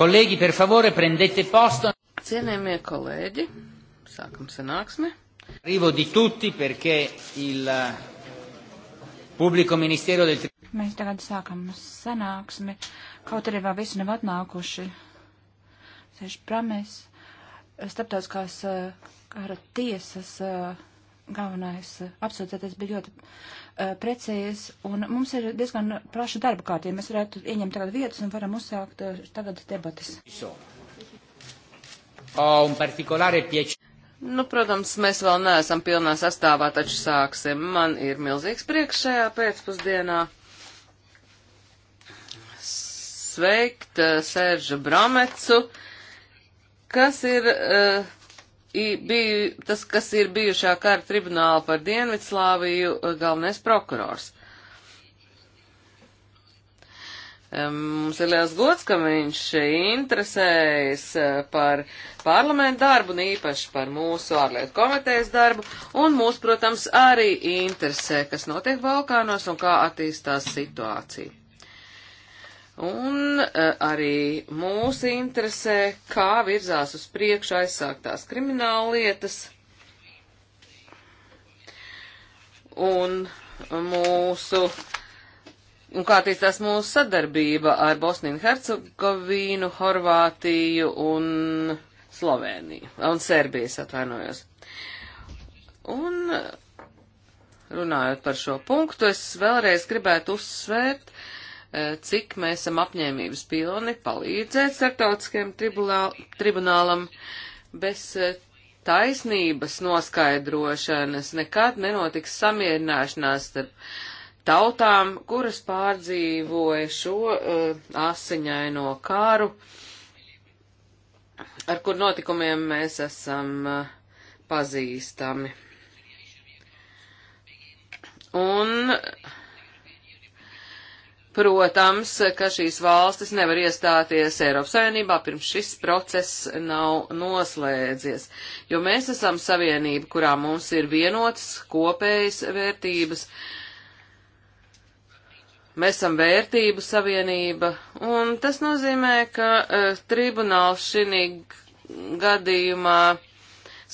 Kolēģi, per favore, prendete posto. Cienējamie kolēģi, sākam sanāksmi. Arrivo di tutti perché il eh, pubblico ministero del Mēs tagad sākam sanāksmi, kaut arī vēl visi nav atnākuši. Sēž pramies, starptautiskās eh, kara tiesas. Uh, galvenais eh, apsūdzētais bija ļoti uh, precīzs, un mums ir diezgan plaša darba kārtība. Mēs varētu ieņemt tagad vietas un varam uzsākt uh, tagad debatas. Oh, nu, protams, mēs vēl neesam pilnā sastāvā, taču sāksim. Man ir milzīgs prieks šajā pēcpusdienā sveikt uh, Sēržu Bramecu, kas ir uh, biju, tas, kas ir bijušā kara tribunāla par Dienvidslāviju, eh, galvenais prokurors. Mums ir liels gods, ka viņš interesējas eh, par parlamentu darbu un īpaši par mūsu ārlietu komitejas darbu, un mūs, protams, arī interesē, kas notiek Balkānos un kā attīstās situācija. Un eh, arī mūs interesē, kā virzās uz priekšu aizsāktās krimināla lietas. Un mūsu, un kā attīstās mūsu sadarbība ar Bosniju un Hercegovīnu, Horvātiju un Sloveniju, un Serbijas atvainojos. Un eh, runājot par šo punktu, es vēlreiz gribētu uzsvērt, uh, Eh, cik mēs esam apņēmības pilni palīdzēt starptautiskajam tribunālam bez eh, taisnības noskaidrošanas nekad nenotiks samierināšanās starp tautām, kuras pārdzīvoja šo uh, asiņaino kāru, ar kur notikumiem mēs esam uh, pazīstami. Un uh, Protams, ka šīs valstis nevar iestāties Eiropas Savienībā, pirms šis process nav noslēdzies, jo mēs esam savienība, kurā mums ir vienotas kopējas vērtības. Mēs esam vērtību savienība, un tas nozīmē, ka uh, tribunāls šī gadījumā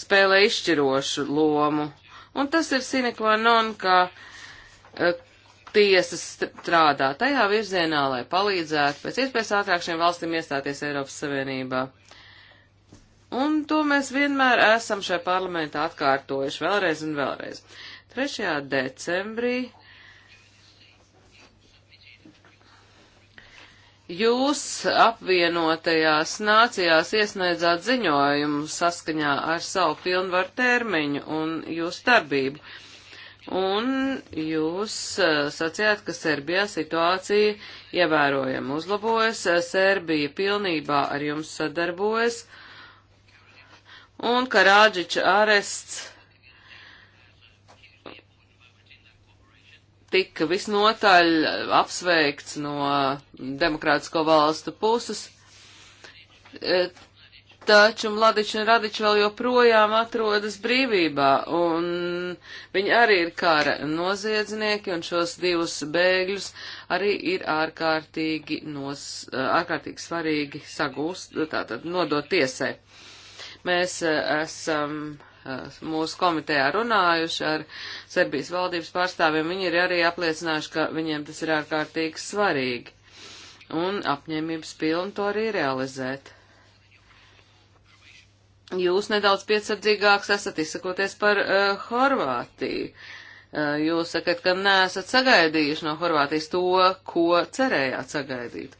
spēlē izšķirošu lomu. Un tas ir sinekva non, ka uh, tiesas strādā tajā virzienā, lai palīdzētu pēc iespējas ātrāk šiem valstīm iestāties Eiropas Savienībā. Un to mēs vienmēr esam šajā parlamentā atkārtojuši vēlreiz un vēlreiz. 3. decembrī Jūs apvienotajās nācijās iesniedzāt ziņojumu saskaņā ar savu pilnvaru termiņu un jūsu darbību. Un jūs eh, sacījāt, ka Serbijā situācija ievērojami uzlabojas, eh, Serbija pilnībā ar jums sadarbojas, un Karādžiča arests tika visnotaļ apsveikts no demokrātisko valstu puses. Eh, taču Mladiņš un Radičs vēl joprojām atrodas brīvībā, un viņi arī ir kara noziedznieki, un šos divus bēgļus arī ir ārkārtīgi, nos, eh, ārkārtīgi svarīgi sagūst, tātad nodot tiesai. Mēs eh, esam eh, mūsu komitejā runājuši ar Serbijas valdības pārstāvjiem, viņi ir arī apliecinājuši, ka viņiem tas ir ārkārtīgi svarīgi. Un apņēmības pilni to arī realizēt jūs nedaudz piesardzīgāks esat izsakoties par uh, Horvātiju. Uh, jūs sakat, ka neesat sagaidījuši no Horvātijas to, ko cerējāt sagaidīt.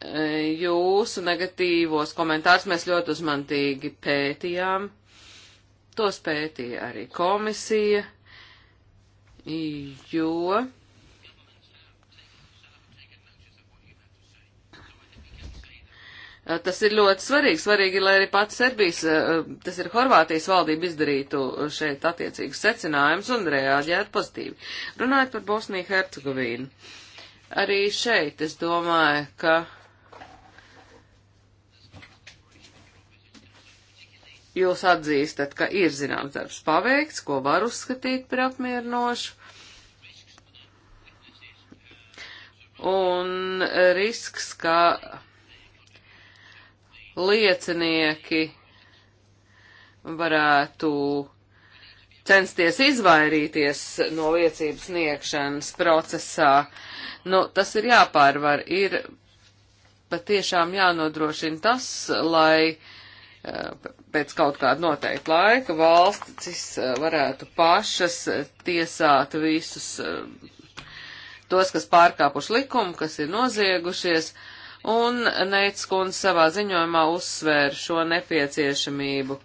Uh, jūsu negatīvos komentārus mēs ļoti uzmantīgi pētījām. Tos pētīja arī komisija, jo Eh, tas ir ļoti svarīgi. Svarīgi, lai arī pats Serbijas, eh, tas ir Horvātijas valdība izdarītu šeit attiecīgus secinājumus un reaģētu pozitīvi. Runājot par Bosniju Hercegovīnu. Arī šeit es domāju, ka. Jūs atzīstat, ka ir zināms darbs paveikts, ko var uzskatīt par apmierinošu. Un risks, ka liecinieki varētu censties izvairīties no liecības sniegšanas procesā. Nu, tas ir jāpārvar, ir patiešām jānodrošina tas, lai eh, pēc kaut kāda noteikta laika valstis eh, varētu pašas tiesāt visus eh, tos, kas pārkāpuši likumu, kas ir noziegušies, uh, un Neits kundze savā ziņojumā uzsvēra šo nepieciešamību.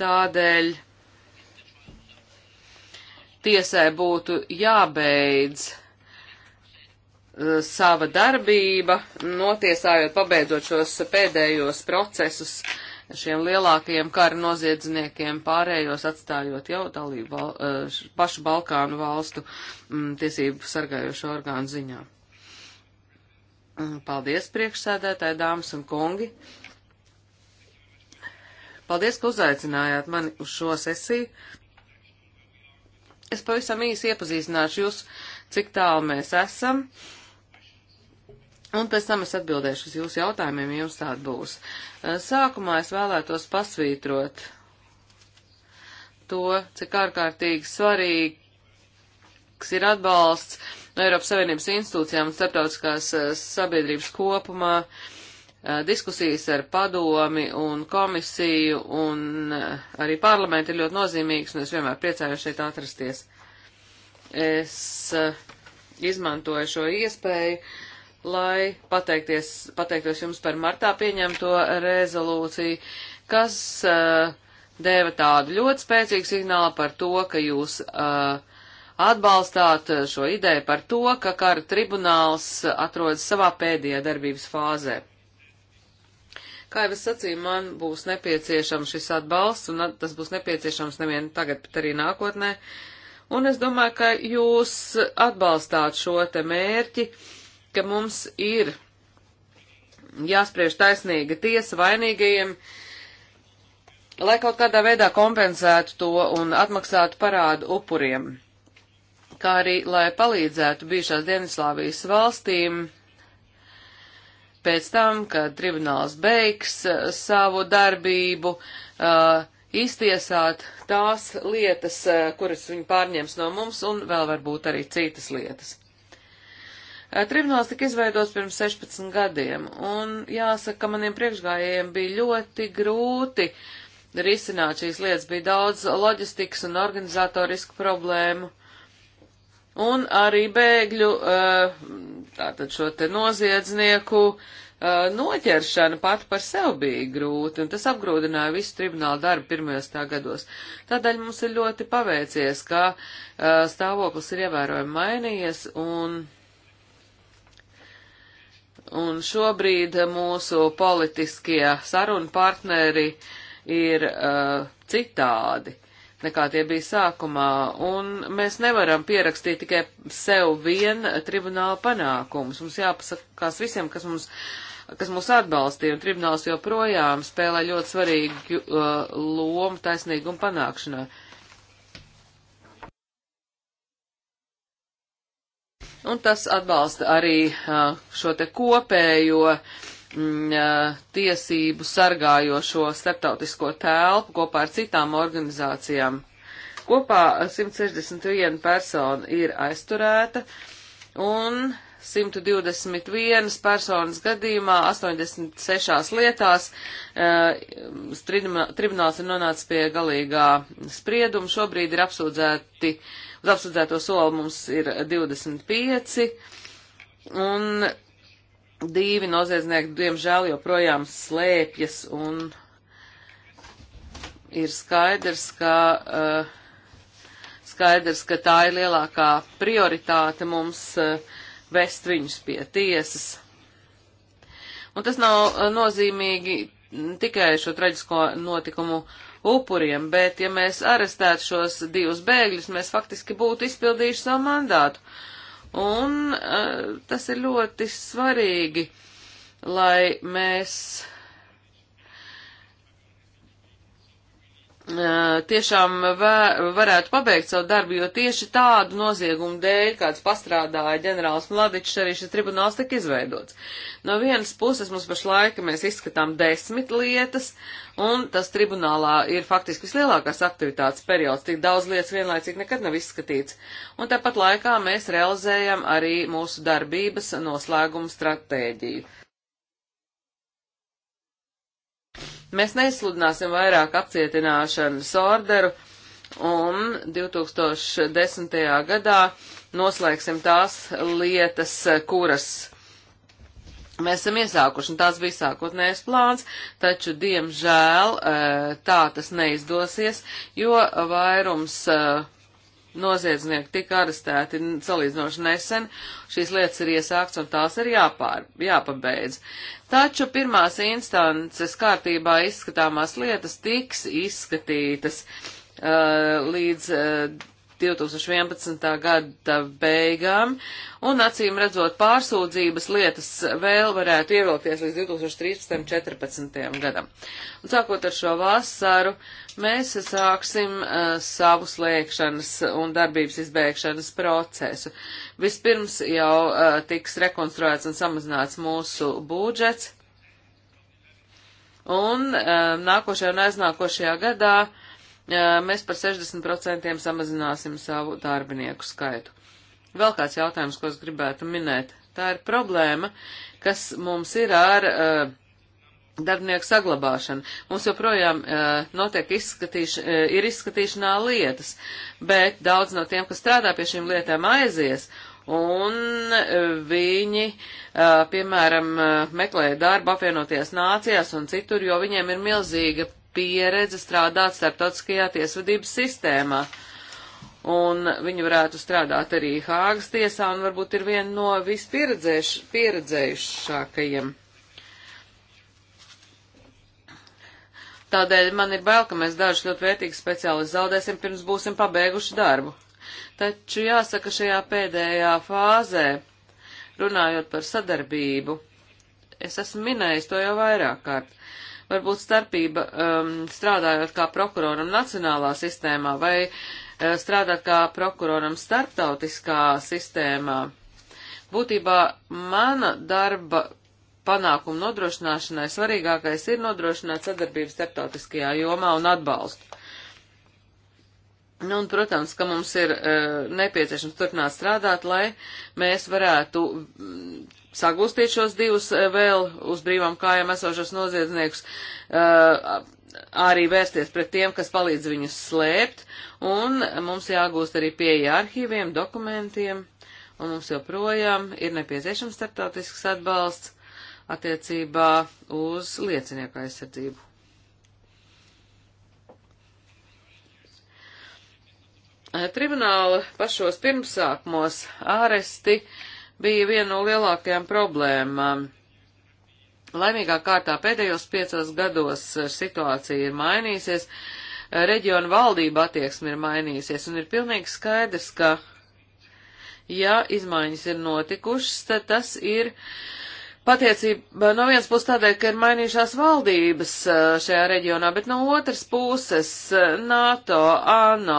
Tādēļ tiesai būtu jābeidz e, sava darbība, notiesājot, pabeidzot šos pēdējos procesus šiem lielākajiem kara noziedzniekiem, pārējos atstājot jau dalību e, pašu Balkānu valstu mm, tiesību sargājošo orgānu ziņā. Mm, paldies, priekšsēdētāji, dāmas un kungi. Paldies, ka uzaicinājāt mani uz šo sesiju. Es pavisam īsi iepazīstināšu jūs, cik tālu mēs esam, un pēc tam es atbildēšu uz jūsu jautājumiem, ja jums tāda būs. Eh, sākumā es vēlētos pasvītrot to, cik ārkārtīgi svarīgs ir atbalsts no Eiropas Savienības institūcijām un starptautiskās eh, sabiedrības kopumā, eh, diskusijas ar padomi un komisiju un eh, arī parlamentu ir ļoti nozīmīgas, un es vienmēr priecājos šeit atrasties. Es izmantoju šo iespēju lai pateiktos jums par martā pieņemto rezolūciju, kas uh, deva tādu ļoti spēcīgu signālu par to, ka jūs uh, atbalstāt eh, šo ideju par to, ka kara tribunāls eh, atrodas savā pēdējā darbības fāzē. Kā jau es sacīju, man būs nepieciešams šis atbalsts, un tas būs nepieciešams nevien tagad, bet arī nākotnē. Un es domāju, ka jūs atbalstāt šo te mērķi, ka mums ir jāspriež taisnīga tiesa vainīgajiem, lai kaut kādā veidā kompensētu to un atmaksātu parādu upuriem kā arī, lai palīdzētu bijušās Dienvidslāvijas valstīm pēc tam, kad tribunāls beigs uh, savu darbību, uh, iztiesāt tās lietas, uh, kuras viņi pārņems no mums, un vēl varbūt arī citas lietas. Uh, tribunāls tika izveidots pirms 16 gadiem, un jāsaka, ka maniem priekšgājējiem bija ļoti grūti risināt šīs lietas, bija daudz loģistikas un organizatorisku problēmu un arī bēgļu, eh, tātad šo te noziedznieku eh, noķeršana pat par sevi bija grūti, un tas apgrūdināja visu tribunālu darbu pirmajos tā gados. Tādēļ mums ir ļoti paveicies, ka eh, stāvoklis ir ievērojami mainījies, un, un šobrīd mūsu politiskie sarunu partneri ir uh, citādi nekā tie bija sākumā, un mēs nevaram pierakstīt tikai sev vien tribunāla panākumus. Mums jāpasakās visiem, kas mums kas mūs atbalstīja, un tribunāls joprojām spēlē ļoti svarīgu uh, lomu taisnīgumu panākšanā. Un tas atbalsta arī uh, šo te kopējo uh, Mm, tiesību sargājošo starptautisko telpu kopā ar citām organizācijām. Kopā 161 persona ir aizturēta un 121 personas gadījumā 86 lietās eh, tribunāls ir nonācis pie galīgā sprieduma. Šobrīd ir apsūdzēti, uz apsūdzēto soli mums ir 25 un Divi noziedznieki, diemžēl, joprojām slēpjas un ir skaidrs, ka. Uh, skaidrs, ka tā ir lielākā prioritāte mums eh, vest viņus pie tiesas. Un tas nav eh, nozīmīgi tikai šo traģisko notikumu upuriem, bet ja mēs arestētu šos divus bēgļus, mēs faktiski būtu izpildījuši savu mandātu. Uh, Un uh, tas ir ļoti svarīgi, lai mēs tiešām varētu pabeigt savu darbu, jo tieši tādu noziegumu dēļ, kāds pastrādāja ģenerālis Mladičs, arī šis tribunāls tika izveidots. No vienas puses mums pašlaika mēs izskatām desmit lietas, un tas tribunālā ir faktiski vislielākās aktivitātes periods, tik daudz lietas vienlaicīgi nekad nav izskatīts. Un tāpat laikā mēs realizējam arī mūsu darbības noslēgumu stratēģiju Mēs nesludināsim vairāk apcietināšanas orderu un 2010. gadā noslēgsim tās lietas, kuras mēs esam iesākuši, un tās bija sākotnējais plāns, taču, diemžēl, eh, tā tas neizdosies, jo vairums eh, noziedznieki tika arestēti salīdzinoši nesen, šīs lietas ir iesākts un tās ir jāpār, jāpabeidz. Taču pirmās instances kārtībā izskatāmās lietas tiks izskatītas uh, līdz uh, 2011. gada beigām, un acīm redzot pārsūdzības lietas vēl varētu ievilkties līdz 2013. 14. gadam. Un sākot ar šo vasaru, uh, mēs sāksim uh, savu slēgšanas un darbības izbēgšanas procesu. Vispirms jau uh, tiks rekonstruēts un samazināts mūsu budžets, un uh, nākošajā un aiznākošajā gadā uh, mēs par 60% samazināsim savu darbinieku skaitu. Vēl kāds jautājums, ko es gribētu minēt. Tā ir problēma, kas mums ir ar uh, darbinieku saglabāšana. Mums joprojām uh, notiek izskatīš, uh, ir izskatīšanā lietas, bet daudz no tiem, kas strādā pie šīm lietām, aizies. Un uh, viņi, uh, piemēram, uh, meklē darbu apvienoties nācijās un citur, jo viņiem ir milzīga pieredze strādāt starptautiskajā tiesvedības sistēmā. Un viņi varētu strādāt arī Hāgas tiesā un varbūt ir viena no vispieredzējušākajiem. Vispieredzējuš Tādēļ man ir bail, ka mēs dažus ļoti vērtīgus speciālistus zaudēsim pirms būsim pabeiguši darbu. Taču jāsaka šajā pēdējā fāzē, runājot par sadarbību, es esmu minējis to jau vairāk kārt. Varbūt starpība um, strādājot kā prokuroram nacionālā sistēmā vai uh, strādāt kā prokuroram starptautiskā sistēmā. Būtībā mana darba panākumu nodrošināšanai svarīgākais ir nodrošināt sadarbību starptautiskajā jomā un atbalstu. Nu, un, protams, ka mums ir uh, nepieciešams turpināt strādāt, lai mēs varētu mm, sagūstīt šos divus uh, vēl uz brīvām kājām esošos noziedzniekus, uh, arī vērsties pret tiem, kas palīdz viņus slēpt, un mums jāgūst arī pieeja arhīviem, dokumentiem, un mums joprojām ir nepieciešams starptautisks atbalsts attiecībā uz liecinieku aizsardzību. Tribunāla pašos pirmsākumos āresti bija viena no lielākajām problēmām. Laimīgā kārtā pēdējos piecos gados situācija ir mainīsies, reģiona valdība attieksme ir mainīsies, un ir pilnīgi skaidrs, ka, ja izmaiņas ir notikušas, tad tas ir uh, Patiecībā no vienas puses tādēļ, ka ir mainījušās valdības šajā reģionā, bet no otras puses NATO, ANO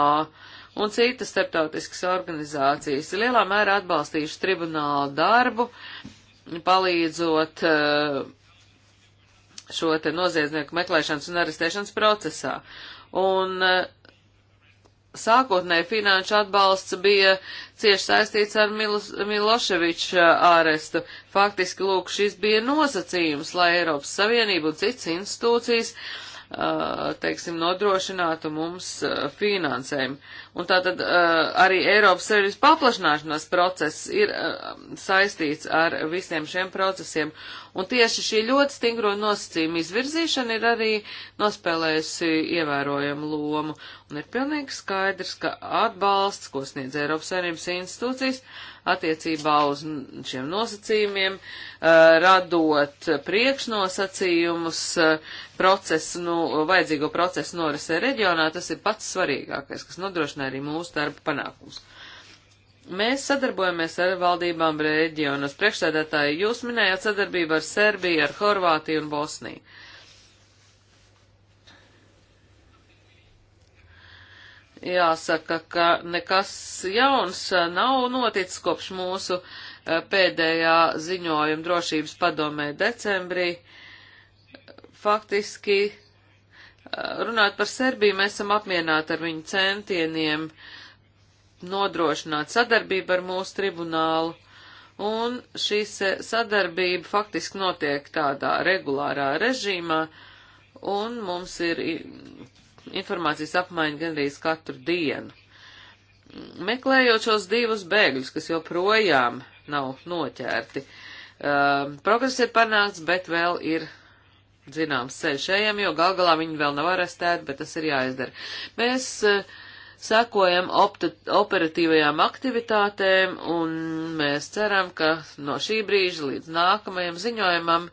un citas starptautiskas organizācijas lielā mērā atbalstījuši tribunālu darbu, palīdzot šo te noziedznieku meklēšanas un arestēšanas procesā. Un sākotnēji finanšu atbalsts bija cieši saistīts ar Milos, Miloševiča ārestu. Faktiski, lūk, šis bija nosacījums, lai Eiropas Savienība un citas institūcijas, teiksim, nodrošinātu mums finansējumu. Un tātad uh, arī Eiropas Savienības paplašināšanās process ir uh, saistīts ar visiem šiem procesiem. Un tieši šī ļoti stingro nosacījuma izvirzīšana ir arī nospēlējusi ievērojumu lomu. Un ir pilnīgi skaidrs, ka atbalsts, ko sniedz Eiropas Savienības institūcijas attiecībā uz šiem nosacījumiem, uh, radot priekšnosacījumus uh, procesu, nu, vajadzīgo procesu norisē reģionā, tas ir pats svarīgākais, kas nodrošina arī mūsu darba panākums. Mēs sadarbojamies ar valdībām reģionos. Priekšsēdētāji, jūs minējāt sadarbību ar Serbiju, ar Horvātiju un Bosniju. Jāsaka, ka nekas jauns uh, nav noticis kopš mūsu uh, pēdējā ziņojuma drošības padomē decembrī. Faktiski runāt par Serbiju, mēs esam apmierināti ar viņu centieniem nodrošināt sadarbību ar mūsu tribunālu, un šī sadarbība faktiski notiek tādā regulārā režīmā, un mums ir informācijas apmaiņa gandrīz katru dienu. Meklējot šos divus bēgļus, kas joprojām nav noķerti, um, progress ir panākts, bet vēl ir zināms ceļš ejam, jo gal galā viņi vēl nav arestēti, bet tas ir jāizdara. Mēs uh, sekojam operatīvajām aktivitātēm un mēs ceram, ka no šī brīža līdz nākamajam ziņojumam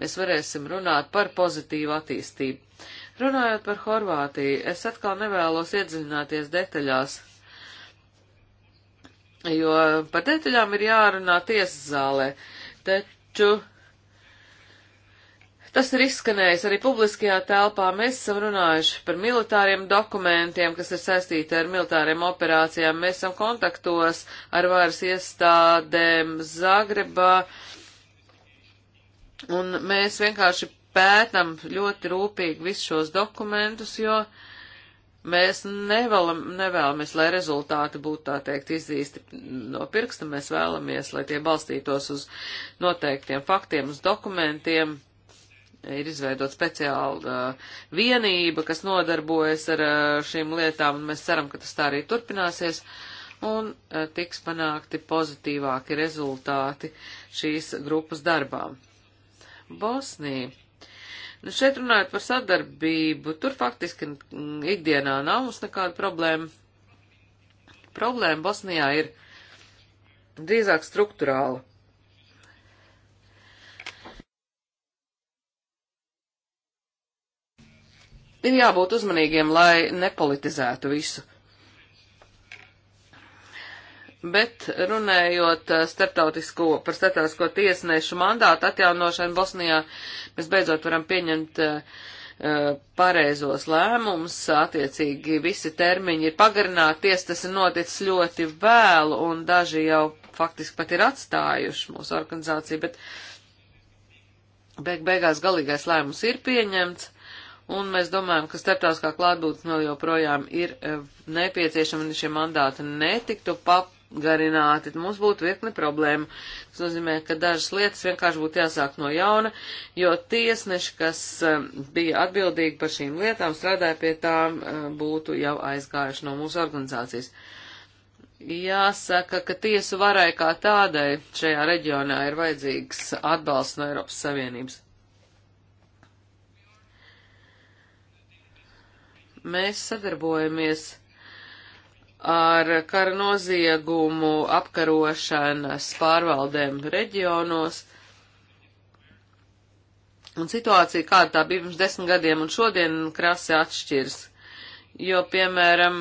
mēs varēsim runāt par pozitīvu attīstību. Runājot par Horvātiju, es atkal nevēlos iedziļināties detaļās, jo par detaļām ir jārunā tiesas zālē, taču Tas ir izskanējis arī publiskajā telpā. Mēs esam runājuši par militāriem dokumentiem, kas ir saistīti ar militāriem operācijām. Mēs esam kontaktos ar varas iestādēm Zagrebā. Un mēs vienkārši pētam ļoti rūpīgi visus šos dokumentus, jo mēs nevēlam, nevēlamies, lai rezultāti būtu tā teikt izzīsti no pirksta. Mēs vēlamies, lai tie balstītos uz noteiktiem faktiem, uz dokumentiem ir izveidot speciāla uh, vienība, kas nodarbojas ar uh, šīm lietām, un mēs ceram, ka tas tā arī turpināsies, un uh, tiks panākti pozitīvāki rezultāti šīs grupas darbā. Bosnija. Nu, šeit runājot par sadarbību, tur faktiski mm, ikdienā nav mums nekāda problēma. Problēma Bosnijā ir drīzāk struktūrāla ir jābūt uzmanīgiem, lai nepolitizētu visu. Bet runējot eh, starptautisko, par starptautisko tiesnešu mandātu atjaunošanu Bosnijā, mēs beidzot varam pieņemt uh, pareizos lēmumus, attiecīgi visi termiņi ir pagarināti, ties tas ir noticis ļoti vēlu un daži jau faktiski pat ir atstājuši mūsu organizāciju, bet beig beigās galīgais lēmums ir pieņemts un mēs domājam, ka starptautiskā klātbūtne vēl joprojām ir e, nepieciešama, un šie mandāti netiktu pagarināti. Mums būtu virkne problēma. Tas nozīmē, ka dažas lietas vienkārši būtu jāsāk no jauna, jo tiesneši, kas e, bija atbildīgi par šīm lietām, strādāja pie tām, e, būtu jau aizgājuši no mūsu organizācijas. Jāsaka, ka tiesu varai kā tādai šajā reģionā ir vajadzīgs atbalsts no Eiropas Savienības. Mēs sadarbojamies ar kara noziegumu apkarošanas pārvaldēm reģionos. Un situācija, kāda tā bija pirms desmit gadiem un šodien krasi atšķirs. Jo, piemēram,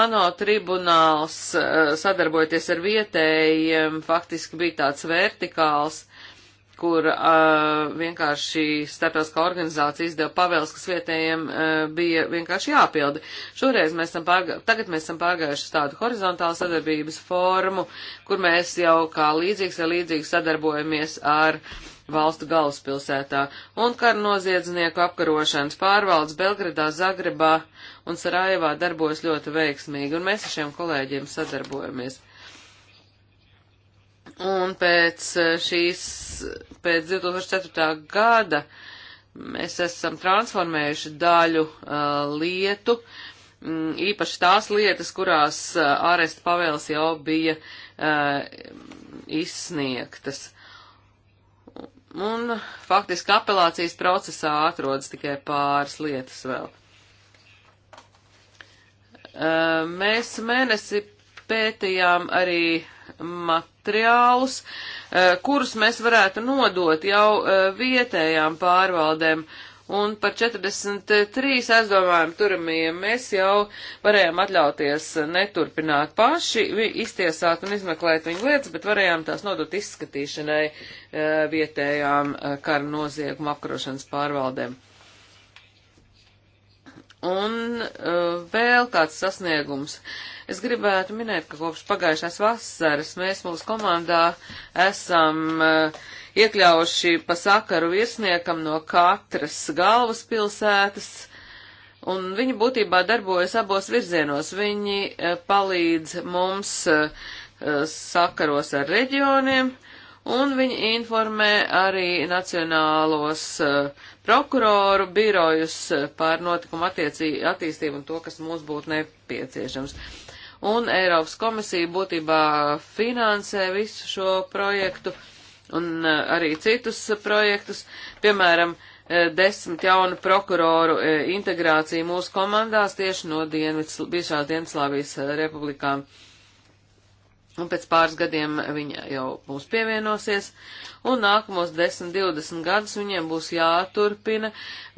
ANO tribunāls eh, sadarbojoties ar vietējiem faktiski bija tāds vertikāls kur uh, vienkārši starptautiskā organizācija izdeva pavēles, kas vietējiem uh, bija vienkārši jāpilda. Šoreiz mēs esam, pārgā... tagad mēs esam pārgājuši tādu horizontālu sadarbības formu, kur mēs jau kā līdzīgs vai līdzīgs sadarbojamies ar valstu galvaspilsētā un karu noziedznieku apkarošanas pārvaldes Belgradā, Zagrebā un Sarajevā darbojas ļoti veiksmīgi, un mēs ar šiem kolēģiem sadarbojamies. Un pēc eh, šīs, pēc 2004. gada mēs esam transformējuši daļu uh, lietu, mm, īpaši tās lietas, kurās uh, āresta pavēles jau bija uh, izsniegtas. Un faktiski apelācijas procesā atrodas tikai pāris lietas vēl. Uh, mēs mēnesi pētījām arī uh, materiālus, eh, kurus mēs varētu nodot jau eh, vietējām pārvaldēm. Un par 43 aizdomājumu turamajiem mēs jau varējām atļauties neturpināt paši, iztiesāt un izmeklēt viņu lietas, bet varējām tās nodot izskatīšanai eh, vietējām kara noziegumu apkarošanas pārvaldēm. Un uh, vēl kāds sasniegums. Es gribētu minēt, ka kopš pagājušās vasaras mēs mūsu komandā esam uh, iekļaujuši pa sakaru virsniekam no katras galvaspilsētas, un viņi būtībā darbojas abos virzienos. Viņi uh, palīdz mums uh, sakaros ar reģioniem, uh, un viņi informē arī nacionālos uh, prokuroru birojus eh, par notikumu attiecī, attīstību un to, kas mums būtu nepieciešams. Un Eiropas komisija būtībā finansē visu šo projektu un uh, arī citus projektus, piemēram, desmit jaunu prokuroru integrāciju mūsu komandās tieši no dienvids, bijušās Dienvidslāvijas republikām. Uh, un pēc pāris gadiem viņa jau mums pievienosies, un nākamos 10-20 gadus viņiem būs jāturpina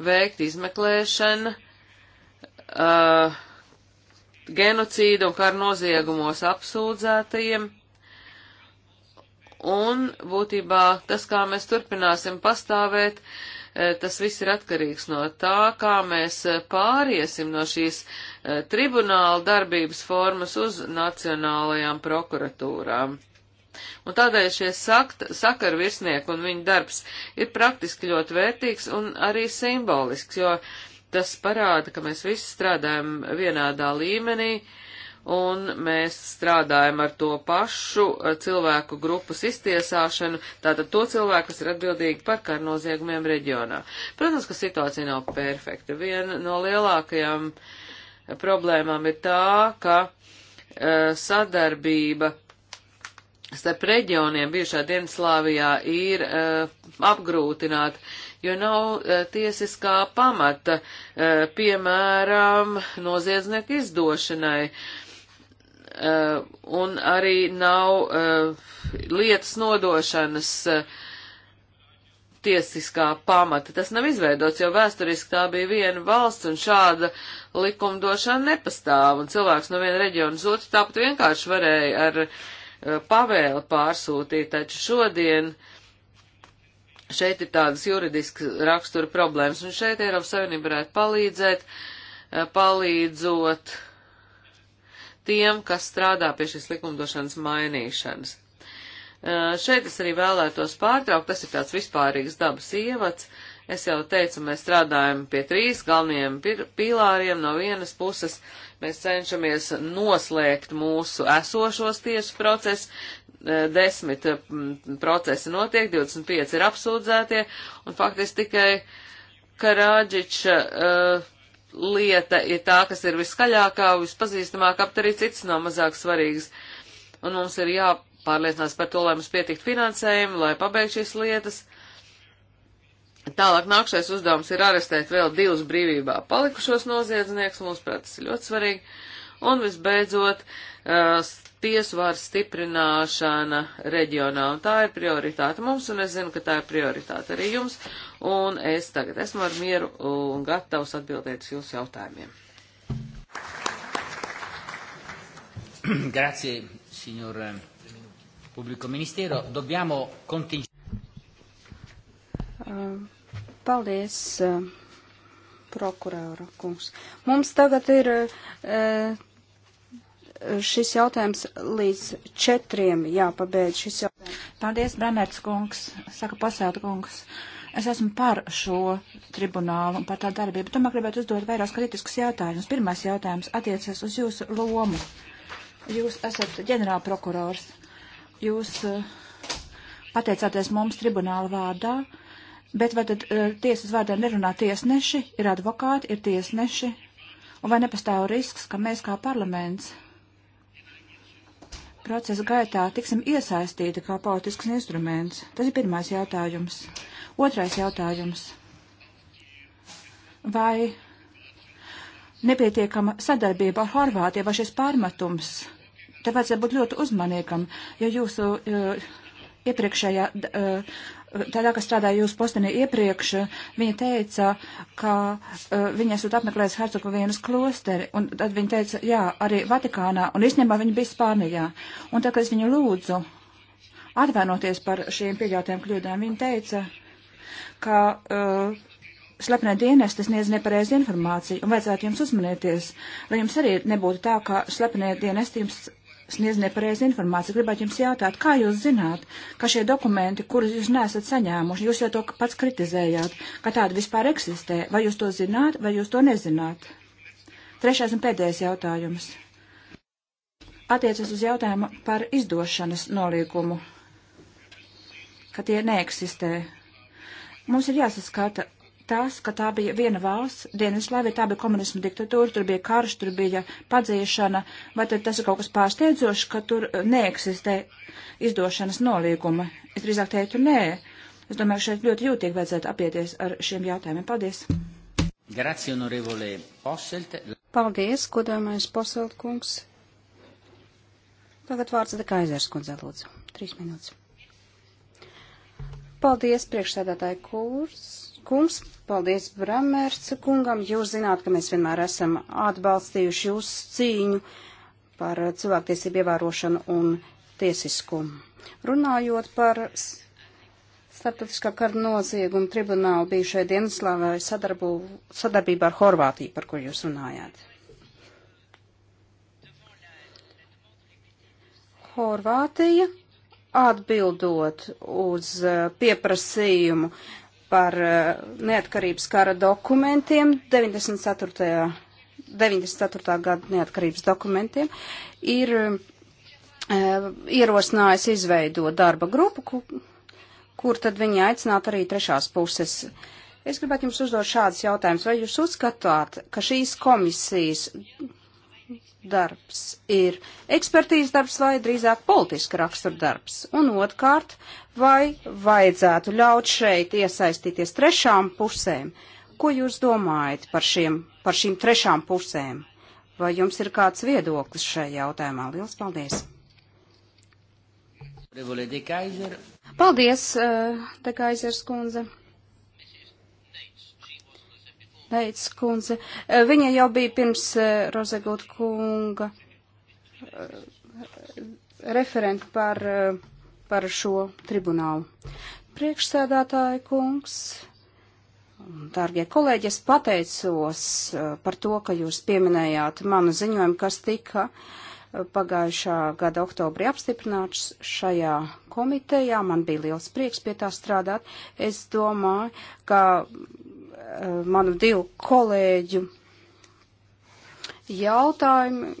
veikt izmeklēšana uh, genocīdu un kar noziegumos apsūdzētajiem, un būtībā tas, kā mēs turpināsim pastāvēt, uh, Eh, tas viss ir atkarīgs no tā, kā mēs eh, pāriesim no šīs eh, tribunāla darbības formas uz nacionālajām prokuratūrām. Un tādēļ šie sakt, sakaru virsnieki un viņu darbs ir praktiski ļoti vērtīgs un arī simbolisks, jo tas parāda, ka mēs visi strādājam vienādā līmenī, uh, un mēs strādājam ar to pašu eh, cilvēku grupas iztiesāšanu, tātad to cilvēku, kas ir atbildīgi par karnoziegumiem reģionā. Protams, ka situācija nav perfekta. Viena no lielākajām eh, problēmām ir tā, ka uh, sadarbība starp reģioniem bijušā Dienaslāvijā ir uh, apgrūtināta, jo nav uh, tiesiskā pamata, piemēram, noziedznieku izdošanai Uh, un arī nav uh, lietas nodošanas uh, tiesiskā pamata. Tas nav izveidots, jo vēsturiski tā bija viena valsts un šāda likumdošana nepastāv, un cilvēks no viena reģiona uz otru tāpat vienkārši varēja ar uh, pavēli pārsūtīt, taču šodien šeit ir tādas juridiskas rakstura problēmas, un šeit Eiropas Savienība varētu palīdzēt, uh, palīdzot uh, tiem, kas strādā pie šīs likumdošanas mainīšanas. Uh, šeit es arī vēlētos pārtraukt, tas ir tāds vispārīgs dabas ievads. Es jau teicu, mēs strādājam pie trīs galvenajiem pīlāriem. No vienas puses mēs cenšamies noslēgt mūsu esošos tiesu procesus, uh, desmit uh, procesi notiek, 25 ir apsūdzētie, un faktiski tikai Karādžiča uh, lieta ir tā, kas ir viskaļākā, vispazīstamākā, bet arī citas nav mazāk svarīgas. Un mums ir jāpārliecinās par to, lai mums pietikt finansējumu, lai pabeigtu šīs lietas. Tālāk nākšais uzdevums ir arestēt vēl divus brīvībā palikušos noziedzniekus, mūsuprāt, tas ir ļoti svarīgi. Un visbeidzot, uh, tiesvārs stiprināšana reģionā, un tā ir prioritāte mums, un es zinu, ka tā ir prioritāte arī jums, un es tagad esmu ar mieru un gatavs atbildēt uz jūsu jautājumiem. Grazie, signor eh, pubblico ministero. Dobbiamo contingentare. Eh, paldies, eh, prokurora kungs. Mums tagad ir šis jautājums līdz četriem jāpabeidz šis jautājums. Paldies, Bremerts kungs, saka pasēta kungs. Uh, Es esmu par šo tribunālu un par tā darbību. Tomēr gribētu uzdot vairākus kritiskus jautājumus. Pirmais jautājums attiecas uz jūsu lomu. Jūs esat ģenerālprokurors. Jūs eh, pateicāties mums tribunāla vārdā, bet vai tad eh, tiesas vārdā nerunā tiesneši, ir advokāti, ir tiesneši? Un vai nepastāv risks, ka mēs kā parlaments procesa gaitā tiksim iesaistīti kā politisks instruments? Tas ir pirmais jautājums. Otrais jautājums. Vai nepietiekama sadarbība ar Horvātiju vai šis pārmetums? Te vajadzētu būt ļoti uzmanīgam, jo jūsu uh, iepriekšējā uh, tādā, kas strādāja jūsu postenī iepriekš, viņa teica, ka uh, viņa esat apmeklējis Hercegovienas klosteri, un tad viņa teica, jā, arī Vatikānā, un īstenībā viņa bija Spānijā. Un tad, kad es viņu lūdzu atvainoties par šiem pieļautiem kļūdām, viņa teica, ka uh, e, slepenie dienesti sniedz nepareizu informāciju, un vajadzētu jums uzmanieties, lai jums arī nebūtu tā, ka slepenie dienesti jums sniedz nepareizi informāciju. Gribētu jums jautāt, kā jūs zināt, ka šie dokumenti, kurus jūs nesat saņēmuši, jūs jau to pats kritizējāt, ka tāda vispār eksistē? Vai jūs to zināt, vai jūs to nezināt? Trešais un pēdējais jautājums attiecas uz jautājumu par izdošanas nolīgumu, ka tie neeksistē. Mums ir jāsaskata, tas, ka tā bija viena valsts, Dienvidslāvija, tā bija komunisma diktatūra, tur bija karš, tur bija padzīšana, vai tad tas ir kaut kas pārsteidzošs, ka tur neeksistē izdošanas nolīguma? Es drīzāk teiktu nē. Es domāju, ka šeit ļoti jūtīgi vajadzētu apieties ar šiem jautājumiem. Paldies! Grazie, onorevole Poselt. Paldies, godājumais Poselt kungs. Tagad vārds Dekaizers kundze, lūdzu. Trīs minūtes. Paldies, priekšsēdētāji kurs kungs, paldies Bramērca kungam. Jūs zināt, ka mēs vienmēr esam atbalstījuši jūsu cīņu par cilvēktiesību ievērošanu un tiesiskumu. Runājot par Startautiskā kara nozieguma tribunāla bijušajai Dienaslāvai sadarbībā ar Horvātiju, par kur jūs runājāt. Horvātija atbildot uz eh, pieprasījumu uh, par eh, neatkarības kara dokumentiem 94. 94. gada neatkarības dokumentiem ir e, eh, ierosinājis izveidot darba grupu, kur, kur tad viņi aicinātu arī trešās puses. Es gribētu jums uzdot šādus jautājumus. Vai jūs uzskatāt, ka šīs komisijas darbs ir ekspertīzes darbs vai drīzāk politiska rakstura darbs? Un otrkārt, vai vajadzētu ļaut šeit iesaistīties trešām pusēm? Ko jūs domājat par, šiem, par šīm trešām pusēm? Vai jums ir kāds viedoklis šajā jautājumā? Lielas paldies! Paldies, eh, Dekaizers kundze! Leits kundze. Eh, viņa jau bija pirms eh, Rozegot kunga eh, referenti par, par šo tribunālu. Priekšsēdātāja kungs, dārgie kolēģi, es pateicos par to, ka jūs pieminējāt manu ziņojumu, kas tika pagājušā gada oktobrī apstiprināts šajā komitejā. Man bija liels prieks pie tā strādāt. Es domāju, ka Eh, manu divu kolēģu jautājumi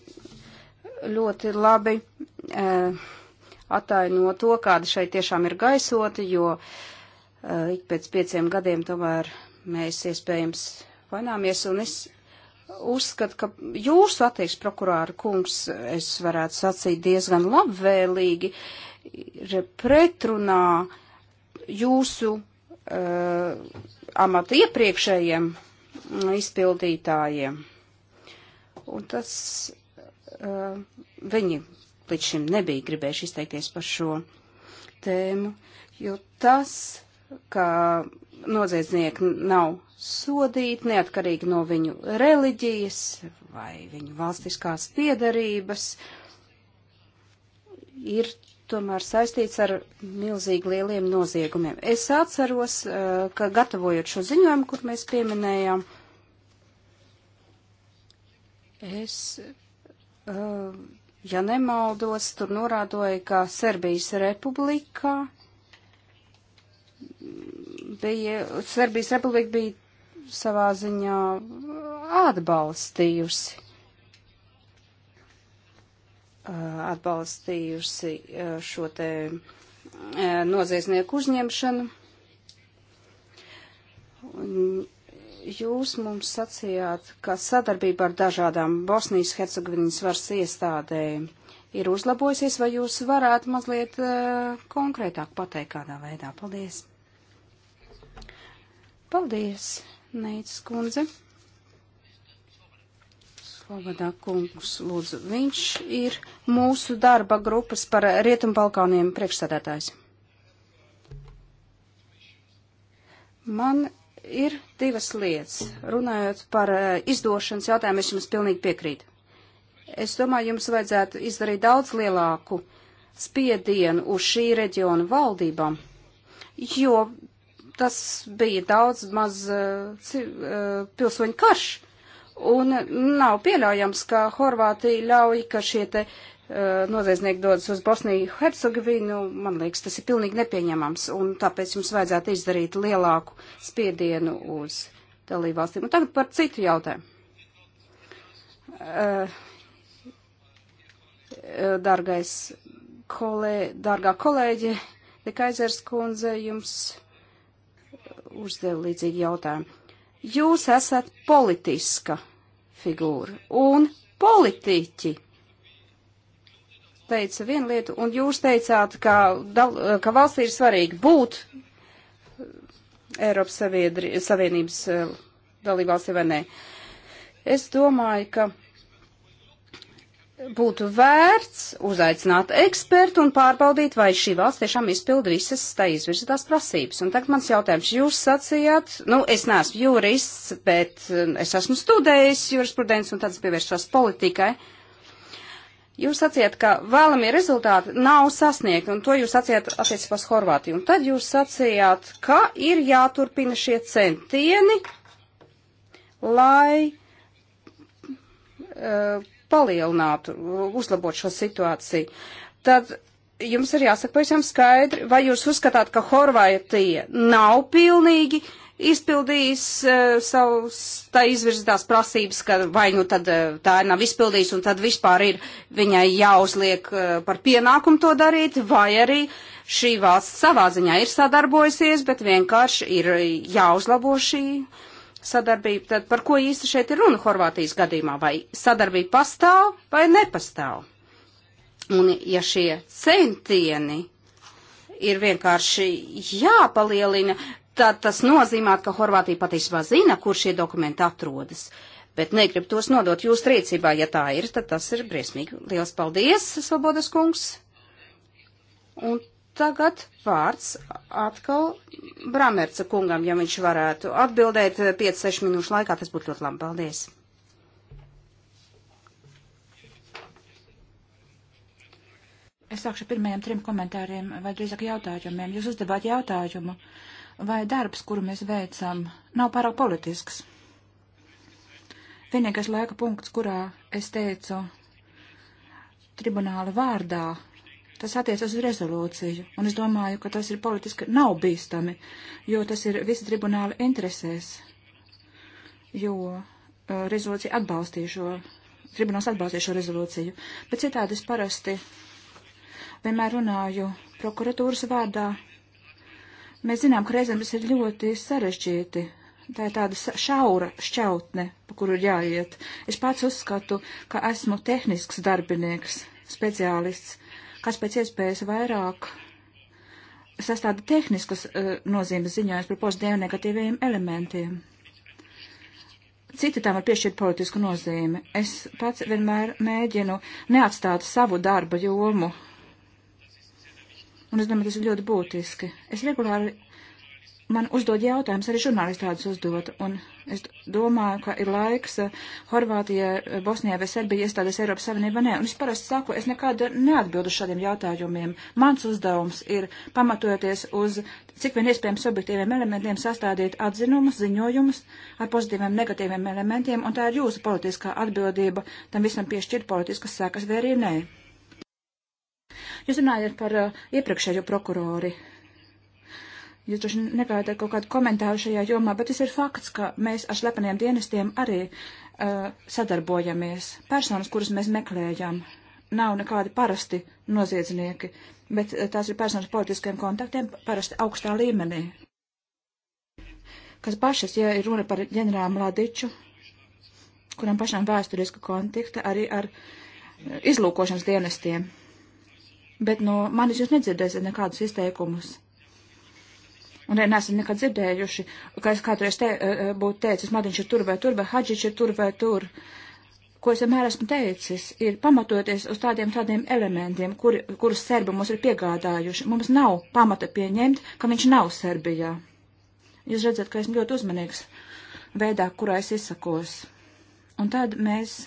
ļoti labi eh, attaino to, kāda šeit tiešām ir gaisota, jo eh, ik pēc pieciem gadiem tomēr mēs iespējams vaināmies, un es uzskatu, ka jūsu attieksme, prokurāra kungs, es varētu sacīt diezgan labvēlīgi, ir pretrunā jūsu uh, amatu iepriekšējiem izpildītājiem. Un tas uh, viņi līdz šim nebija gribējuši izteikties par šo tēmu, jo tas, ka noziedznieki nav sodīti neatkarīgi no viņu reliģijas vai viņu valstiskās piedarības, ir tomēr saistīts ar milzīgi lieliem noziegumiem. Es atceros, eh, ka gatavojot šo ziņojumu, kur mēs pieminējām, es, eh, ja nemaldos, tur norādoju, ka Serbijas republikā bija, Serbijas republika bija savā ziņā atbalstījusi Uh, atbalstījusi uh, šo te uh, noziedznieku uzņemšanu. Jūs mums sacījāt, ka sadarbība ar dažādām Bosnijas Hercegovinas varas iestādēm ir uzlabojusies, vai jūs varētu mazliet konkrētāk pateikt kādā veidā? Paldies! Paldies, Neits Kundze! Svobodā kungs, lūdzu, viņš ir mūsu darba grupas par Rietumbalkāniem priekšsēdētājs. Man ir divas lietas. Runājot par eh, izdošanas jautājumu, es jums pilnīgi piekrītu. Es domāju, jums vajadzētu izdarīt daudz lielāku spiedienu uz šī reģiona valdībām, jo tas bija daudz maz uh, pilsoņu karš. Uh, Un nav pieļaujams, ka Horvātija ļauj, ka šie te uh, noziedznieki dodas uz Bosniju Hercegovinu. Man liekas, tas ir pilnīgi nepieņemams. Un tāpēc jums vajadzētu izdarīt lielāku spiedienu uz dalībvalstīm. Un tagad par citu jautājumu. Uh, uh dargais kolē, dargā kolēģe, Dekaizers kundze jums uzdev līdzīgi jautājumu. Jūs esat politiska figūra un politiķi teica vienu lietu, un jūs teicāt, ka, dal, ka valstī ir svarīgi būt Eiropas saviedri, Savienības eh, dalībvalstī vai nē. Es domāju, ka būtu vērts uzaicināt ekspertu un pārbaudīt, vai šī valsts tiešām izpild visas tā izvirzītās prasības. Un tagad mans jautājums, jūs sacījāt, nu, es neesmu jurists, bet uh, es esmu studējis jurisprudents un tad es pievēršos politikai. Jūs sacījāt, ka vēlamie rezultāti nav sasniegti, un to jūs sacījāt attiecībā uz Horvātiju. Un tad jūs sacījāt, ka ir jāturpina šie centieni, lai. Uh, palielinātu, uzlabot šo situāciju, tad jums ir jāsaka pavisam skaidri, vai jūs uzskatāt, ka Horvātija nav pilnīgi izpildījis uh, savus tā izvirzītās prasības, ka vai nu tad uh, tā nav izpildījis un tad vispār ir viņai jāuzliek uh, par pienākumu to darīt, vai arī šī valsts savā ziņā ir sadarbojusies, bet vienkārši ir jāuzlabo šī uh, sadarbību, tad par ko īsti šeit ir runa Horvātijas gadījumā? Vai sadarbība pastāv vai nepastāv? Un ja šie centieni ir vienkārši jāpalielina, tad tas nozīmē, ka Horvātija patiesībā zina, kur šie dokumenti atrodas. Bet negrib tos nodot jūsu rīcībā, ja tā ir, tad tas ir briesmīgi. Lielas paldies, Svobodas kungs! Un Tagad vārds atkal Bramerca kungam, ja viņš varētu atbildēt 5-6 minūšu laikā, tas būtu ļoti labi. Paldies! Es sākšu pirmajiem trim komentāriem, vai drīzāk jautājumiem. Jūs uzdevāt jautājumu, vai darbs, kuru mēs veicam, nav pārāk politisks. Vienīgais laika punkts, kurā es teicu tribunāla vārdā, Tas attiecas uz rezolūciju, un es domāju, ka tas ir politiski nav bīstami, jo tas ir visi tribunāli interesēs, jo uh, rezolūcija atbalstīja šo, tribunāls atbalstīja šo rezolūciju. Bet citādi es parasti vienmēr runāju prokuratūras vārdā. Mēs zinām, ka reizēm tas ir ļoti sarežģīti. Tā ir tāda šaura šķautne, pa kuru ir jāiet. Es pats uzskatu, ka esmu tehnisks darbinieks, speciālists, kas pēc iespējas vairāk sastāda tehniskas uh, nozīmes ziņojums par pozitīviem negatīviem elementiem. Citi tam var piešķirt politisku nozīmi. Es pats vienmēr mēģinu neatstāt savu darba jomu. Un es domāju, tas ir ļoti būtiski. Es regulāri uh, man uzdod jautājums, arī žurnālisti tādus uzdod, un es domāju, ka ir laiks eh, Horvātijai, eh, Bosnijai vai Serbijai iestādes Eiropas Savienībā. Nē, un es parasti saku, es nekad neatbildu šādiem jautājumiem. Mans uzdevums ir pamatojoties uz cik vien iespējams objektīviem elementiem sastādīt atzinumus, ziņojumus ar pozitīviem, negatīviem elementiem, un tā ir jūsu politiskā atbildība tam visam piešķirt politiskas sekas vai arī nē. Jūs runājat par uh, iepriekšējo prokurori. Uh, Jūs droši negājat ar kaut kādu komentāru šajā jomā, bet tas ir fakts, ka mēs ar slepeniem dienestiem arī uh, sadarbojamies. Personas, kuras mēs meklējam, nav nekādi parasti noziedznieki, bet uh, tās ir personas politiskiem kontaktiem parasti augstā līmenī. Kas pašas, ja ir runa par ģenerālu Mladiču, kuram pašām vēsturiska kontakta arī ar uh, izlūkošanas dienestiem. Bet no manis jūs nedzirdēsiet nekādus izteikumus Un ne, nesam nekad dzirdējuši, ka es kādreiz te, e, e, būtu teicis, Madiņš ir tur vai tur, vai Hadžiņš ir tur vai tur. Ko es vienmēr esmu teicis, ir pamatoties uz tādiem tādiem elementiem, kuri, kurus Serbi mums ir piegādājuši. Mums nav pamata pieņemt, ka viņš nav Serbijā. Jūs redzat, ka esmu ļoti uzmanīgs veidā, kurā es izsakos. Un tad mēs,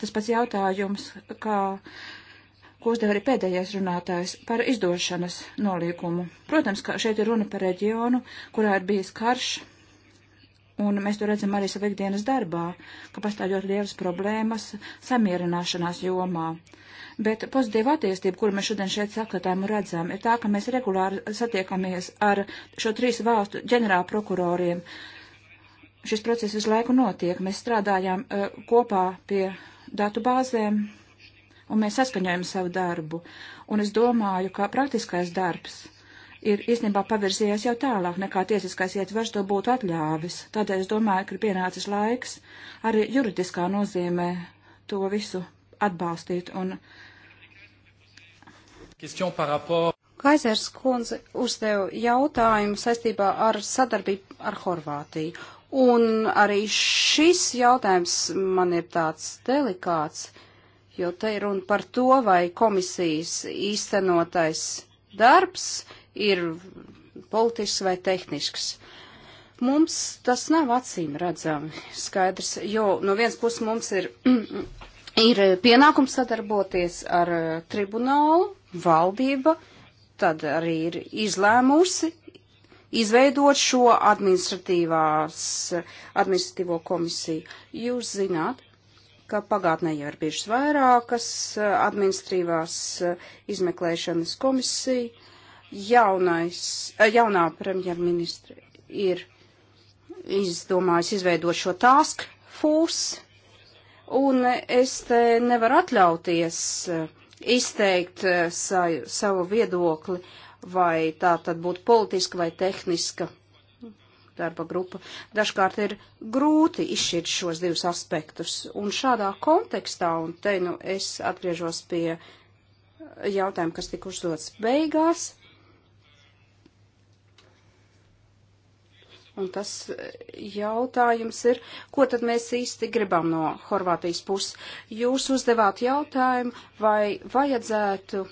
tas pats jautājums, kā. Ka ko uzdev arī pēdējais runātājs par izdošanas nolīgumu. Protams, ka šeit ir runa par reģionu, kurā ir bijis karš, un mēs to redzam arī savā ikdienas darbā, ka pastāv ļoti lielas problēmas samierināšanās jomā. Bet pozitīva attīstība, kuru mēs šodien šeit sakatām un redzam, ir tā, ka mēs regulāri satiekamies ar šo trīs valstu ģenerālu prokuroriem. Šis process visu laiku notiek. Mēs strādājām uh, eh, kopā pie datu bāzēm, un mēs saskaņojam savu darbu. Un es domāju, ka praktiskais darbs ir īstenībā pavirzījies jau tālāk, nekā tiesiskais ietvers to būtu atļāvis. Tādēļ es domāju, ka ir pienācis laiks arī juridiskā nozīmē to visu atbalstīt. Un... Kaisers kundze uzdev jautājumu saistībā ar sadarbību ar Horvātiju. Un arī šis jautājums man ir tāds delikāts. Uh, jo te ir runa par to, vai komisijas īstenotais darbs ir politisks vai tehnisks. Mums tas nav acīm redzami skaidrs, jo no vienas puses mums ir, ir pienākums sadarboties ar uh, tribunālu, valdība, tad arī ir izlēmusi izveidot šo administratīvās, administratīvo komisiju. Jūs zināt, ka pagātnē jau ir bijušas vairākas eh, administrīvās eh, izmeklēšanas komisija. Jaunais, eh, jaunā premjerministra ir izdomājusi izveidot šo task force, un es te nevaru atļauties izteikt sa, savu viedokli, vai tā tad būtu politiska vai tehniska darba grupa. Dažkārt ir grūti izšķirt šos divus aspektus. Un šādā kontekstā, un te nu es atgriežos pie jautājuma, kas tika uzdots beigās, Un tas jautājums ir, ko tad mēs īsti gribam no Horvātijas puses? Jūs uzdevāt jautājumu, vai vajadzētu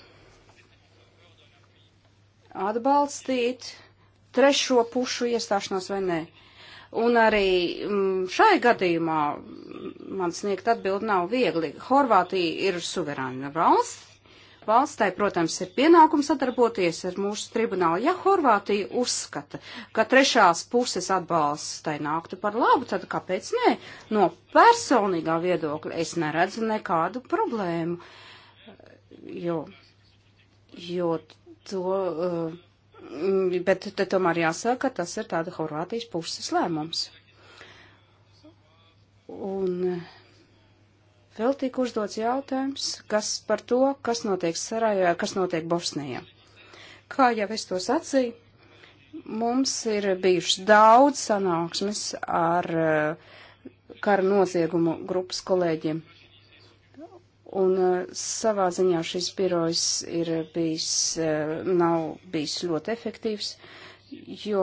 atbalstīt trešo pušu iestāšanos vai nē. Un arī mm, šai gadījumā man sniegt atbildi nav viegli. Horvātija ir suverēna valsts. Valstai, protams, ir pienākums sadarboties ar mūsu tribunālu. Ja Horvātija uzskata, ka trešās puses atbalsts tai nāktu par labu, tad kāpēc nē? No personīgā viedokļa es neredzu nekādu problēmu, jo, jo to. Uh, Mm, bet te tomēr jāsaka, ka tas ir tāda Horvātijas puses lēmums. Un eh, vēl tika uzdots jautājums, kas par to, kas notiek Sarajevā, kas notiek Bosnijā. Kā jau es to sacīju, mums ir bijušas daudz sanāksmes ar eh, kara noziegumu grupas kolēģiem Un uh, savā ziņā šis birojs ir bijis, uh, nav bijis ļoti efektīvs, jo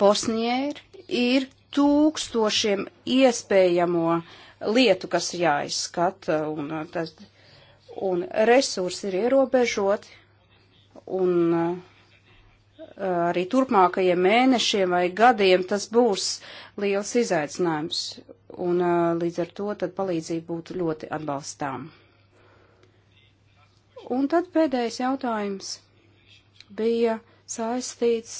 Bosnieri ir tūkstošiem iespējamo lietu, kas jāizskata, un, uh, tas, un resursi ir ierobežoti, un uh, arī turpmākajiem mēnešiem vai gadiem tas būs liels izaicinājums. Un līdz ar to tad palīdzība būtu ļoti atbalstām. Un tad pēdējais jautājums bija saistīts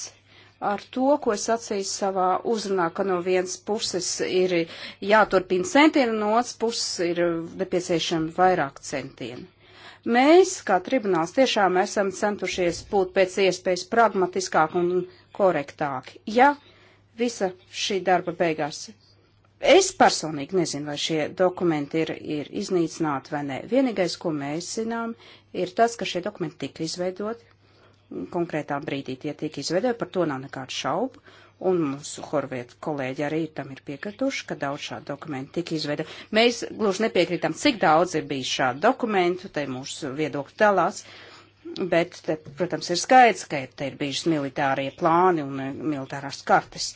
ar to, ko es sacīju savā uzrunā, ka no vienas puses ir jāturpina centieni, no otras puses ir nepieciešami vairāk centieni. Mēs, kā tribunāls, tiešām esam centušies būt pēc iespējas pragmatiskāk un korektāk. Ja visa šī darba beigās. Es personīgi nezinu, vai šie dokumenti ir, ir iznīcināti vai nē. Vienīgais, ko mēs zinām, ir tas, ka šie dokumenti tika izveidoti. Konkrētā brīdī tie tika izveidoti, par to nav nekādu šaubu un mūsu horvietu kolēģi arī tam ir piekrituši, ka daudz šādu dokumentu tika izveida. Mēs gluži nepiekrītam, cik daudz ir bijis šādu dokumentu, te mūsu viedokļi dalās, bet, te, protams, ir skaidrs, ka te ir bijušas militārie plāni un eh, militārās kartes.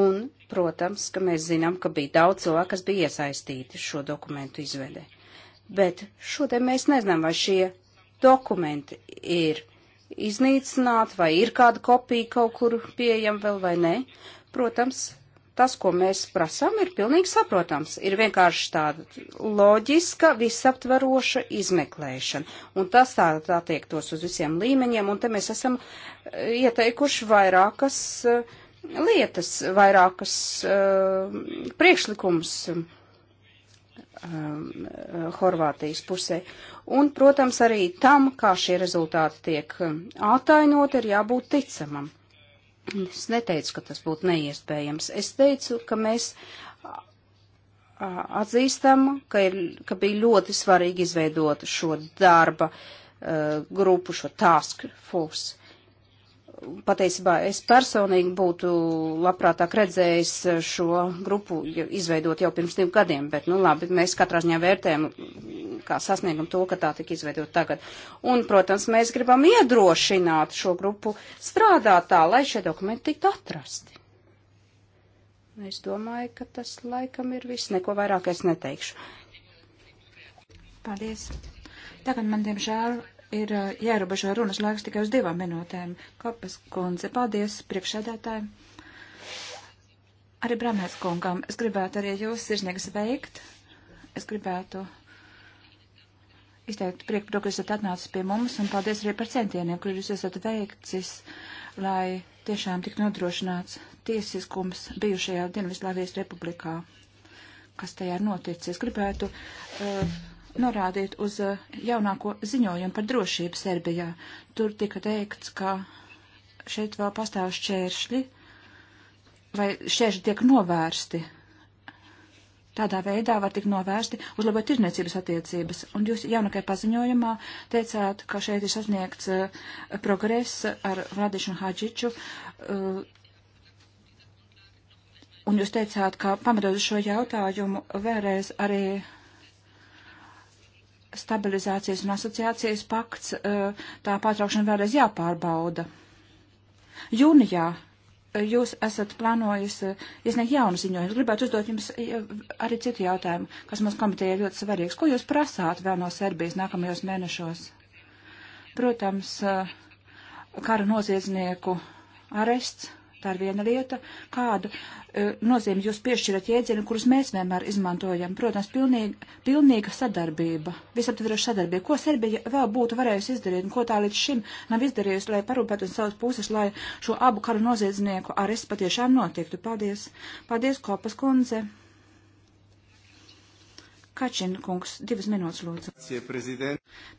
Un, protams, ka mēs zinām, ka bija daudz cilvēku, kas bija iesaistīti šo dokumentu izvedē. Bet šodien mēs nezinām, vai šie dokumenti ir iznīcināt, vai ir kāda kopija kaut kur pieejama vēl vai nē. Protams, tas, ko mēs prasām, ir pilnīgi saprotams. Ir vienkārši tāda loģiska, visaptvaroša izmeklēšana. Un tas tā, tā tiektos uz visiem līmeņiem, un te mēs esam eh, ieteikuši vairākas eh, lietas, vairākas uh, priekšlikumus. Uh, um, Horvātijas pusē. Un, protams, arī tam, kā šie rezultāti tiek um, atainot, ir jābūt ticamam. Es neteicu, ka tas būtu neiespējams. Es teicu, ka mēs atzīstam, ka, ir, ka bija ļoti svarīgi izveidot šo darba uh, grupu, šo task force patiesībā es personīgi būtu labprātāk redzējis eh, šo grupu izveidot jau pirms diviem gadiem, bet, nu labi, mēs katrā ziņā vērtējam, mm, kā sasniegam to, ka tā tika izveidot tagad. Un, protams, mēs gribam iedrošināt šo grupu strādāt tā, lai šie dokumenti tiktu atrasti. Es domāju, ka tas laikam ir viss, neko vairāk es neteikšu. Paldies. Tagad man, diemžēl, ir eh, jāierobežo runas laiks tikai uz divām minūtēm. Kopas kundze, paldies priekšsēdētāji. Arī Bramēts kungam, es gribētu arī jūs sirsnīgi sveikt. Es gribētu izteikt prieku par to, ka esat atnācis pie mums un paldies arī par centieniem, kur jūs esat veikcis, lai tiešām tik nodrošināts tiesiskums bijušajā Dienvidslāvijas republikā, kas tajā ir noticis. Es gribētu uh, norādīt uz eh, jaunāko ziņojumu par drošību Serbijā. Tur tika teikts, ka šeit vēl pastāv šķēršļi, vai šķēršļi tiek novērsti. Tādā veidā var tikt novērsti uzlabot tirniecības attiecības. Un jūs jaunākajā paziņojumā teicāt, ka šeit ir sasniegts uh, progress ar Radišu un Hadžiču. Uh, un jūs teicāt, ka pamatot šo jautājumu vēlreiz arī stabilizācijas un asociācijas pakts, e, tā pārtraukšana vēlreiz jāpārbauda. Jūnijā e, jūs esat plānojis e, iesniegt jaunu ziņojumu. Gribētu uzdot jums arī citu jautājumu, kas mums komitejai ļoti svarīgs. Ko jūs prasāt vēl no Serbijas nākamajos mēnešos? Protams, kara noziedznieku arests Tā ir viena lieta, kādu e, nozīmi jūs piešķirat jēdzienu, kurus mēs vienmēr izmantojam. Protams, pilnīga, pilnīga sadarbība, visaptveroša sadarbība. Ko Serbija vēl būtu varējusi izdarīt un ko tā līdz šim nav izdarījusi, lai parūpētu no savas puses, lai šo abu karu noziedznieku arests patiešām notiktu. Paldies! Paldies, Kopas kundze! Kačina kungs, divas minūtes lūdzu.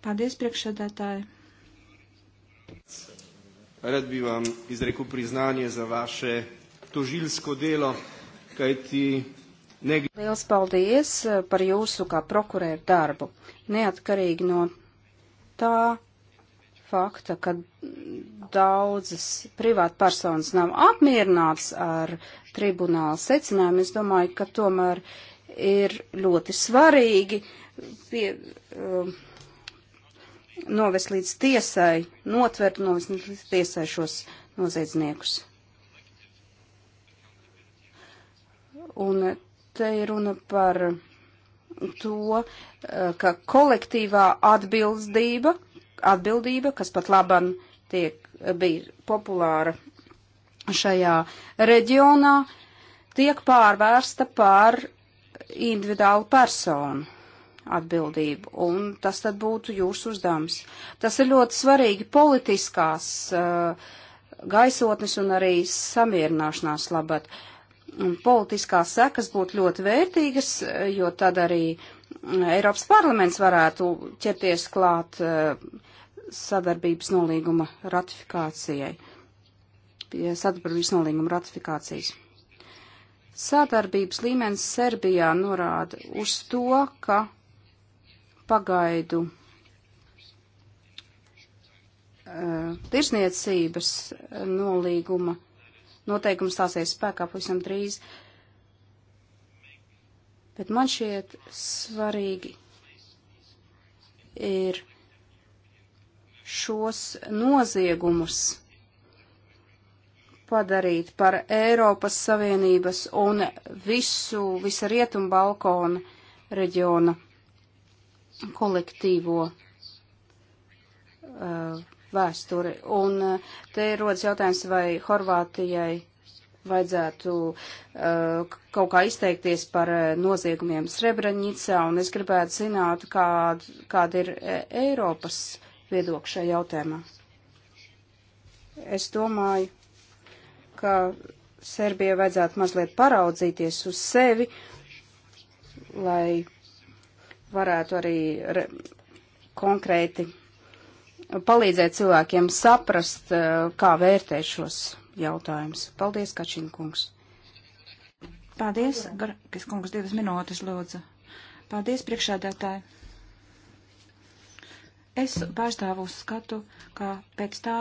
Paldies, priekšsēdētāji! Rad bi vam izrekel priznanje za vaše tožilsko delo, kajti ne. Liels paldies eh, par jūsu kā prokurēru darbu. Neatkarīgi no tā fakta, ka daudzas privātpersonas nav apmierināts ar tribunāla secinājumu, es domāju, ka tomēr ir ļoti svarīgi pie. Um, uh, novest līdz tiesai, notvert, novest līdz tiesai šos noziedzniekus. Un te ir runa par to, ka kolektīvā atbildība, atbildība, kas pat laban tiek, bija populāra šajā reģionā, tiek pārvērsta par individuālu personu atbildību, un tas tad būtu jūsu uzdevums. Tas ir ļoti svarīgi politiskās uh, gaisotnes un arī samierināšanās labad. Un politiskās sekas būtu ļoti vērtīgas, uh, jo tad arī mm, Eiropas parlaments varētu ķerties klāt uh, sadarbības nolīguma ratifikācijai, pie sadarbības nolīguma ratifikācijas. Sadarbības līmenis Serbijā norāda uz to, ka pagaidu eh, tirsniecības eh, nolīguma noteikums stāsies spēkā pavisam drīz. Bet man šķiet svarīgi ir šos noziegumus padarīt par Eiropas Savienības un visu, visa Rietumbalkona reģiona kolektīvo uh, vēsturi. Un uh, te rodas jautājums, vai Horvātijai vajadzētu uh, kaut kā izteikties par uh, noziegumiem Srebrenicā, un es gribētu zināt, kād, kāda ir uh, Eiropas viedokļa šajā jautājumā. Es domāju, ka Serbijai vajadzētu mazliet paraudzīties uz sevi, lai varētu arī re, konkrēti palīdzēt cilvēkiem saprast, eh, kā vērtē šos jautājumus. Paldies, Kačina kungs. Paldies, Garkis kungs, divas minūtes, lūdzu. Paldies, priekšādātāji. Es pārstāvu skatu, kā pēc tā,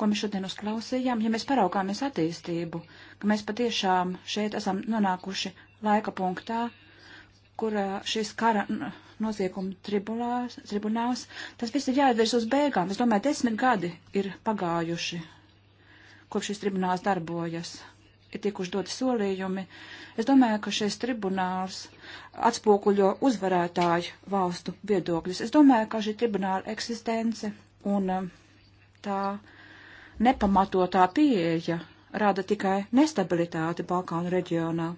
ko mēs šodien uzklausījām, ja mēs paraugāmies attīstību, ka mēs patiešām šeit esam nonākuši laika punktā, kurā šis kara nozieguma tribunāls, tribunāls, tas viss ir jāievirs uz beigām. Es domāju, desmit gadi ir pagājuši, kopš šis tribunāls darbojas. Ir tikuši doti solījumi. Es domāju, ka šis tribunāls atspoguļo uzvarētāju valstu viedokļus. Es domāju, ka šī tribunāla eksistence un tā nepamatotā pieeja rada tikai nestabilitāti Balkānu reģionā.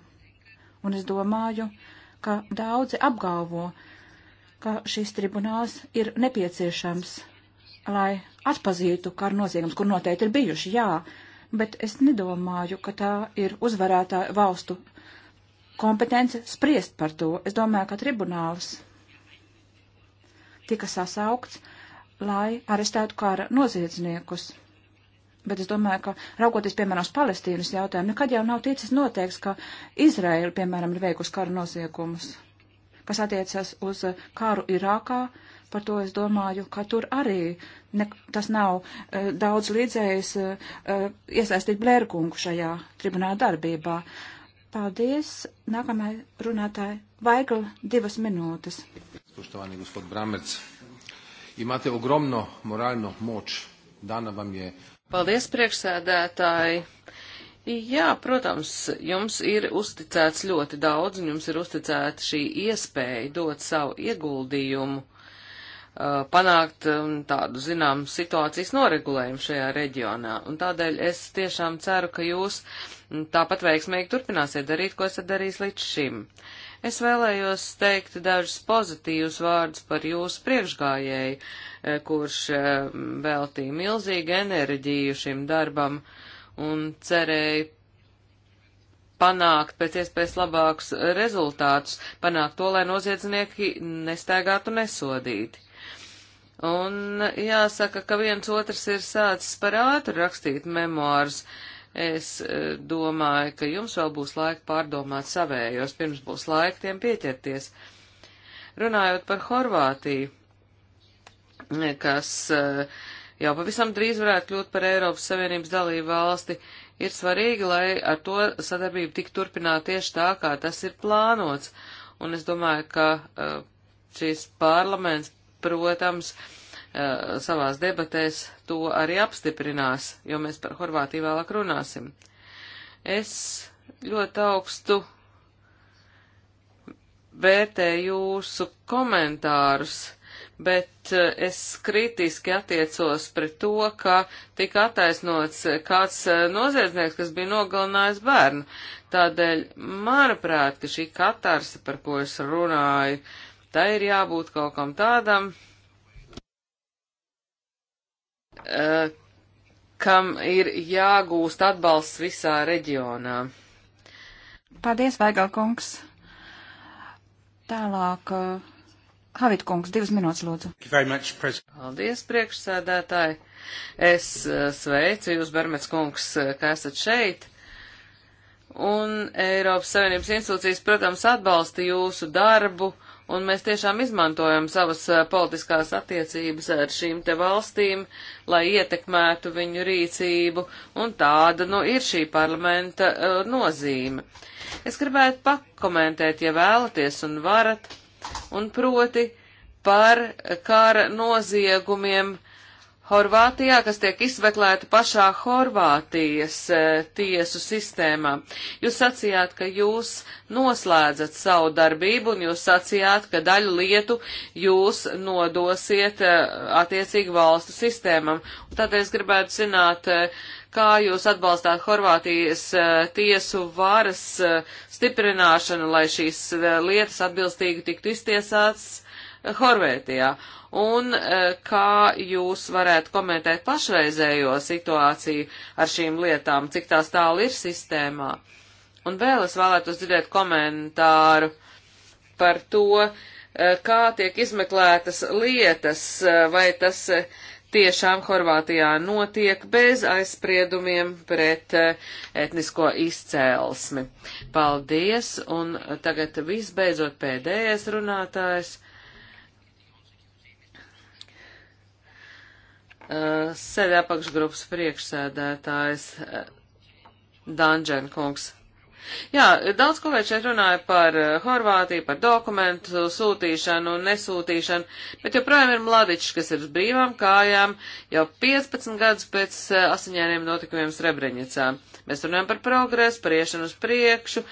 Un es domāju, ka daudzi apgalvo, ka šis tribunāls ir nepieciešams, lai atpazītu karu noziegums, kur noteikti ir bijuši, jā, bet es nedomāju, ka tā ir uzvarētāja valstu kompetence spriest par to. Es domāju, ka tribunāls tika sasaukts, lai arestētu kara noziedzniekus. Bet es domāju, ka raugoties, piemēram, uz Palestīnas jautājumu, nekad jau nav ticis noteikts, ka Izraela, piemēram, ir veikusi kara noziegumus, kas attiecas uz kāru Irākā. Par to es domāju, ka tur arī ne, tas nav uh, daudz līdzējis uh, iesaistīt Blērkungu šajā tribunāla darbībā. Paldies. Nākamai runātāji. Vaigl divas minūtes. Spoštovani gospod Bramec, imate ogromno moralno moč Dana Vamjē. Paldies, priekšsēdētāji! Jā, protams, jums ir uzticēts ļoti daudz, un jums ir uzticēta šī iespēja dot savu ieguldījumu, uh, panākt um, tādu, zinām, situācijas noregulējumu šajā reģionā. Un tādēļ es tiešām ceru, ka jūs mm, tāpat veiksmīgi turpināsiet darīt, ko esat darījis līdz šim. Uh, Es vēlējos teikt dažus pozitīvus vārdus par jūsu priekšgājēju, e, kurš e, veltīja milzīgu enerģiju šim darbam un cerēja panākt pēc iespējas labākus rezultātus, panākt to, lai noziedznieki nestaigātu nesodīti. Un jāsaka, ka viens otrs ir sācis par ātru rakstīt memoārus. Uh, Es e, domāju, ka jums vēl būs laika pārdomāt savējos, pirms būs laika tiem pieķerties. Runājot par Horvātiju, e, kas e, jau pavisam drīz varētu kļūt par Eiropas Savienības dalību valsti, ir svarīgi, lai ar to sadarbību tik turpināt tieši tā, kā tas ir plānots. Un es domāju, ka šis parlaments, protams, uh, Eh, savās debatēs to arī apstiprinās, jo mēs par Horvātiju vēlāk runāsim. Es ļoti augstu vērtēju jūsu komentārus, bet eh, es kritiski attiecos pret to, ka tika attaisnots kāds eh, noziedznieks, kas bija nogalinājis bērnu. Tādēļ, manuprāt, ka šī katarsa, par ko es runāju, tā ir jābūt kaut kam tādam, uh, Eh, kam ir jāgūst atbalsts visā reģionā. Paldies, Vaigalkungs. Tālāk, eh, Havitkungs, divas minūtes lūdzu. Much, Paldies, priekšsēdētāji. Es eh, sveicu jūs, Bermets kungs, ka esat šeit. Un Eiropas Savienības institūcijas, protams, atbalsta jūsu darbu Un mēs tiešām izmantojam savas politiskās attiecības ar šīm te valstīm, lai ietekmētu viņu rīcību, un tāda, nu, ir šī parlamenta uh, nozīme. Es gribētu pakomentēt, ja vēlaties un varat, un proti par kara noziegumiem Horvātijā, kas tiek izmeklēta pašā Horvātijas e, tiesu sistēmā. Jūs sacījāt, ka jūs noslēdzat savu darbību un jūs sacījāt, ka daļu lietu jūs nodosiet e, attiecīgi valstu sistēmam. Un tādēļ es gribētu zināt, e, kā jūs atbalstāt Horvātijas tiesu varas stiprināšanu, lai šīs lietas atbilstīgi tiktu iztiesāts Horvētijā un e, kā jūs varētu komentēt pašreizējo situāciju ar šīm lietām, cik tās tālu ir sistēmā. Un vēl es vēlētos dzirdēt komentāru par to, e, kā tiek izmeklētas lietas, e, vai tas tiešām Horvātijā notiek bez aizspriedumiem pret etnisko izcēlesmi. Paldies, un tagad visbeidzot pēdējais runātājs Uh, Sēdē apakšgrupas priekšsēdētājs uh, Danģenkungs. Jā, daudz kolēģi šeit runāja par uh, Horvātiju, par dokumentu sūtīšanu un nesūtīšanu, bet joprojām ir Mladičs, kas ir uz brīvām kājām jau 15 gadus pēc asiņainiem notikumiem Srebrenicā. Mēs runājam par progresu, par iešanu uz priekšu,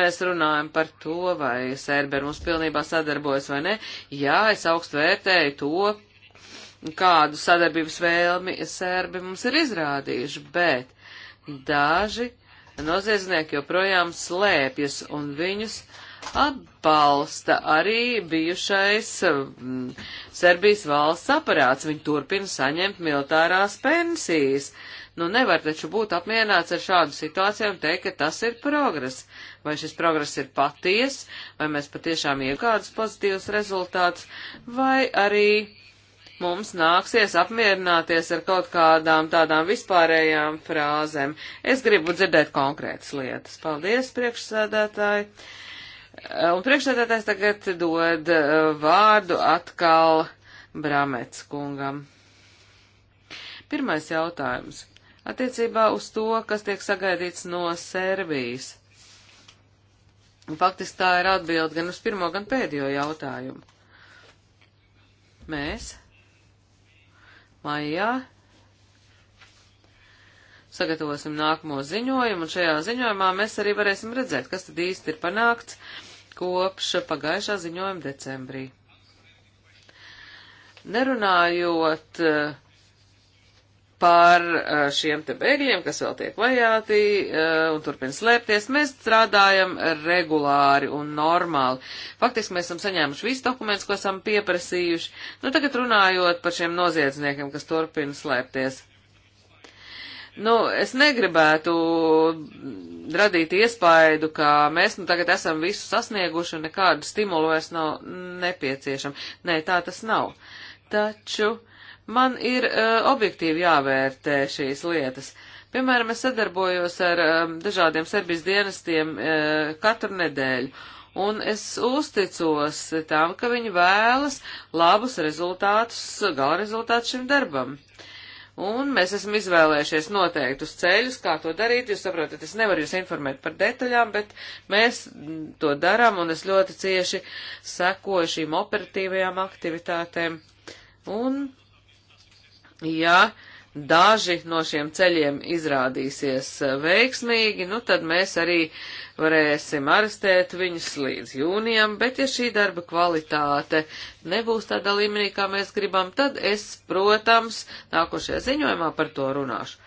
mēs runājam par to, vai Sērberi mums pilnībā sadarbojas vai ne. Jā, es augstu vērtēju to, kādu sadarbības vēlmi sērbi mums ir izrādījuši, bet daži noziedznieki joprojām slēpjas un viņus atbalsta arī bijušais mm, Serbijas valsts aparāts. Viņi turpina saņemt militārās pensijas. Nu, nevar taču būt apmierināts ar šādu situāciju un teikt, ka tas ir progress. Vai šis progress ir paties, vai mēs patiešām iegādus pozitīvus rezultātus, vai arī mums nāksies apmierināties ar kaut kādām tādām vispārējām frāzēm. Es gribu dzirdēt konkrētas lietas. Paldies, priekšsēdētāji. Eh, un priekšsēdētājs tagad dod eh, vārdu atkal Bramets kungam. Pirmais jautājums. Attiecībā uz to, kas tiek sagaidīts no Serbijas. Faktiski tā ir atbilde gan uz pirmo, gan pēdējo jautājumu. Mēs maijā. Sagatavosim nākamo ziņojumu, un šajā ziņojumā mēs arī varēsim redzēt, kas tad īsti ir panākts kopš pagājušā ziņojuma decembrī. Nerunājot uh, par eh, šiem te bēgļiem, kas vēl tiek vajāti eh, un turpina slēpties. Mēs strādājam regulāri un normāli. Faktiski mēs esam saņēmuši visus dokumentus, ko esam pieprasījuši. Nu, tagad runājot par šiem noziedzniekiem, kas turpina slēpties. Nu, es negribētu radīt iespaidu, ka mēs nu tagad esam visu sasnieguši un nekādu stimulu vairs nav nepieciešama. Nē, tā tas nav. Taču Man ir uh, objektīvi jāvērtē šīs lietas. Piemēram, es sadarbojos ar um, dažādiem Serbijas dienestiem uh, katru nedēļu, un es uzticos tām, ka viņi vēlas labus rezultātus, gala rezultātus šim darbam. Un mēs esam izvēlējušies noteiktus ceļus, kā to darīt. Jūs saprotat, es nevaru jūs informēt par detaļām, bet mēs to darām, un es ļoti cieši sekoju šīm operatīvajām aktivitātēm. Un ja daži no šiem ceļiem izrādīsies eh, veiksmīgi, nu tad mēs arī varēsim arestēt viņus līdz jūnijam, bet ja šī darba kvalitāte nebūs tādā līmenī, kā mēs gribam, tad es, protams, nākošajā ziņojumā par to runāšu.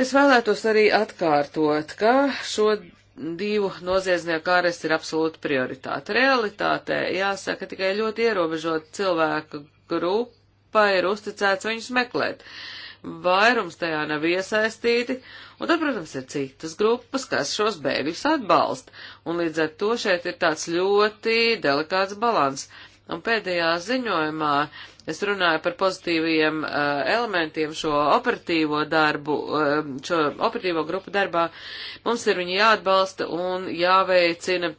Es vēlētos arī atkārtot, ka šo divu noziedznieku ārest ir absolūta prioritāte. Realitātē, jāsaka, tikai ļoti ierobežot cilvēku grupu grupai ir uzticēts viņus meklēt. Vairums tajā nav iesaistīti, un tad, protams, ir citas grupas, kas šos bēgļus atbalsta, un līdz ar to šeit ir tāds ļoti delikāts balans. Un pēdējā ziņojumā es runāju par pozitīviem uh, elementiem šo operatīvo darbu, uh, šo operatīvo grupu darbā. Mums ir viņi jāatbalsta un jāveicina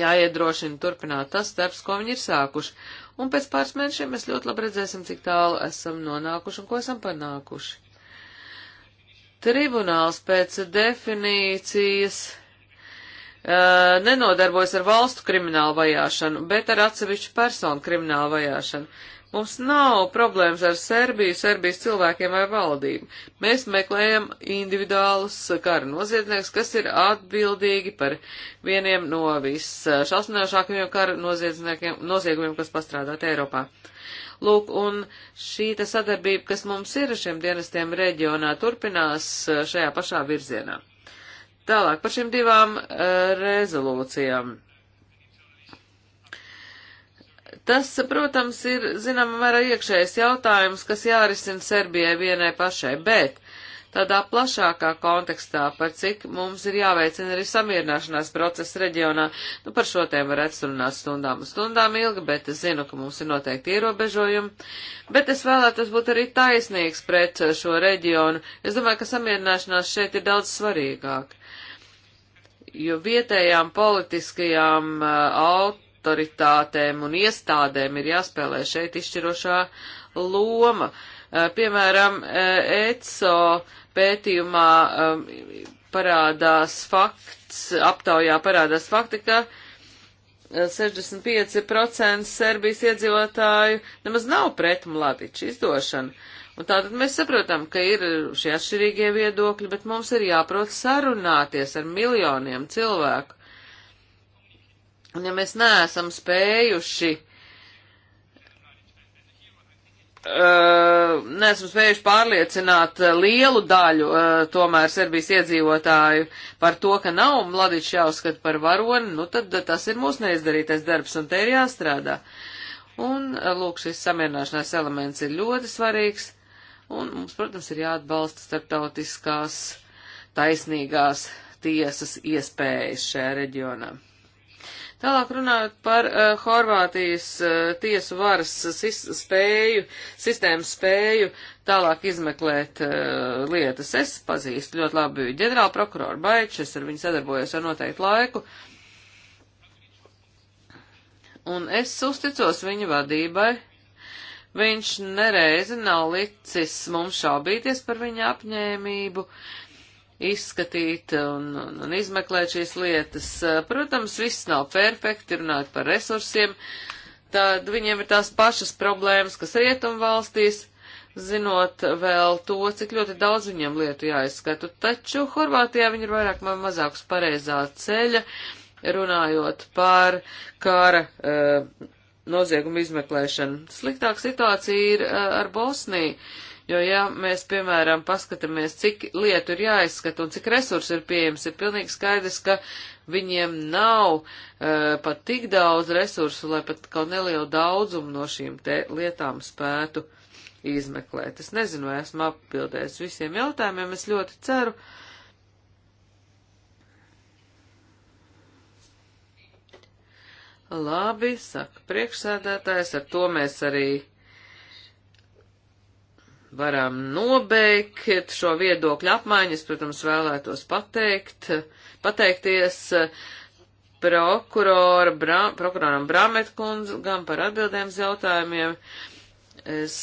jāiedrošina turpināt tas darbs, ko viņi ir sākuši un pēc pāris mēnešiem mēs ļoti labi redzēsim, cik tālu esam nonākuši un ko esam panākuši. Tribunāls pēc definīcijas nenodarbojas ar valstu kriminālu vajāšanu, bet ar atsevišķu personu kriminālu vajāšanu. Mums nav problēmas ar Serbiju, Serbijas cilvēkiem vai valdību. Mēs meklējam individuālus kara noziedznieks, kas ir atbildīgi par vieniem no visšausminošākajiem kara noziegumiem, kas pastrādāt Eiropā. Lūk, un šī ta sadarbība, kas mums ir ar šiem dienestiem reģionā, turpinās šajā pašā virzienā. Tālāk par šīm divām uh, rezolūcijām. Tas, protams, ir zināmā mērā iekšējais jautājums, kas jārisina Serbijai vienai pašai, bet tādā plašākā kontekstā, par cik mums ir jāveicina arī samierināšanās procesa reģionā, nu par šo tēmu varētu runāt stundām un stundām ilgi, bet es zinu, ka mums ir noteikti ierobežojumi, bet es vēlētos būt arī taisnīgs pret šo reģionu. Es domāju, ka samierināšanās šeit ir daudz svarīgāk, jo vietējām politiskajām uh, autoritātēm, autoritātēm un iestādēm ir jāspēlē šeit izšķirošā loma. Eh, piemēram, ECO eh, pētījumā eh, parādās fakts, aptaujā parādās fakti, ka 65% Serbijas iedzīvotāju nemaz nav pret Mladiču izdošanu. Un tātad mēs saprotam, ka ir šie atšķirīgie viedokļi, bet mums ir jāprot sarunāties ar miljoniem cilvēku. Un ja mēs neesam spējuši Uh, neesam spējuši pārliecināt lielu daļu uh, tomēr Serbijas iedzīvotāju par to, ka nav Mladičs jāuzskata par varoni, nu tad tas ir mūsu neizdarītais darbs un te ir jāstrādā. Un, uh, lūk, šis samierināšanās elements ir ļoti svarīgs un mums, protams, ir jāatbalsta starptautiskās taisnīgās tiesas iespējas šajā reģionā. Tālāk runājot par uh, Horvātijas uh, tiesu varas sis spēju, sistēmas spēju tālāk izmeklēt uh, lietas. Es pazīstu ļoti labi ģenerāla prokuroru Baiču, es ar viņu sadarbojos ar noteiktu laiku. Un es uzticos viņa vadībai. Viņš nereizi nav licis mums šaubīties par viņa apņēmību. Uh, izskatīt un, un, un izmeklēt šīs lietas. Protams, viss nav perfekti, runāt par resursiem, tad viņiem ir tās pašas problēmas, kas rietumvalstīs, zinot vēl to, cik ļoti daudz viņiem lietu jāizskatu. Taču Horvātijā viņi ir vairāk vai mazāk uz pareizā ceļa, runājot par kāra. Uh, eh, noziegumu izmeklēšanu. Sliktāka situācija ir uh, ar Bosniju. Uh, Jo, ja mēs, piemēram, paskatāmies, cik lietu ir jāizskata un cik resursi ir pieejams, ir pilnīgi skaidrs, ka viņiem nav uh, pat tik daudz resursu, lai pat kaut nelielu daudzumu no šīm te lietām spētu izmeklēt. Es nezinu, vai esmu atbildējis visiem jautājumiem, es ļoti ceru. Labi, saka priekšsēdētājs, ar to mēs arī varam nobeigt šo viedokļu apmaiņu. Es, protams, vēlētos pateikt, pateikties prokurora, bra, prokuroram Brametkungam par atbildēm uz jautājumiem. Es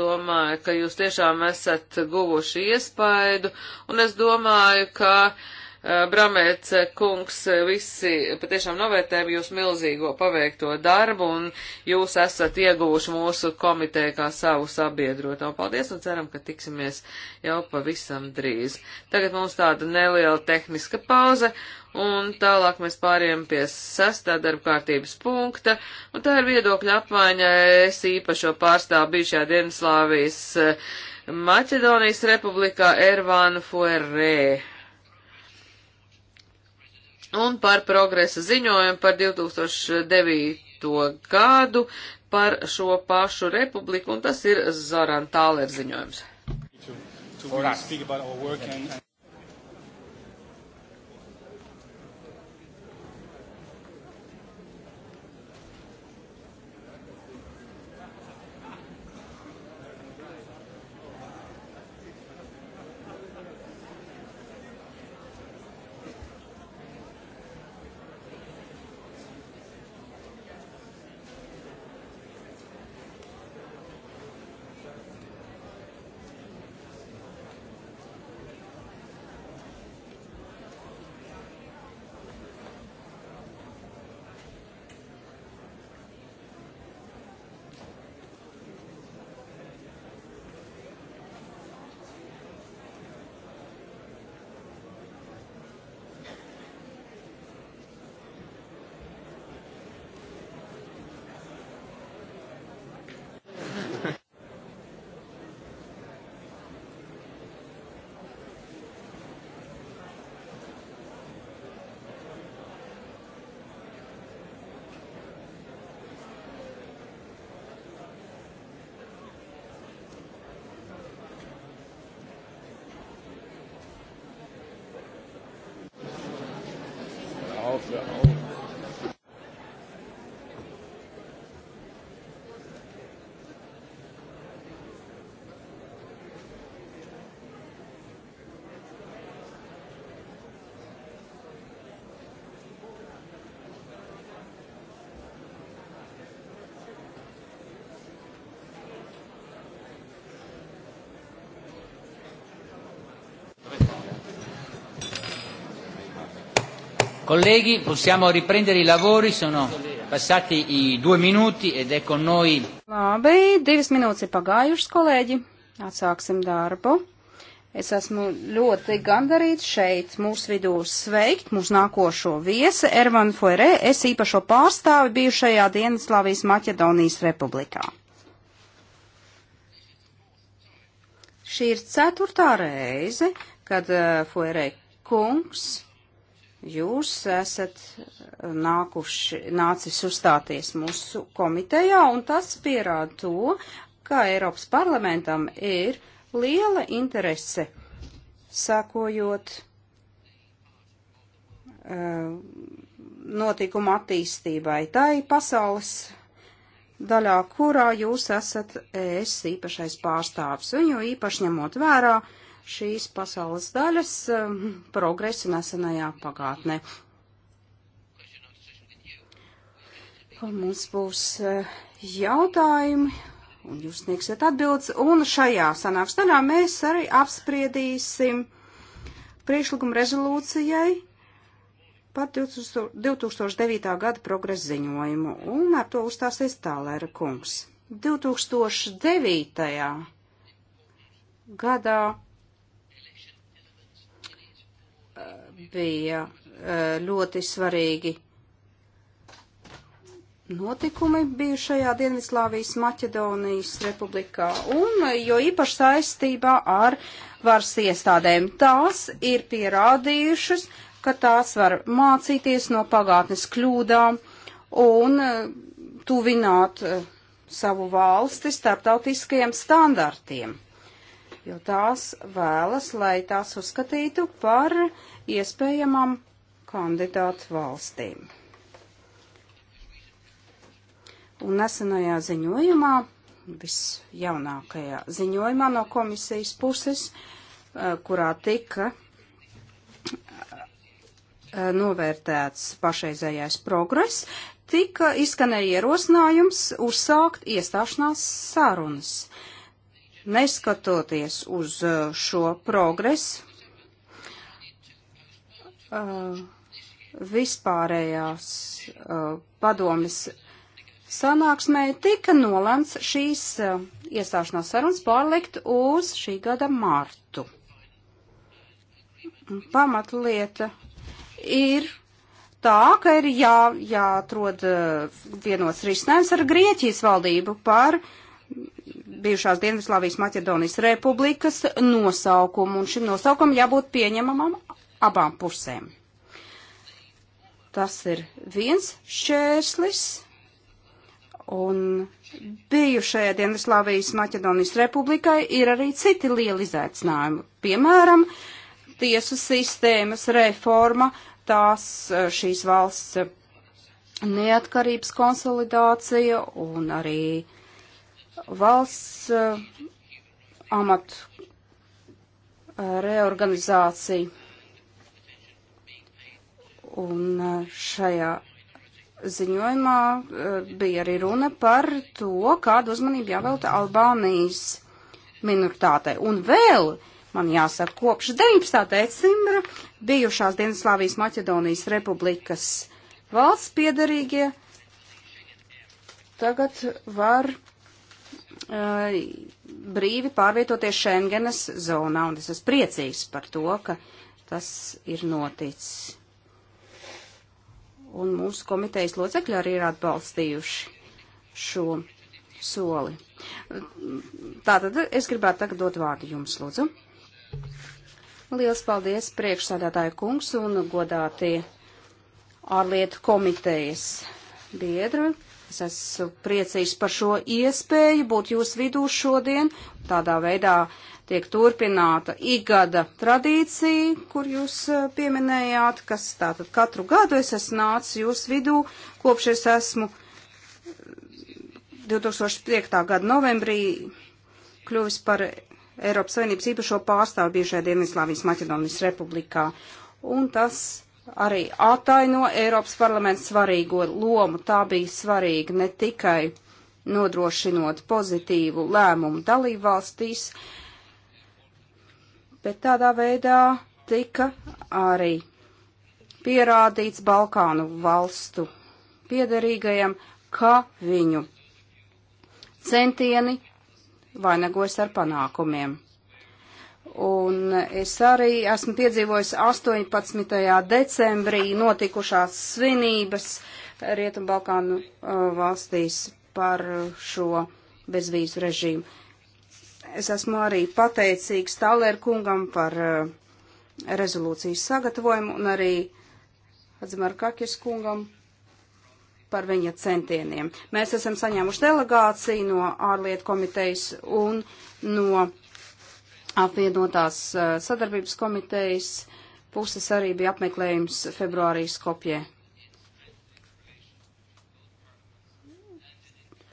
domāju, ka jūs tiešām esat guvuši iespaidu, un es domāju, ka uh, Eh, Bramēts kungs, eh, visi patiešām novērtējam jūs milzīgo paveikto darbu un jūs esat ieguvuši mūsu komiteju kā savu sabiedroto. Paldies un ceram, ka tiksimies jau pavisam drīz. Tagad mums tāda neliela tehniska pauze un tālāk mēs pāriem pie sestā darba kārtības punkta, un tā ir viedokļa apmaiņa es īpašo pārstāvu bijušajā Dienaslāvijas eh, Maķedonijas republikā Ervānu Fuerē un par progresa ziņojumu par 2009. gadu par šo pašu republiku, un tas ir Zoran Tāler ziņojums. To, to dafür Colleghi, possiamo riprendere i lavori, sono passati i due minuti ed è con noi. Labi, divas minūtes ir pagājušas, kolēģi. Atsāksim darbu. Es esmu ļoti gandarīts šeit mūsu vidū sveikt mūsu nākošo viesi Ervanu Fuerē, es īpašo pārstāvi bijušajā Dienaslāvijas Maķedonijas republikā. Šī ir ceturtā reize, kad uh, Fuerē kungs jūs esat uh, nākuši, nācis uzstāties mūsu komitejā, un tas pierāda to, ka Eiropas parlamentam ir liela interese sakojot uh, notikuma attīstībai tai pasaules daļā, kurā jūs esat es īpašais pārstāvs, un jo īpaši ņemot vērā uh, šīs pasaules daļas um, progresu nesenajā pagātnē. Un mums būs uh, jautājumi, un jūs sniegsiet atbildes, un šajā sanāksmē mēs arī apspriedīsim priekšlikumu rezolūcijai par 2009. gada progresa ziņojumu, un ar to uzstāsies Tālēra kungs. 2009. gadā bija eh, ļoti svarīgi notikumi bijušajā Dienvidslāvijas Maķedonijas republikā, un jo īpaši saistībā ar varas iestādēm. Tās ir pierādījušas, ka tās var mācīties no pagātnes kļūdām un eh, tuvināt eh, savu valsti starptautiskajiem standartiem, jo tās vēlas, lai tās uzskatītu par uh, iespējamām kandidātu valstīm. Un nesenajā ziņojumā, visjaunākajā ziņojumā no komisijas puses, eh, kurā tika eh, novērtēts pašreizējais progress, tika izskanēja ierosinājums uzsākt iestāšanās sarunas. Neskatoties uz eh, šo progresu, uh, vispārējās uh, padomis sanāksmē tika nolēmts šīs uh, iestāšanās sarunas pārlikt uz šī gada martu. Pamatlieta ir tā, ka ir jā, jāatrod uh, vienots risinājums ar Grieķijas valdību par bijušās Dienvidslāvijas Maķedonijas republikas nosaukumu, un šim nosaukumam jābūt pieņemamam abām pusēm. Tas ir viens šķērslis, un bijušajai Dienvidslāvijas Maķedonijas republikai ir arī citi lieli izaicinājumi. Piemēram, tiesu sistēmas reforma, tās eh, šīs valsts eh, neatkarības konsolidācija un arī valsts eh, amatu reorganizācija. Un e, šajā ziņojumā e, bija arī runa par to, kādu uzmanību jāvelta Albānijas minoritātei. Un vēl, man jāsaka, kopš 19. decembra bijušās Dienaslāvijas Maķedonijas republikas valsts piedarīgie tagad var uh, brīvi pārvietoties Schengenes zonā, un es esmu priecīgs par to, ka tas ir noticis un mūsu komitejas locekļi arī ir atbalstījuši šo soli. Tātad es gribētu tagad dot vārdu jums, lūdzu. Liels paldies priekšsādātāju kungs un godātie ārlietu komitejas biedru. Es esmu priecīgs par šo iespēju būt jūs vidū šodien. Tādā veidā uh, tiek turpināta igada tradīcija, kur jūs eh, pieminējāt, kas tātad katru gadu es esmu nācis jūs vidū, kopš es esmu 2005. Eh, gada novembrī kļuvis par Eiropas Savienības īpašo pārstāvu bijušajā Dienvidslāvijas Maķedonijas republikā. Un tas arī ataino Eiropas parlaments svarīgo lomu. Tā bija svarīga ne tikai nodrošinot pozitīvu lēmumu dalībvalstīs, valstīs, bet tādā veidā tika arī pierādīts Balkānu valstu piederīgajam, ka viņu centieni vainagojas ar panākumiem. Un es arī esmu piedzīvojis 18. decembrī notikušās svinības Rietumbalkānu uh, valstīs par šo bezvīzu režīmu. Es esmu arī pateicīgs Tālēr kungam par uh, rezolūcijas sagatavojumu un arī Hadzimarkakis kungam par viņa centieniem. Mēs esam saņēmuši delegāciju no ārlietu komitejas un no apvienotās eh, sadarbības komitejas puses arī bija apmeklējums februārī Skopjē.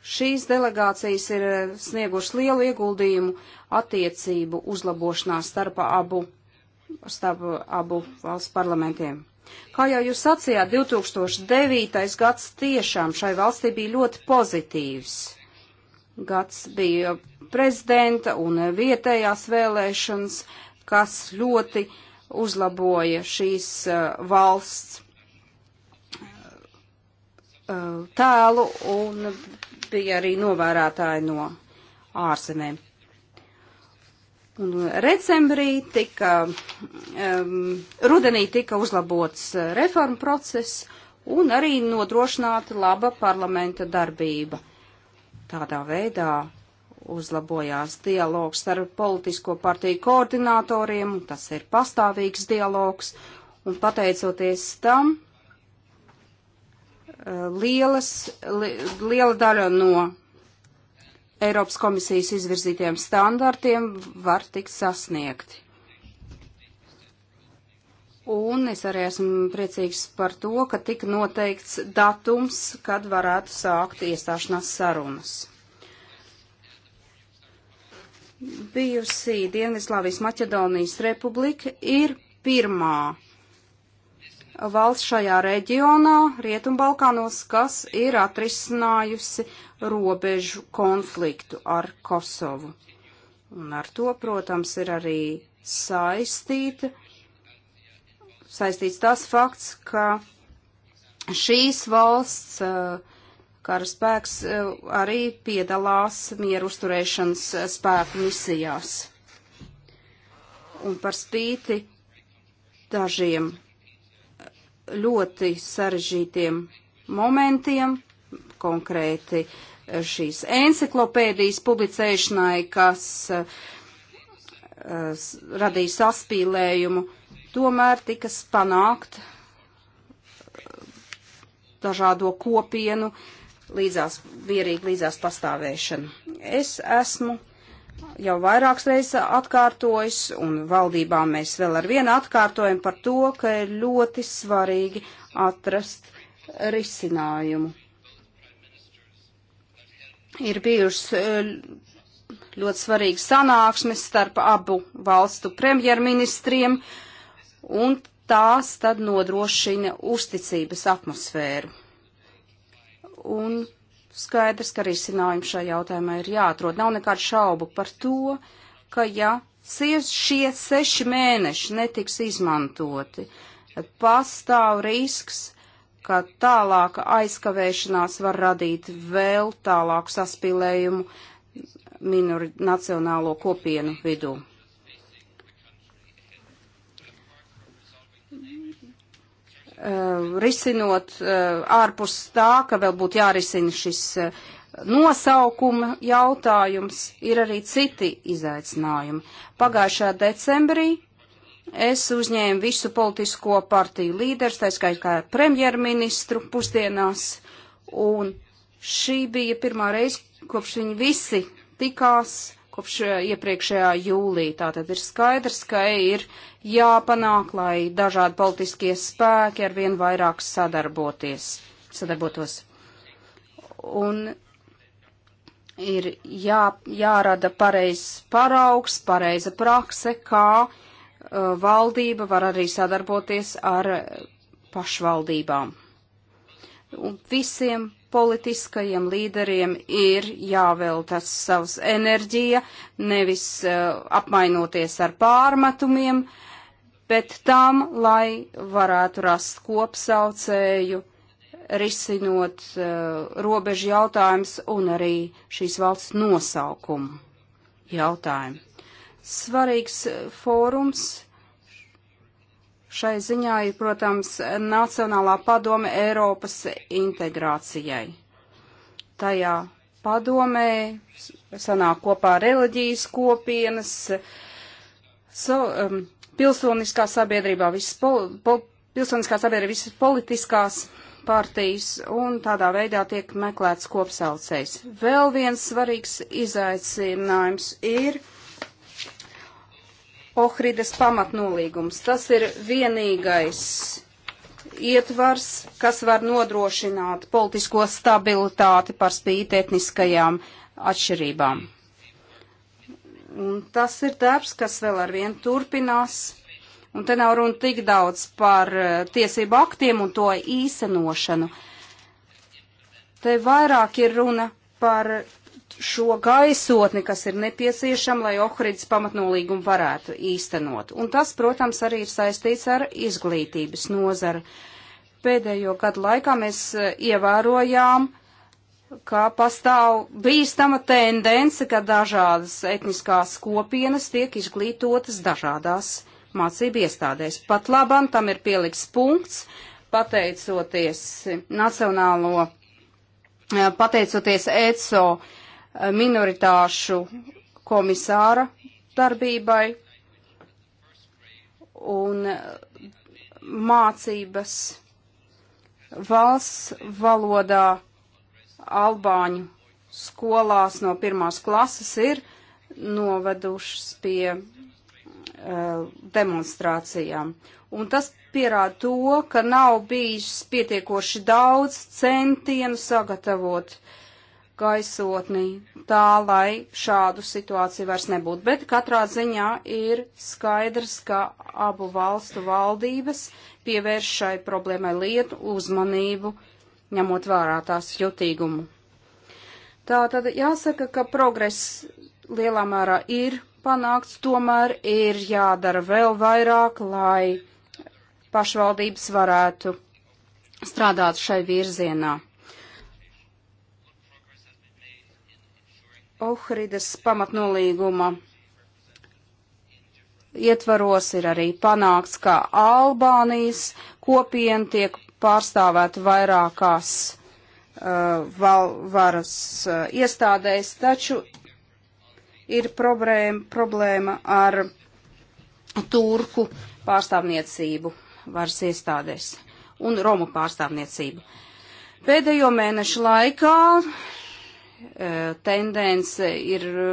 Šīs delegācijas ir eh, sniegušas lielu ieguldījumu attiecību uzlabošanā starp abu, starp abu valsts parlamentiem. Kā jau jūs sacījāt, 2009. gads tiešām šai valstī bija ļoti pozitīvs. Gads bija prezidenta un vietējās vēlēšanas, kas ļoti uzlaboja šīs eh, valsts eh, tēlu un bija arī novērotāji no ārzemēm. Un recembrī tika, um, rudenī tika uzlabots eh, reformu process un arī nodrošināta laba parlamenta darbība. Tādā veidā uzlabojās dialogs ar politisko partiju koordinatoriem, tas ir pastāvīgs dialogs, un pateicoties tam, lielas, li, liela daļa no Eiropas komisijas izvirzītiem standartiem var tikt sasniegti. Un es arī esmu priecīgs par to, ka tika noteikts datums, kad varētu sākt iestāšanās sarunas. Bijusī Dienvidslāvijas Maķedonijas republika ir pirmā valsts šajā reģionā, Rietumbalkānos, kas ir atrisinājusi robežu konfliktu ar Kosovu. Un ar to, protams, ir arī saistīta, saistīts tas fakts, ka šīs valsts eh, karaspēks eh, arī piedalās mieru uzturēšanas eh, spēku misijās. Un par spīti dažiem ļoti sarežģītiem momentiem, konkrēti šīs encyklopēdijas publicēšanai, kas eh, radīja saspīlējumu, tomēr tika panākt eh, dažādo kopienu līdzās, vierīgi līdzās pastāvēšanu. Es esmu jau vairākas reizes atkārtojas, un valdībā mēs vēl ar vienu atkārtojam par to, ka ir ļoti svarīgi atrast risinājumu. Ir bijušas eh, ļoti svarīgas sanāksmes starp abu valstu premjerministriem, un tās tad nodrošina uzticības atmosfēru. Un skaidrs, ka risinājums šajā jautājumā ir jāatrod. Nav nekādu šaubu par to, ka ja šie seši mēneši netiks izmantoti, pastāv risks, ka tālāka aizkavēšanās var radīt vēl tālāku saspīlējumu minori nacionālo kopienu vidū. uh, risinot uh, ārpus tā, ka vēl būtu jārisina šis uh, nosaukuma jautājums, ir arī citi izaicinājumi. Pagājušā decembrī es uzņēmu visu politisko partiju līderus, tā skaitā premjerministru pusdienās, un šī bija pirmā reize, kopš viņi visi tikās kopš eh, iepriekšējā jūlija. Tātad ir skaidrs, ka ir jāpanāk, lai dažādi politiskie spēki ar vien vairāk sadarboties, sadarbotos. Un ir jā, jārada pareizs paraugs, pareiza prakse, kā uh, valdība var arī sadarboties ar eh, pašvaldībām. Un visiem politiskajiem līderiem ir jāveltas savs enerģija, nevis uh, apmainoties ar pārmetumiem, bet tam, lai varētu rast kopsaucēju, risinot uh, robežu jautājumus un arī šīs valsts nosaukumu jautājumu. Svarīgs eh, fórums Šai ziņā ir, protams, Nacionālā padome Eiropas integrācijai. Tajā padomē sanāk kopā reliģijas kopienas, so, um, pilsoniskā sabiedrībā, visas pol, pol, pilsoniskā sabiedrība, visas politiskās partijas, un tādā veidā tiek meklēts kopsaucējs. Vēl viens svarīgs izaicinājums ir Ohrides pamatnolīgums. Tas ir vienīgais ietvars, kas var nodrošināt politisko stabilitāti par spīti etniskajām atšķirībām. Un tas ir darbs, kas vēl ar vienu turpinās. Un te nav runa tik daudz par eh, tiesību aktiem un to īstenošanu. Te vairāk ir runa par šo gaisotni, kas ir nepieciešama, lai Ohrids pamatnolīgumu varētu īstenot. Un tas, protams, arī ir saistīts ar izglītības nozaru. Pēdējo gadu laikā mēs e, ievērojām, ka pastāv bīstama tendence, ka dažādas etniskās kopienas tiek izglītotas dažādās mācību iestādēs. Pat labam tam ir pieliks punkts, pateicoties Nacionālo, e, pateicoties ECO minoritāšu komisāra darbībai un mācības valsts valodā albāņu skolās no pirmās klases ir novedušas pie uh, demonstrācijām. Un tas pierāda to, ka nav bijis pietiekoši daudz centienu sagatavot uh, gaisotni tā, lai šādu situāciju vairs nebūtu. Bet katrā ziņā ir skaidrs, ka abu valstu valdības pievērš šai problēmai lietu uzmanību, ņemot vērā tās jutīgumu. Tā tad jāsaka, ka progress lielā mērā ir panākts, tomēr ir jādara vēl vairāk, lai pašvaldības varētu strādāt šai virzienā. Ohridas pamatnolīguma ietvaros ir arī panākts, ka Albānijas kopiena tiek pārstāvēta vairākās uh, val, varas uh, iestādēs, taču ir problēma, problēma ar turku pārstāvniecību varas iestādēs un Romu pārstāvniecību. Pēdējo mēnešu laikā E, tendence ir e,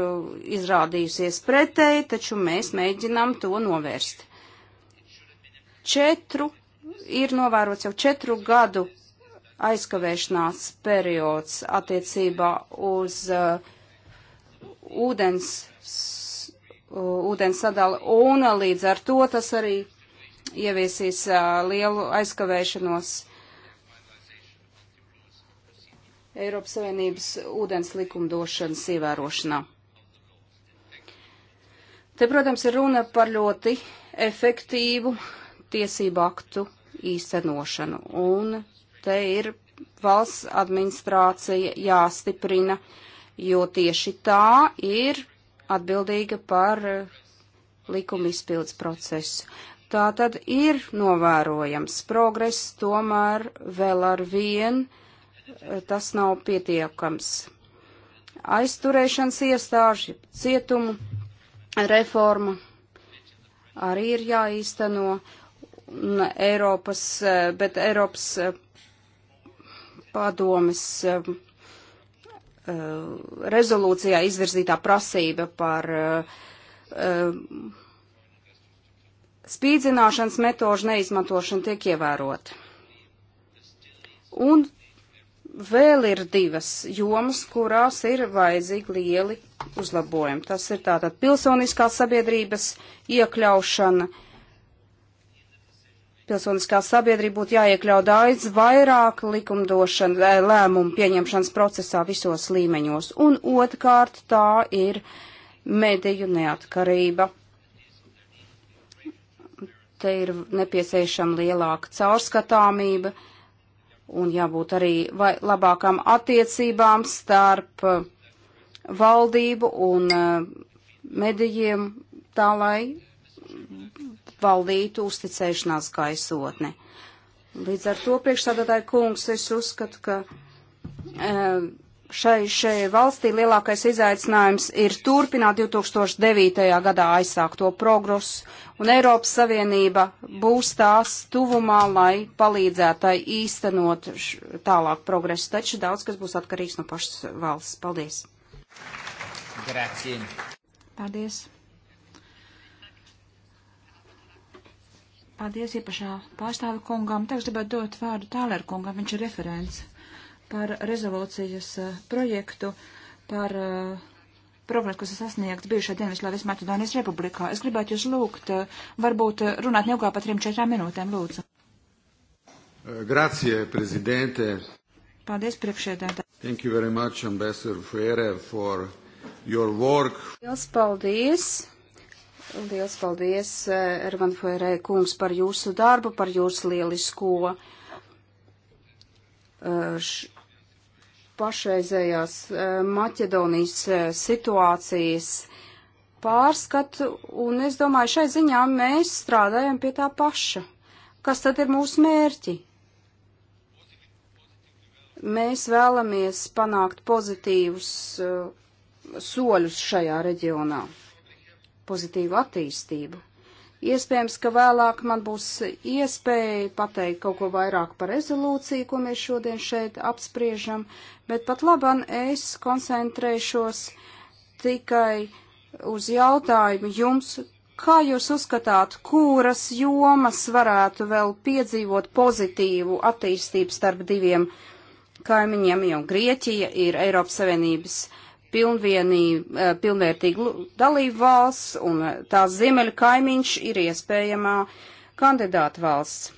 izrādījusies pretēji, taču mēs mēģinām to novērst. Četru ir novērots jau četru gadu aizkavēšanās periods attiecībā uz uh, ūdens, uh, ūdens sadali, un līdz ar to tas arī ieviesīs uh, lielu aizkavēšanos uh, Eiropas Savienības ūdens likumdošanas ievērošanā. Te, protams, ir runa par ļoti efektīvu tiesību aktu īstenošanu, un te ir valsts administrācija jāstiprina, jo tieši tā ir atbildīga par likuma izpildes procesu. Tā tad ir novērojams progress, tomēr vēl ar vienu tas nav pietiekams. Aizturēšanas iestāžu, cietumu reforma arī ir jāīsteno, un Eiropas, eh, bet Eiropas eh, padomes eh, rezolūcijā izvirzītā prasība par spīdzināšanas metožu neizmantošanu tiek ievērota. Un vēl ir divas jomas, kurās ir vajadzīgi lieli uzlabojumi. Tas ir tātad pilsoniskās sabiedrības iekļaušana. Pilsoniskā sabiedrība būtu jāiekļaut daudz vairāk likumdošana, eh, lēmumu pieņemšanas procesā visos līmeņos. Un otrkārt tā ir mediju neatkarība. Te ir nepieciešama lielāka caurskatāmība un jābūt arī vai, labākām attiecībām starp uh, valdību un uh, medijiem, tā lai valdītu uzticēšanās gaisotne. Līdz ar to priekšstādātāju kungs es uzskatu, ka. Uh, šai, šai valstī lielākais izaicinājums ir turpināt 2009. gadā aizsākto progresu, un Eiropas Savienība būs tās tuvumā, lai palīdzētu tai īstenot š, tālāk progresu. Taču daudz kas būs atkarīgs no pašas valsts. Paldies! Grazie. Paldies! Paldies īpašā pārstāvi kungam. Tagad gribētu dot vārdu tālēr kungam, viņš ir referents par rezolūcijas eh, projektu par uh, eh, progresu, kas ir sasniegts bijušā Dienvidslāvijas Maķedonijas republikā. Es gribētu jūs lūgt, uh, varbūt runāt neilgāk par trim četrām minūtēm, lūdzu. Grazie, prezidente. Paldies, priekšēdētā. Thank you very much, Ambassador Fuere, for your work. Liels paldies. Liels paldies, Ervan Fuere, kungs, par jūsu darbu, par jūsu lielisko. Uh, š pašreizējās eh, Maķedonijas eh, situācijas pārskatu, un es domāju, šai ziņā mēs strādājam pie tā paša. Kas tad ir mūsu mērķi? Mēs vēlamies panākt pozitīvus uh, soļus šajā reģionā, pozitīvu attīstību. Iespējams, ka vēlāk man būs iespēja pateikt kaut ko vairāk par rezolūciju, ko mēs šodien šeit apspriežam, bet pat labam es koncentrēšos tikai uz jautājumu jums, kā jūs uzskatāt, kuras jomas varētu vēl piedzīvot pozitīvu attīstību starp diviem kaimiņiem, jo Grieķija ir Eiropas Savienības uh, Eh, pilnvērtīgu dalību valsts un eh, tās ziemeļa kaimiņš ir iespējamā kandidāta valsts.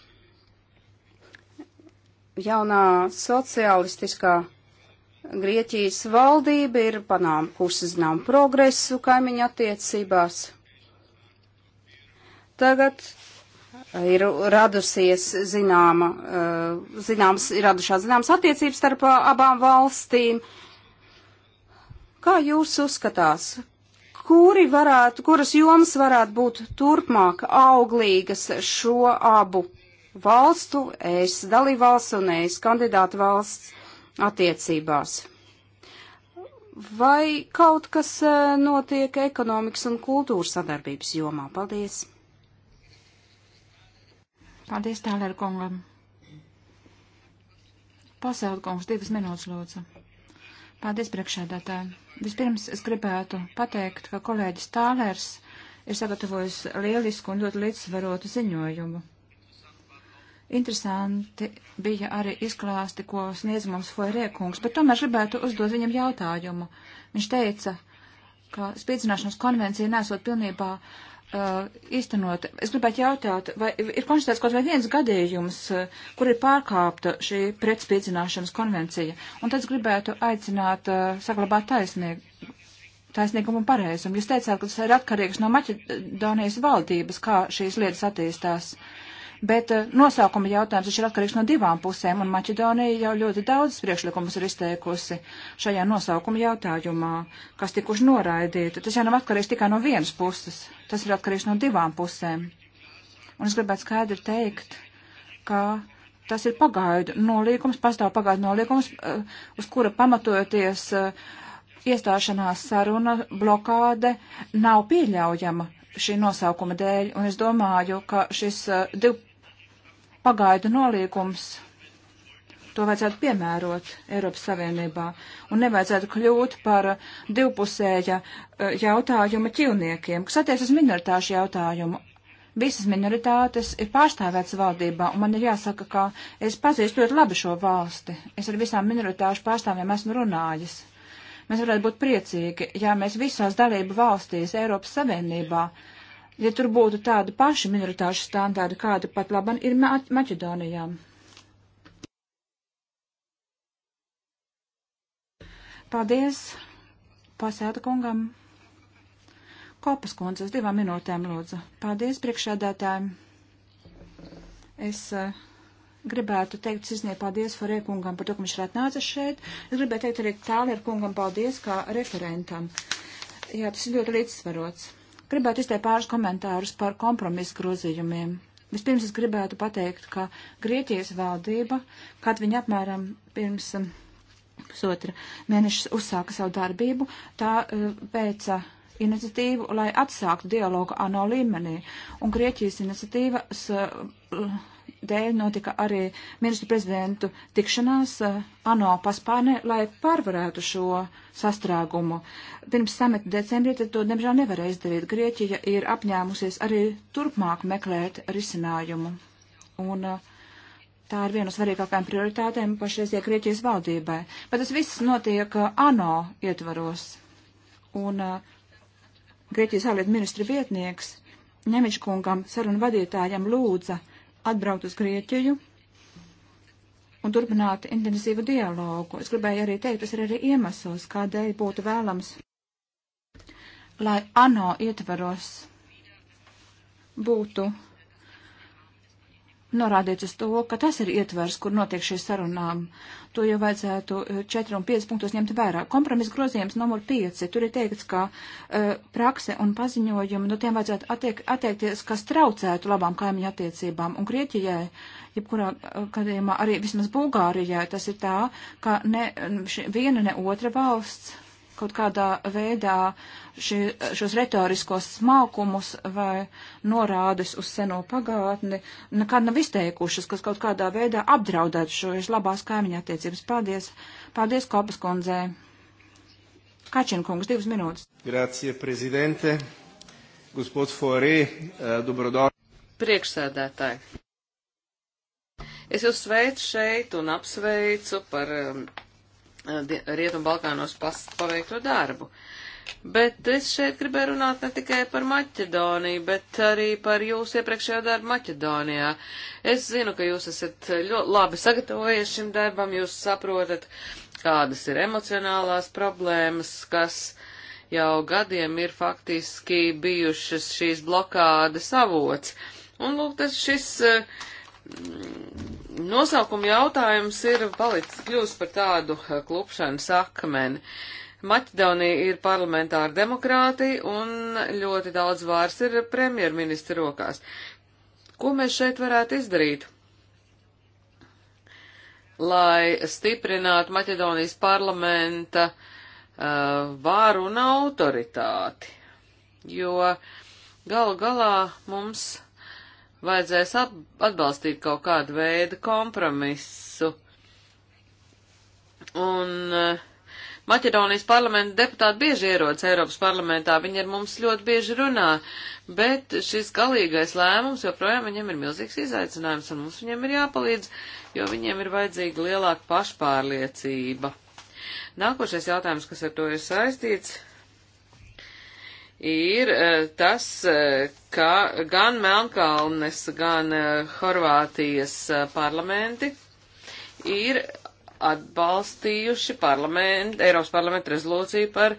Jaunā sociālistiskā Grieķijas valdība ir panākusi zinām progresu kaimiņu attiecībās. Tagad ir radusies zināma, eh, zināms, ir radušās zināmas attiecības starp abām valstīm. Uh, Kā jūs uzskatās, kuri varētu, kuras jomas varētu būt turpmāk auglīgas šo abu valstu, es dalībvalsts un es kandidātu valsts attiecībās? Vai kaut kas e, notiek ekonomikas un kultūras sadarbības jomā? Paldies! Paldies tālēr kungam! Pasēlkungs, divas minūtes lūdzu. Paldies priekšēdētāji! Vispirms es gribētu pateikt, ka kolēģis Tālērs ir sagatavojis lielisku un ļoti līdzsvarotu ziņojumu. Interesanti bija arī izklāsti, ko sniedz mums Foeriekungs, bet tomēr gribētu uzdot viņam jautājumu. Viņš teica, ka spīdzināšanas konvencija nesot pilnībā uh, Uh, īstenot. Es gribētu jautāt, vai ir konstatēts kaut vai viens gadījums, uh, kur ir pārkāpta šī pretspīdzināšanas konvencija, un tad es gribētu aicināt uh, saglabāt taisnīgu. Taisnīgumu un pareizumu. Jūs teicāt, ka tas ir atkarīgs no Maķedonijas valdības, kā šīs lietas attīstās. Uh, bet eh, nosaukuma jautājums ir atkarīgs no divām pusēm, un Maķedonija jau ļoti daudz priekšlikumus ir izteikusi šajā nosaukuma jautājumā, kas tikuši noraidīti. Tas jau nav atkarīgs tikai no vienas puses, tas ir atkarīgs no divām pusēm. Un es gribētu skaidri teikt, ka tas ir pagaidu nolīgums, pastāv pagaidu nolīgums, eh, uz kura pamatojoties eh, iestāšanās saruna blokāde nav pieļaujama šī nosaukuma dēļ, un es domāju, ka šis div, pagaidu nolīgums. To vajadzētu piemērot Eiropas Savienībā un nevajadzētu kļūt par divpusēja e, jautājuma ķilniekiem, kas attiec uz minoritāšu jautājumu. Visas minoritātes ir pārstāvētas valdībā, un man ir jāsaka, ka es pazīstu ļoti labi šo valsti. Es ar visām minoritāšu pārstāvjiem esmu runājis. Mēs varētu būt priecīgi, ja mēs visās dalību valstīs Eiropas Savienībā uh, ja tur būtu tādi paši minoritāšu standārti, kādi pat laban ir Ma Maķedonijā. Paldies pasēta kungam. Kopas kundze uz divām minūtēm lūdzu. Paldies priekšādātājiem. Es uh, gribētu teikt sirsnīgi paldies Forē kungam par to, ka viņš ir atnācis šeit. Es gribētu teikt arī Tālēr kungam paldies kā referentam. Jā, tas ir ļoti līdzsvarots. Gribētu izteikt pāris komentārus par kompromisu grozījumiem. Vispirms es gribētu pateikt, ka Grieķijas valdība, kad viņa apmēram pirms um, pusotra mēneša uzsāka savu darbību, tā uh, veica iniciatīvu, lai atsāktu dialogu ANO līmenī. Un Grieķijas iniciatīvas uh, dēļ notika arī ministru prezidentu tikšanās eh, ANO paspārnē, lai pārvarētu šo sastrēgumu. Pirms sameta decembrī to nemžēl nevarēja izdarīt. Grieķija ir apņēmusies arī turpmāk meklēt risinājumu. Un eh, tā ir viena no svarīgākajām prioritātēm pašreizie Grieķijas valdībai. Bet tas viss notiek eh, ANO ietvaros. Un Grieķijas ārlietu ministra vietnieks Ņemičkungam sarunu vadītājam lūdza atbraukt uz Grieķiju un turpināt intensīvu dialogu. Es gribēju arī teikt, tas ir arī iemesls, kādēļ būtu vēlams, lai ANO ietvaros būtu norādīts uz to, ka tas ir ietvers, kur notiek šīs sarunām. To jau vajadzētu 4 eh, un 5 punktus ņemt vērā. Kompromisa grozījums numur 5. Tur ir teikts, ka uh, prakse un paziņojumi, no tiem vajadzētu attiek, attiekties, kas traucētu labām kaimiņu attiecībām. Un Grieķijai, jebkurā eh, gadījumā arī vismaz Bulgārijai, tas ir tā, ka ne š, viena ne otra valsts kaut kādā veidā šie, šos retoriskos smalkumus vai norādes uz seno pagātni nekad nav izteikušas, kas kaut kādā veidā apdraudētu šo labās kaimiņa attiecības. Paldies, paldies Kopas kundzē. Kačinkungs, divas minūtes. Grācie, prezidente. Gospod Forī, eh, dobrodor. Priekšsēdētāji. Es jūs sveicu šeit un apsveicu par um, Eh, Rietumbalkānos paveikto darbu. Bet es šeit gribēju runāt ne tikai par Maķedoniju, bet arī par jūsu iepriekšējo darbu Maķedonijā. Es zinu, ka jūs esat ļoti labi sagatavojies šim darbam, jūs saprotat, kādas ir emocionālās problēmas, kas jau gadiem ir faktiski bijušas šīs blokādes avots. Un lūk, tas šis uh, Nosaukuma jautājums ir palicis kļūst par tādu eh, klupšanas akmeni. Maķedonija ir parlamentāra demokrātija un ļoti daudz vārs ir premjerministra rokās. Ko mēs šeit varētu izdarīt? Lai stiprinātu Maķedonijas parlamenta uh, vāru un autoritāti, jo galu galā mums vajadzēs atbalstīt kaut kādu veidu kompromisu. Un uh, Maķedonijas parlamenta deputāti bieži ierodas Eiropas parlamentā, viņi ar mums ļoti bieži runā, bet šis galīgais lēmums joprojām viņiem ir milzīgs izaicinājums, un mums viņiem ir jāpalīdz, jo viņiem ir vajadzīga lielāka pašpārliecība. Nākošais jautājums, kas ar to ir saistīts, ir e, tas, e, ka gan Melnkalnes, gan e, Horvātijas parlamenti ir atbalstījuši parlament, Eiropas parlamenta rezolūciju par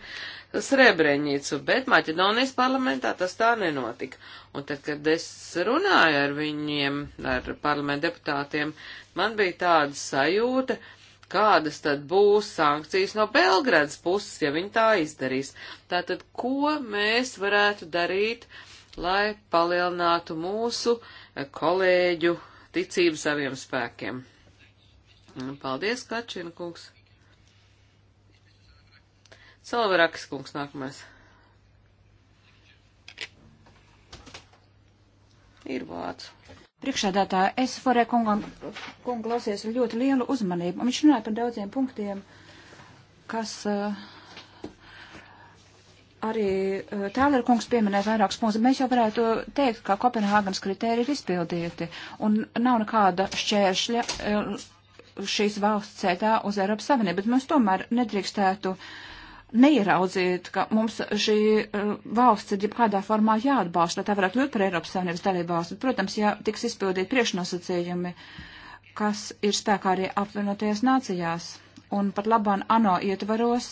Srebrenicu, bet Maķedonijas parlamentā tas tā nenotika. Un tad, kad es runāju ar viņiem, ar parlamenta deputātiem, man bija tāda sajūta, uh, kādas tad būs sankcijas no Belgradas puses, ja viņi tā izdarīs. Tātad, ko mēs varētu darīt, lai palielinātu mūsu eh, kolēģu ticību saviem spēkiem? Mm, paldies, Kačina kungs. Salvarakis kungs nākamais. Ir vārds. Priekšādātāja, es Forē kungam kungu klausies ar ļoti lielu uzmanību, un viņš runāja par daudziem punktiem, kas uh, arī uh, eh, Tālera kungs pieminēja vairākus punktus. Mēs jau varētu teikt, ka Kopenhāgenes kritēri ir izpildīti, un nav nekāda šķēršļa uh, šīs valsts cētā uz Eiropas Savienību, bet mēs tomēr nedrīkstētu uh, neieraudzīt, ka mums šī uh, valsts ir jebkādā formā jāatbalsta, lai tā varētu kļūt par Eiropas Savienības dalību valsti. Protams, ja tiks izpildīt priekšnosacījumi, kas ir spēkā arī apvienotajās nācijās, un pat labāk ANO ietvaros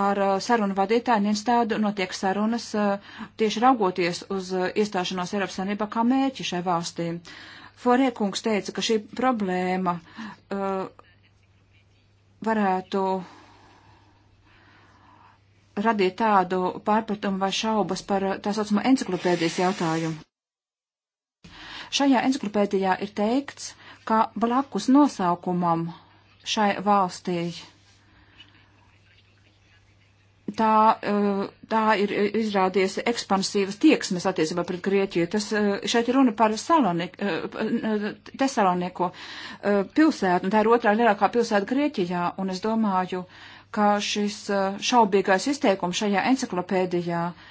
ar uh, sarunu vadītāju iestādu notiek sarunas uh, tieši raugoties uz iestāšanos Eiropas Savienībā kā mēķi šai valstī. Foriekungs teica, ka šī problēma uh, varētu radīt tādu pārpratumu vai šaubas par tā saucamo enciklopēdijas jautājumu. Šajā enciklopēdijā ir teikts, ka blakus nosaukumam šai valstī tā, eh, tā ir eh, izrādies ekspansīvas tieksmes attiecībā pret Grieķiju. Tas eh, šeit ir runa par Tesalonieko pilsētu, un tā ir otrā lielākā pilsēta Grieķijā, un es domāju, ka šis šaubīgais izteikums šajā enciklopēdijā uh,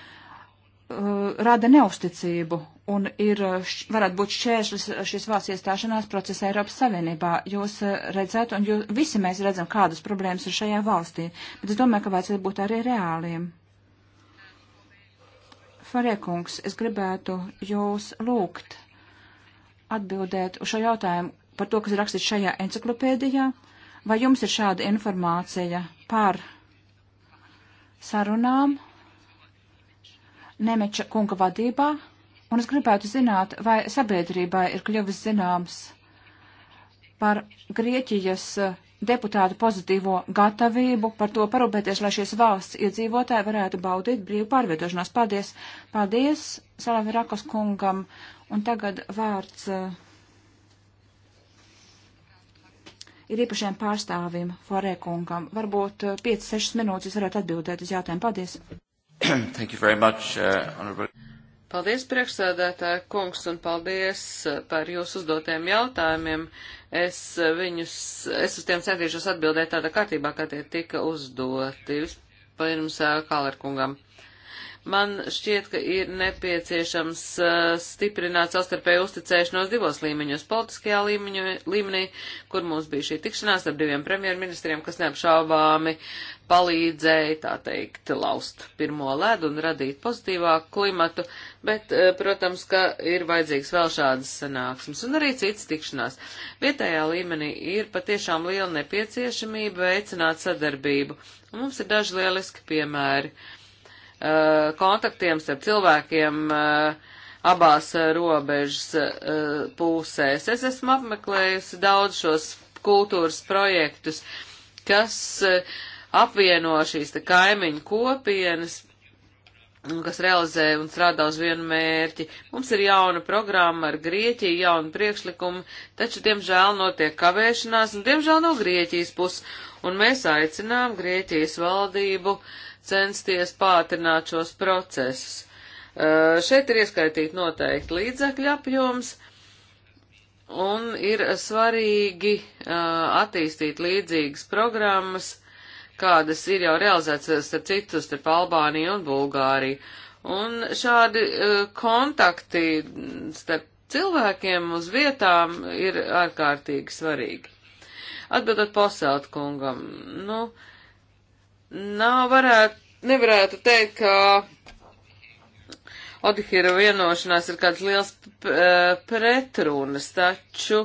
Uh, rada neusticību un ir, uh, varētu būt šķēršļis uh, šis valsts iestāšanās procesa Eiropas Savienībā. Jūs redzat, un jūs, visi mēs redzam, kādas problēmas ir šajā valstī, bet es domāju, ka vajadzētu būt arī reāliem. Fariekungs, es gribētu jūs lūgt atbildēt uz šo jautājumu par to, kas ir rakstīts šajā enciklopēdijā. Vai jums ir šāda informācija par sarunām? Nemeča kunga vadībā, un es gribētu zināt, vai sabiedrībai ir kļuvis zināms par Grieķijas eh, deputātu pozitīvo gatavību par to parūpēties, lai šīs valsts iedzīvotāji varētu baudīt brīvu pārvietošanos. Paldies, paldies Salavi Rakos kungam, un tagad vārds eh, ir īpašiem pārstāvim Forē kungam. Varbūt 5-6 eh, minūtes varētu atbildēt uz jautājumu. Paldies! Thank you very much, uh, honorable. Paldies, priekšsēdētāji kungs, un paldies uh, par jūsu uzdotiem jautājumiem. Es, uh, viņus, es uz tiem centīšos atbildēt tādā kārtībā, kā tie tika uzdoti. Vispirms Kāler kungam. Uh, Man šķiet, ka ir nepieciešams uh, stiprināt savstarpēju uzticēšanos divos līmeņos - politiskajā līmeņu, līmenī, kur mums bija šī tikšanās ar diviem premjerministriem, kas neapšaubāmi palīdzēja, tā teikt, laust pirmo ledu un radīt pozitīvāku klimatu, bet, uh, protams, ka ir vajadzīgs vēl šādas sanāksmes un arī citas tikšanās. Vietējā līmenī ir patiešām liela nepieciešamība veicināt sadarbību, un mums ir daži lieliski piemēri. Uh, Uh, kontaktiem starp cilvēkiem uh, abās uh, robežas pusēs. Es esmu apmeklējusi daudz šos kultūras projektus, kas apvieno šīs te kaimiņu kopienas, kas realizē un strādā uz vienu mērķi. Mums ir jauna programma ar Grieķiju, jauna priekšlikuma, taču, diemžēl, notiek kavēšanās, un, diemžēl, no Grieķijas puses, un mēs aicinām Grieķijas valdību uh, censties pātrināt šos procesus. Uh, šeit ir ieskaitīti noteikti līdzekļu apjoms, un ir svarīgi uh, attīstīt līdzīgas programmas, kādas ir jau realizētas uh, starp citus, starp Albāniju un Bulgāriju. Un šādi kontakti mm, starp cilvēkiem uz vietām ir ārkārtīgi svarīgi. Atbildot posēlt kungam, nu, uh, Nav varētu, nevarētu teikt, ka Odihira vienošanās ir kāds liels e, pretrunas, taču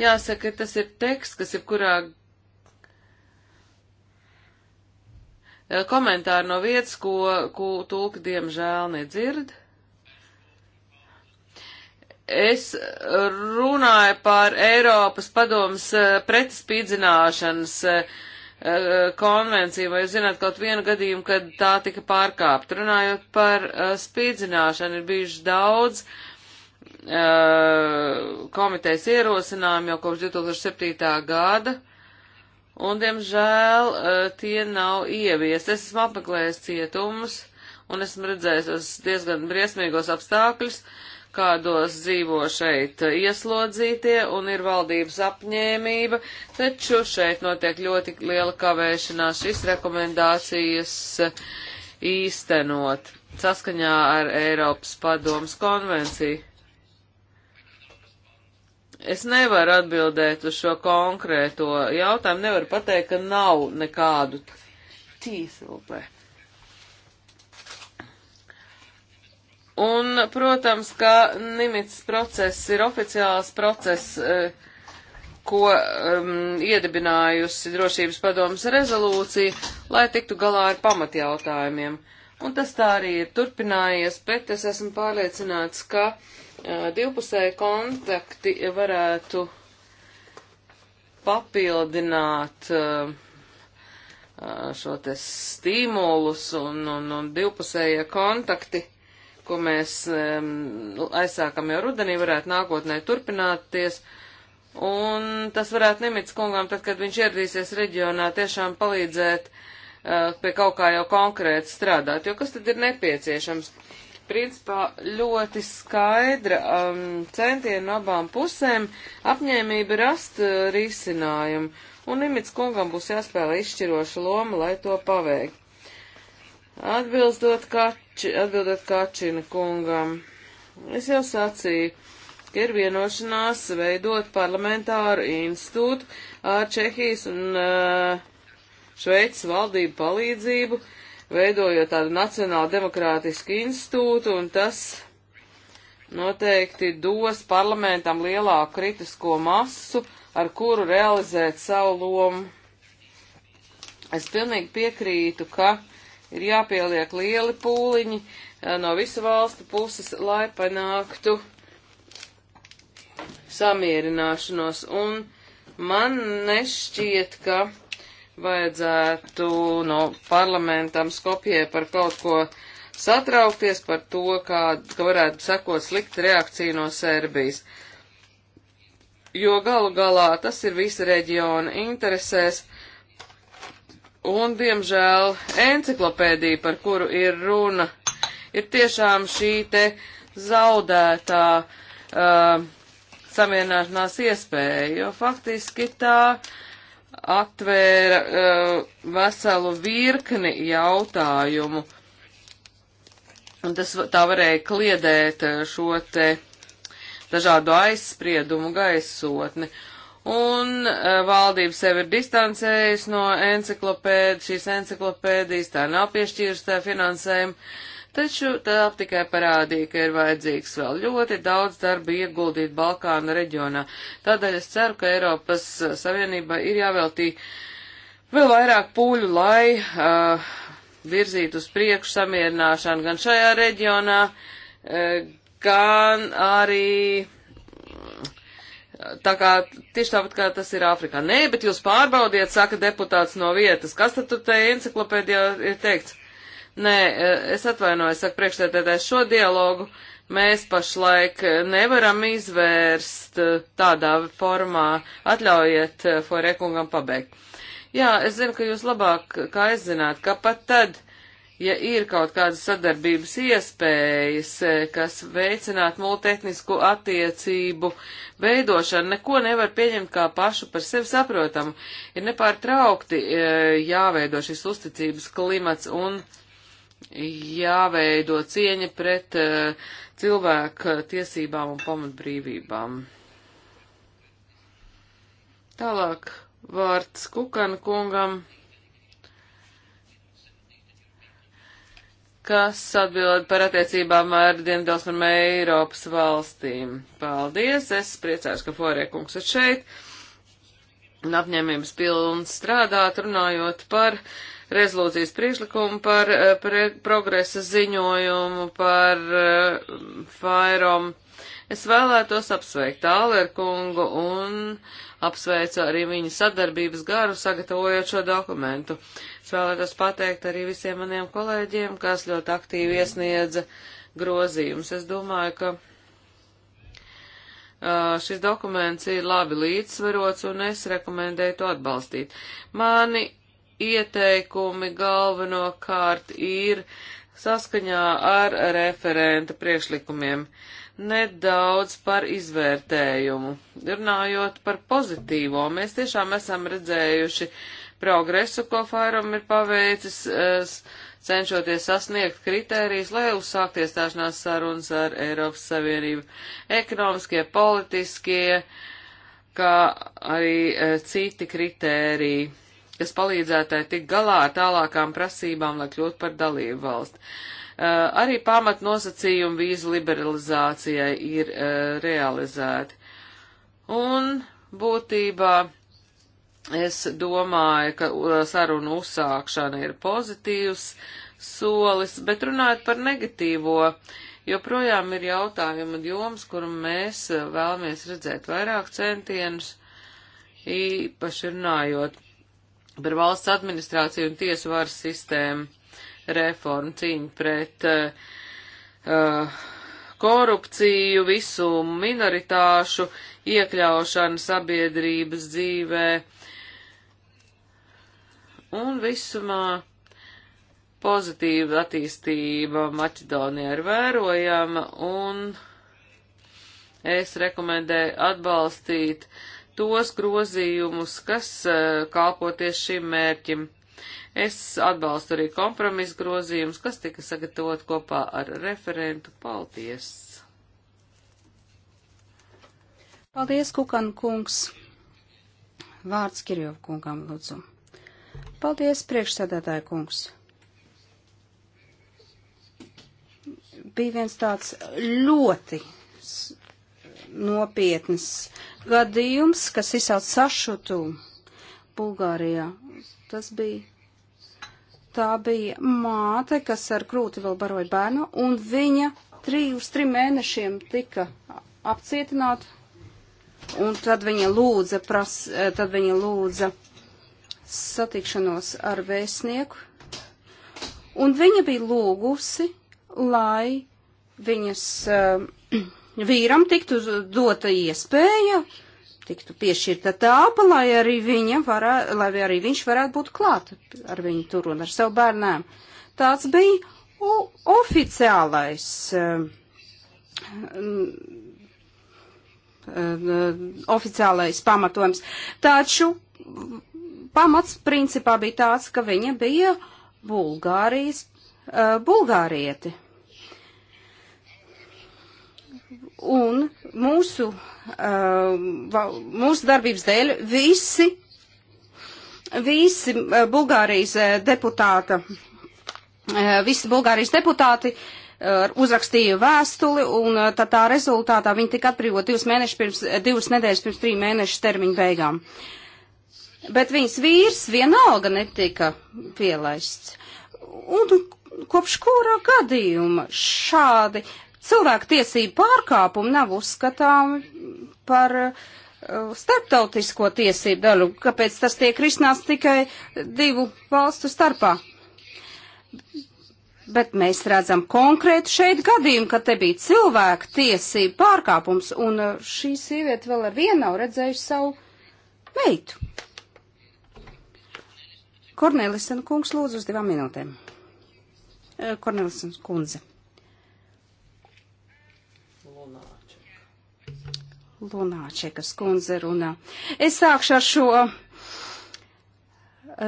jāsaka, tas ir teksts, kas ir kurā e, komentāri no vietas, ko, ko tulka diemžēl nedzird. Es runāju par Eiropas padomas e, pretspīdzināšanas uh, Eh, konvenciju, vai jūs zināt kaut vienu gadījumu, kad tā tika pārkāpta. Runājot par uh, spīdzināšanu, ir bijuši daudz uh, komitejas ierosinājumu jau kopš 2007. gada, un, diemžēl, uh, tie nav ieviesti. Es esmu apmeklējis cietumus, un esmu redzējis es diezgan briesmīgos apstākļus. Uh, kādos dzīvo šeit ieslodzītie un ir valdības apņēmība, taču šeit notiek ļoti liela kavēšanās šīs rekomendācijas eh, īstenot saskaņā ar Eiropas padomas konvenciju. Es nevaru atbildēt uz šo konkrēto jautājumu, nevaru pateikt, ka nav nekādu tīsilpē. Un, protams, ka Nimits process ir oficiāls process, eh, ko um, iedibinājusi drošības padomas rezolūcija, lai tiktu galā ar pamatjautājumiem. Un tas tā arī ir turpinājies, bet es esmu pārliecināts, ka uh, divpusēji kontakti varētu papildināt uh, šo te stimulus un, un, un divpusējie kontakti ko mēs um, aizsākam jau rudenī, varētu nākotnē turpināties. Un tas varētu Nimits kungam, tad, kad viņš ieradīsies reģionā, tiešām palīdzēt uh, pie kaut kā jau konkrēti strādāt. Jo kas tad ir nepieciešams? Principā ļoti skaidra um, centiena no abām pusēm apņēmība rast uh, risinājumu. Un Nimits kungam būs jāspēlē izšķiroša loma, lai to paveiktu. Atbildot, kači, atbildot Kačina kungam, es jau sacīju, ka ir vienošanās veidot parlamentāru institūtu ar Čehijas un Šveicas valdību palīdzību, veidojot tādu nacionālu demokrātisku institūtu, un tas noteikti dos parlamentam lielāku kritisko masu, ar kuru realizēt savu lomu. Es pilnīgi piekrītu, ka ir jāpieliek lieli pūliņi eh, no visu valstu puses, lai panāktu samierināšanos. Un man nešķiet, ka vajadzētu no parlamentam Skopjē par kaut ko satraukties par to, kā, ka varētu sekot slikta reakcija no Serbijas. Jo galu galā tas ir visa reģiona interesēs, Un, diemžēl, enciklopēdija, par kuru ir runa, ir tiešām šī te zaudētā uh, samienāšanās iespēja, jo faktiski tā atvēra uh, veselu virkni jautājumu. Un tas tā varēja kliedēt uh, šo te dažādu aizspriedumu gaisotni. Uh, Un eh, valdība sevi ir distancējusi no enciklopēdijas, šīs enciklopēdijas, tā nav piešķīrusi tā finansējumu, taču tā tikai parādīja, ka ir vajadzīgs vēl ļoti daudz darba ieguldīt Balkānu reģionā. Tādēļ es ceru, ka Eiropas Savienībai ir jāveltī vēl vairāk pūļu, lai uh, virzītu uz priekšu samierināšanu gan šajā reģionā, uh, gan arī Tā kā tieši tāpat kā tas ir Āfrikā. Nē, bet jūs pārbaudiet, saka deputāts no vietas. Kas tad tur te enciklopēdijā ir teikts? Nē, e, es atvainojos, saka priekšstādētājs, šo dialogu mēs pašlaik nevaram izvērst e, tādā formā. Atļaujiet e, Forekungam pabeigt. Jā, es zinu, ka jūs labāk, kā es zināt, ka pat tad, uh, ja ir kaut kādas sadarbības iespējas, e, kas veicinātu multitehnisku attiecību veidošanu, neko nevar pieņemt kā pašu par sevi saprotamu. Ir nepārtraukti e, jāveido šis uzticības klimats un jāveido cieņa pret e, cilvēku tiesībām un pamatbrīvībām. Tālāk vārds Kukana kungam. kas atbild par attiecībām ar Dienvidosmiem Eiropas valstīm. Paldies, es priecājos, ka Foriekungs ir šeit un apņēmības pilns strādāt, runājot par rezolūcijas priekšlikumu, par eh, pre, progresa ziņojumu, par uh, Fairom. Uh, Es vēlētos apsveikt Tāleru kungu un apsveicu arī viņa sadarbības garu, sagatavojot šo dokumentu. Es vēlētos pateikt arī visiem maniem kolēģiem, kas ļoti aktīvi iesniedza grozījumus. Es domāju, ka uh, šis dokuments ir labi līdzsvarots un es rekomendēju to atbalstīt. Mani ieteikumi galvenokārt ir saskaņā ar referenta priekšlikumiem. Uh, Nedaudz par izvērtējumu. Runājot par pozitīvo, mēs tiešām esam redzējuši progresu, ko Fairam ir paveicis, cenšoties sasniegt kritērijas, lai uzsākt iestāšanās sarunas ar Eiropas Savienību. Ekonomiskie, politiskie, kā arī e, citi kritēriji kas palīdzētai tik galā ar tālākām prasībām, lai kļūtu par dalību valsti. Eh, arī pamatnosacījumi vīzu liberalizācijai ir eh, realizēti. Un būtībā es domāju, ka eh, sarunu uzsākšana ir pozitīvs solis, bet runājot par negatīvo, joprojām ir jautājuma joms, kur mēs vēlamies redzēt vairāk centienus, īpaši runājot par valsts administrāciju un tiesu varas sistēmu reformu, cīņu pret uh, korupciju, visu minoritāšu iekļaušanu sabiedrības dzīvē. Un visumā pozitīva attīstība Maķedonijā ir vērojama, un es rekomendēju atbalstīt tos grozījumus, kas eh, kalpoties šim mērķim. Es atbalstu arī kompromisu grozījumus, kas tika sagatavot kopā ar referentu. Paldies! Paldies, Kukan kungs! Vārds Kirjov kungam, lūdzu. Paldies, priekšsēdētāja kungs! Bija viens tāds ļoti nopietns gadījums, kas izsauc sašutumu Bulgārijā. Tas bija Tā bija māte, kas ar krūti vēl baroja bērnu, un viņa trī, uz trim mēnešiem tika apcietināta, un tad viņa lūdza, pras, eh, tad viņa lūdza satikšanos ar vēstnieku, un viņa bija lūgusi, lai viņas uh, vīram tiktu dota iespēja uh, tiktu piešķirta tāpa, lai arī, viņa varē, lai arī viņš varētu būt klāt ar viņu tur un ar savu bērnēm. Tāds bija oficiālais uh, uh, oficiālais pamatojums. Taču pamats principā bija tāds, ka viņa bija Bulgārijas, uh, bulgārieti. Un mūsu, uh, mūsu darbības dēļ visi, visi uh, Bulgārijas uh, deputāta, visi Bulgārijas deputāti uzrakstīja vēstuli, un tad tā rezultātā viņi tika atbrīvot divas, pirms, divas nedēļas pirms trīs mēnešu termiņu beigām. Bet viņas vīrs vienalga netika pielaists. Un kopš kura gadījuma šādi cilvēku tiesību pārkāpumi nav uzskatāmi par uh, starptautisko tiesību daļu, kāpēc tas tiek risināts tikai divu valstu starpā. Bet mēs redzam konkrētu šeit gadījumu, ka te bija cilvēka tiesība pārkāpums, un uh, šī sieviete vēl ar vienu nav redzējusi savu meitu. Kornelisen kungs lūdzu uz divām minūtēm. Uh, Kornelisen kundze. Lunāčekas kundze runā. Es sākšu ar šo eh,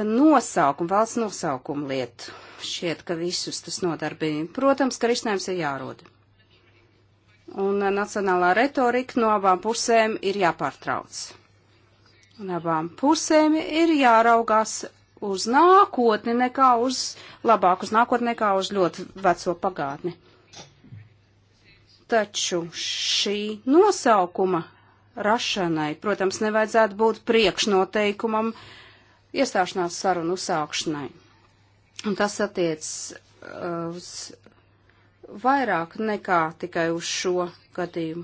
nosaukumu, valsts nosaukumu lietu. Šķiet, ka visus tas nodarbina. Protams, ka risinājums ir jāroda. Un eh, nacionālā retorika no abām pusēm ir jāpārtrauc. Un abām pusēm ir jāraugās uz nākotni nekā uz labāk, uz nākotni nekā uz ļoti veco pagātni. Taču šī nosaukuma rašanai, protams, nevajadzētu būt priekšnoteikumam iestāšanās sarunu uzsākšanai. Un tas attiec uh, uz vairāk nekā tikai uz šo gadījumu.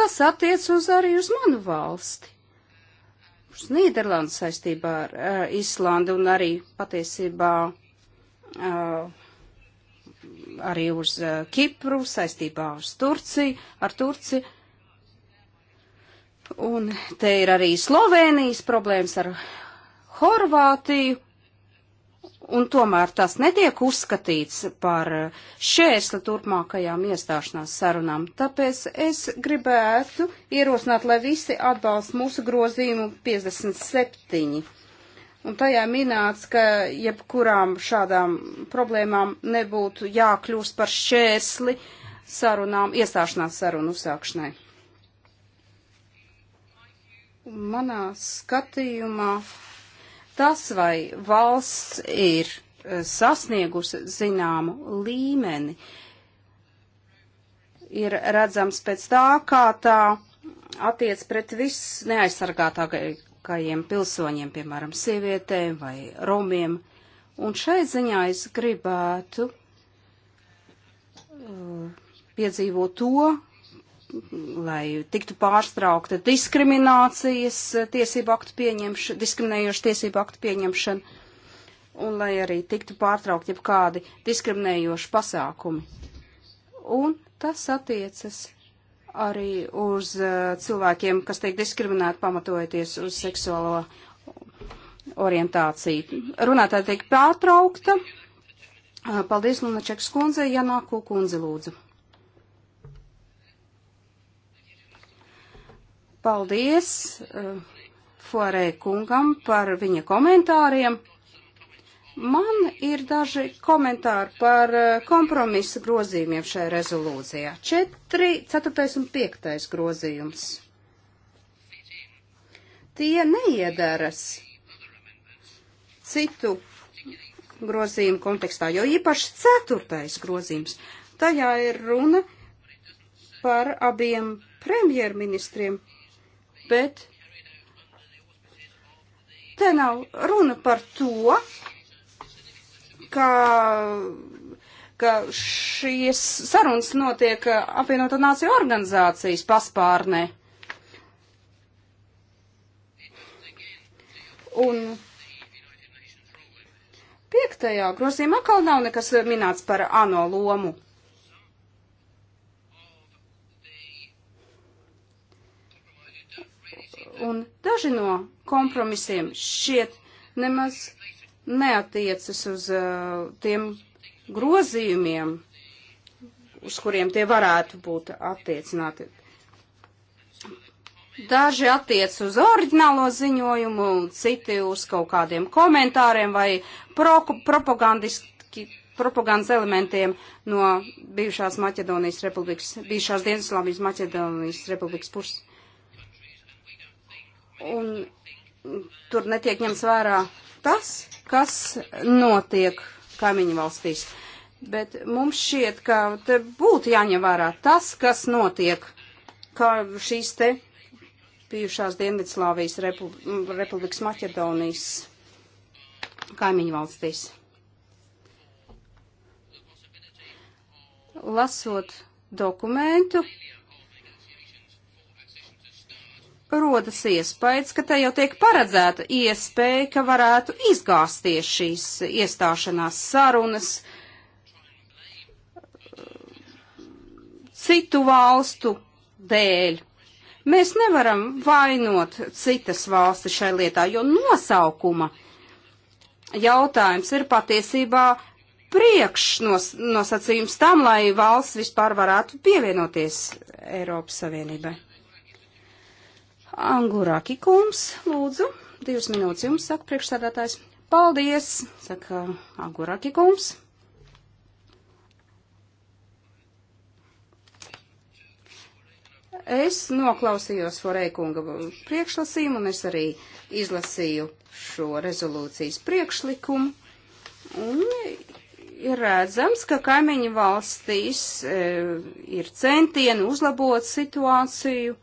Tas attiec uz arī uz manu valsti uz Nīderlandu saistībā ar uh, Islandu un arī patiesībā uh, arī uz eh, Kipru, saistībā uz Turciju, ar Turciju. Un te ir arī Slovēnijas problēmas ar Horvātiju, un tomēr tas netiek uzskatīts par eh, šērsli turpmākajām iestāšanās sarunām. Tāpēc es gribētu ierosināt, lai visi atbalsta mūsu grozījumu 57 un tajā minēts, ka jebkurām šādām problēmām nebūtu jākļūst par šķērsli sarunām, iestāšanās sarunu uzsākšanai. Manā skatījumā tas, vai valsts ir eh, sasniegusi zināmu līmeni, ir redzams pēc tā, kā tā attiec pret viss neaizsargātākajai vājākajiem pilsoņiem, piemēram, sievietēm vai romiem. Un šai ziņā es gribētu uh, piedzīvot to, lai tiktu pārstraukta diskriminācijas tiesību aktu pieņemšana, diskriminējoša tiesību aktu pieņemšana, un lai arī tiktu pārtraukti jebkādi diskriminējoši pasākumi. Un tas attiecas arī uz uh, cilvēkiem, kas tiek diskriminēti pamatojoties uz seksuālo orientāciju. Runātāja tiek pārtraukta. Uh, paldies, Lunačeks kundze, Janāko kundze lūdzu. Paldies uh, Fuarē kungam par viņa komentāriem. Man ir daži komentāri par eh, kompromisa grozījumiem šajā rezolūcijā. 4, 4 un 5 grozījums. Tie neiedaras citu grozījumu kontekstā, jo īpaši 4. grozījums. Tajā ir runa par abiem premjerministriem, bet te nav runa par to, ka, ka šīs sarunas notiek apvienoto nāciju organizācijas paspārnē. Un piektajā grozījumā atkal nav nekas minēts par ANO lomu. Un daži no kompromisiem šķiet nemaz neatiecas uz uh, tiem grozījumiem, uz kuriem tie varētu būt attiecināti. Daži attiec uz oriģinālo ziņojumu, citi uz kaut kādiem komentāriem vai pro propagandiski propagandas elementiem no bijušās Maķedonijas republikas, bijušās Dienaslāvijas Maķedonijas republikas puses. Un tur netiek ņemts vērā tas, kas notiek kaimiņu valstīs. Bet mums šķiet, ka te būtu jāņem vērā tas, kas notiek, kā šīs te bijušās Dienvidslāvijas Repu republikas Maķedonijas kaimiņu valstīs. Lasot dokumentu, rodas iespējas, ka te jau tiek paredzēta iespēja, ka varētu izgāzties šīs iestāšanās sarunas citu valstu dēļ. Mēs nevaram vainot citas valstis šai lietā, jo nosaukuma jautājums ir patiesībā priekšnosacījums tam, lai valsts vispār varētu pievienoties Eiropas Savienībai. Angurāki kungs, lūdzu, divas minūtes jums, saka priekšsēdētājs. Paldies, saka Angurāki kungs. Es noklausījos Foreikunga priekšlasījumu, un es arī izlasīju šo rezolūcijas priekšlikumu. Un ir redzams, ka kaimiņu valstīs e, ir centieni uzlabot situāciju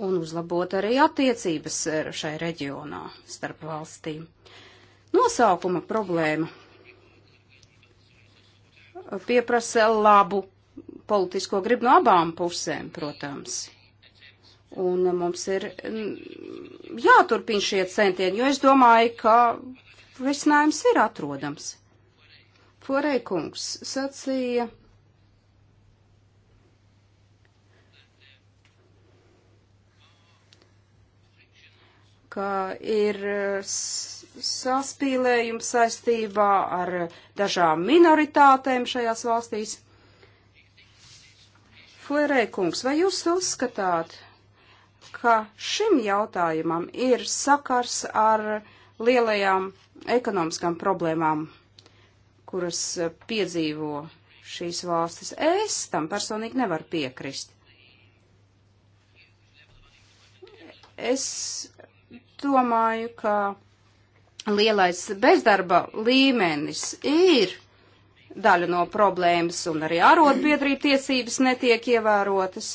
un uzlabot arī attiecības eh, šai reģionā starp valstīm. Nosaukuma problēma pieprasa labu politisko gribu no abām pusēm, protams. Un mums ir mm, jāturpina šie centieni, jo es domāju, ka risinājums ir atrodams. Forei kungs sacīja, ka ir e, saspīlējums saistībā ar dažām minoritātēm šajās valstīs. Fuerē kungs, vai jūs uzskatāt, ka šim jautājumam ir sakars ar lielajām ekonomiskām problēmām, kuras piedzīvo šīs valstis? Es tam personīgi nevaru piekrist. Es domāju, ka lielais bezdarba līmenis ir daļa no problēmas, un arī arotbiedrība tiesības netiek ievērotas.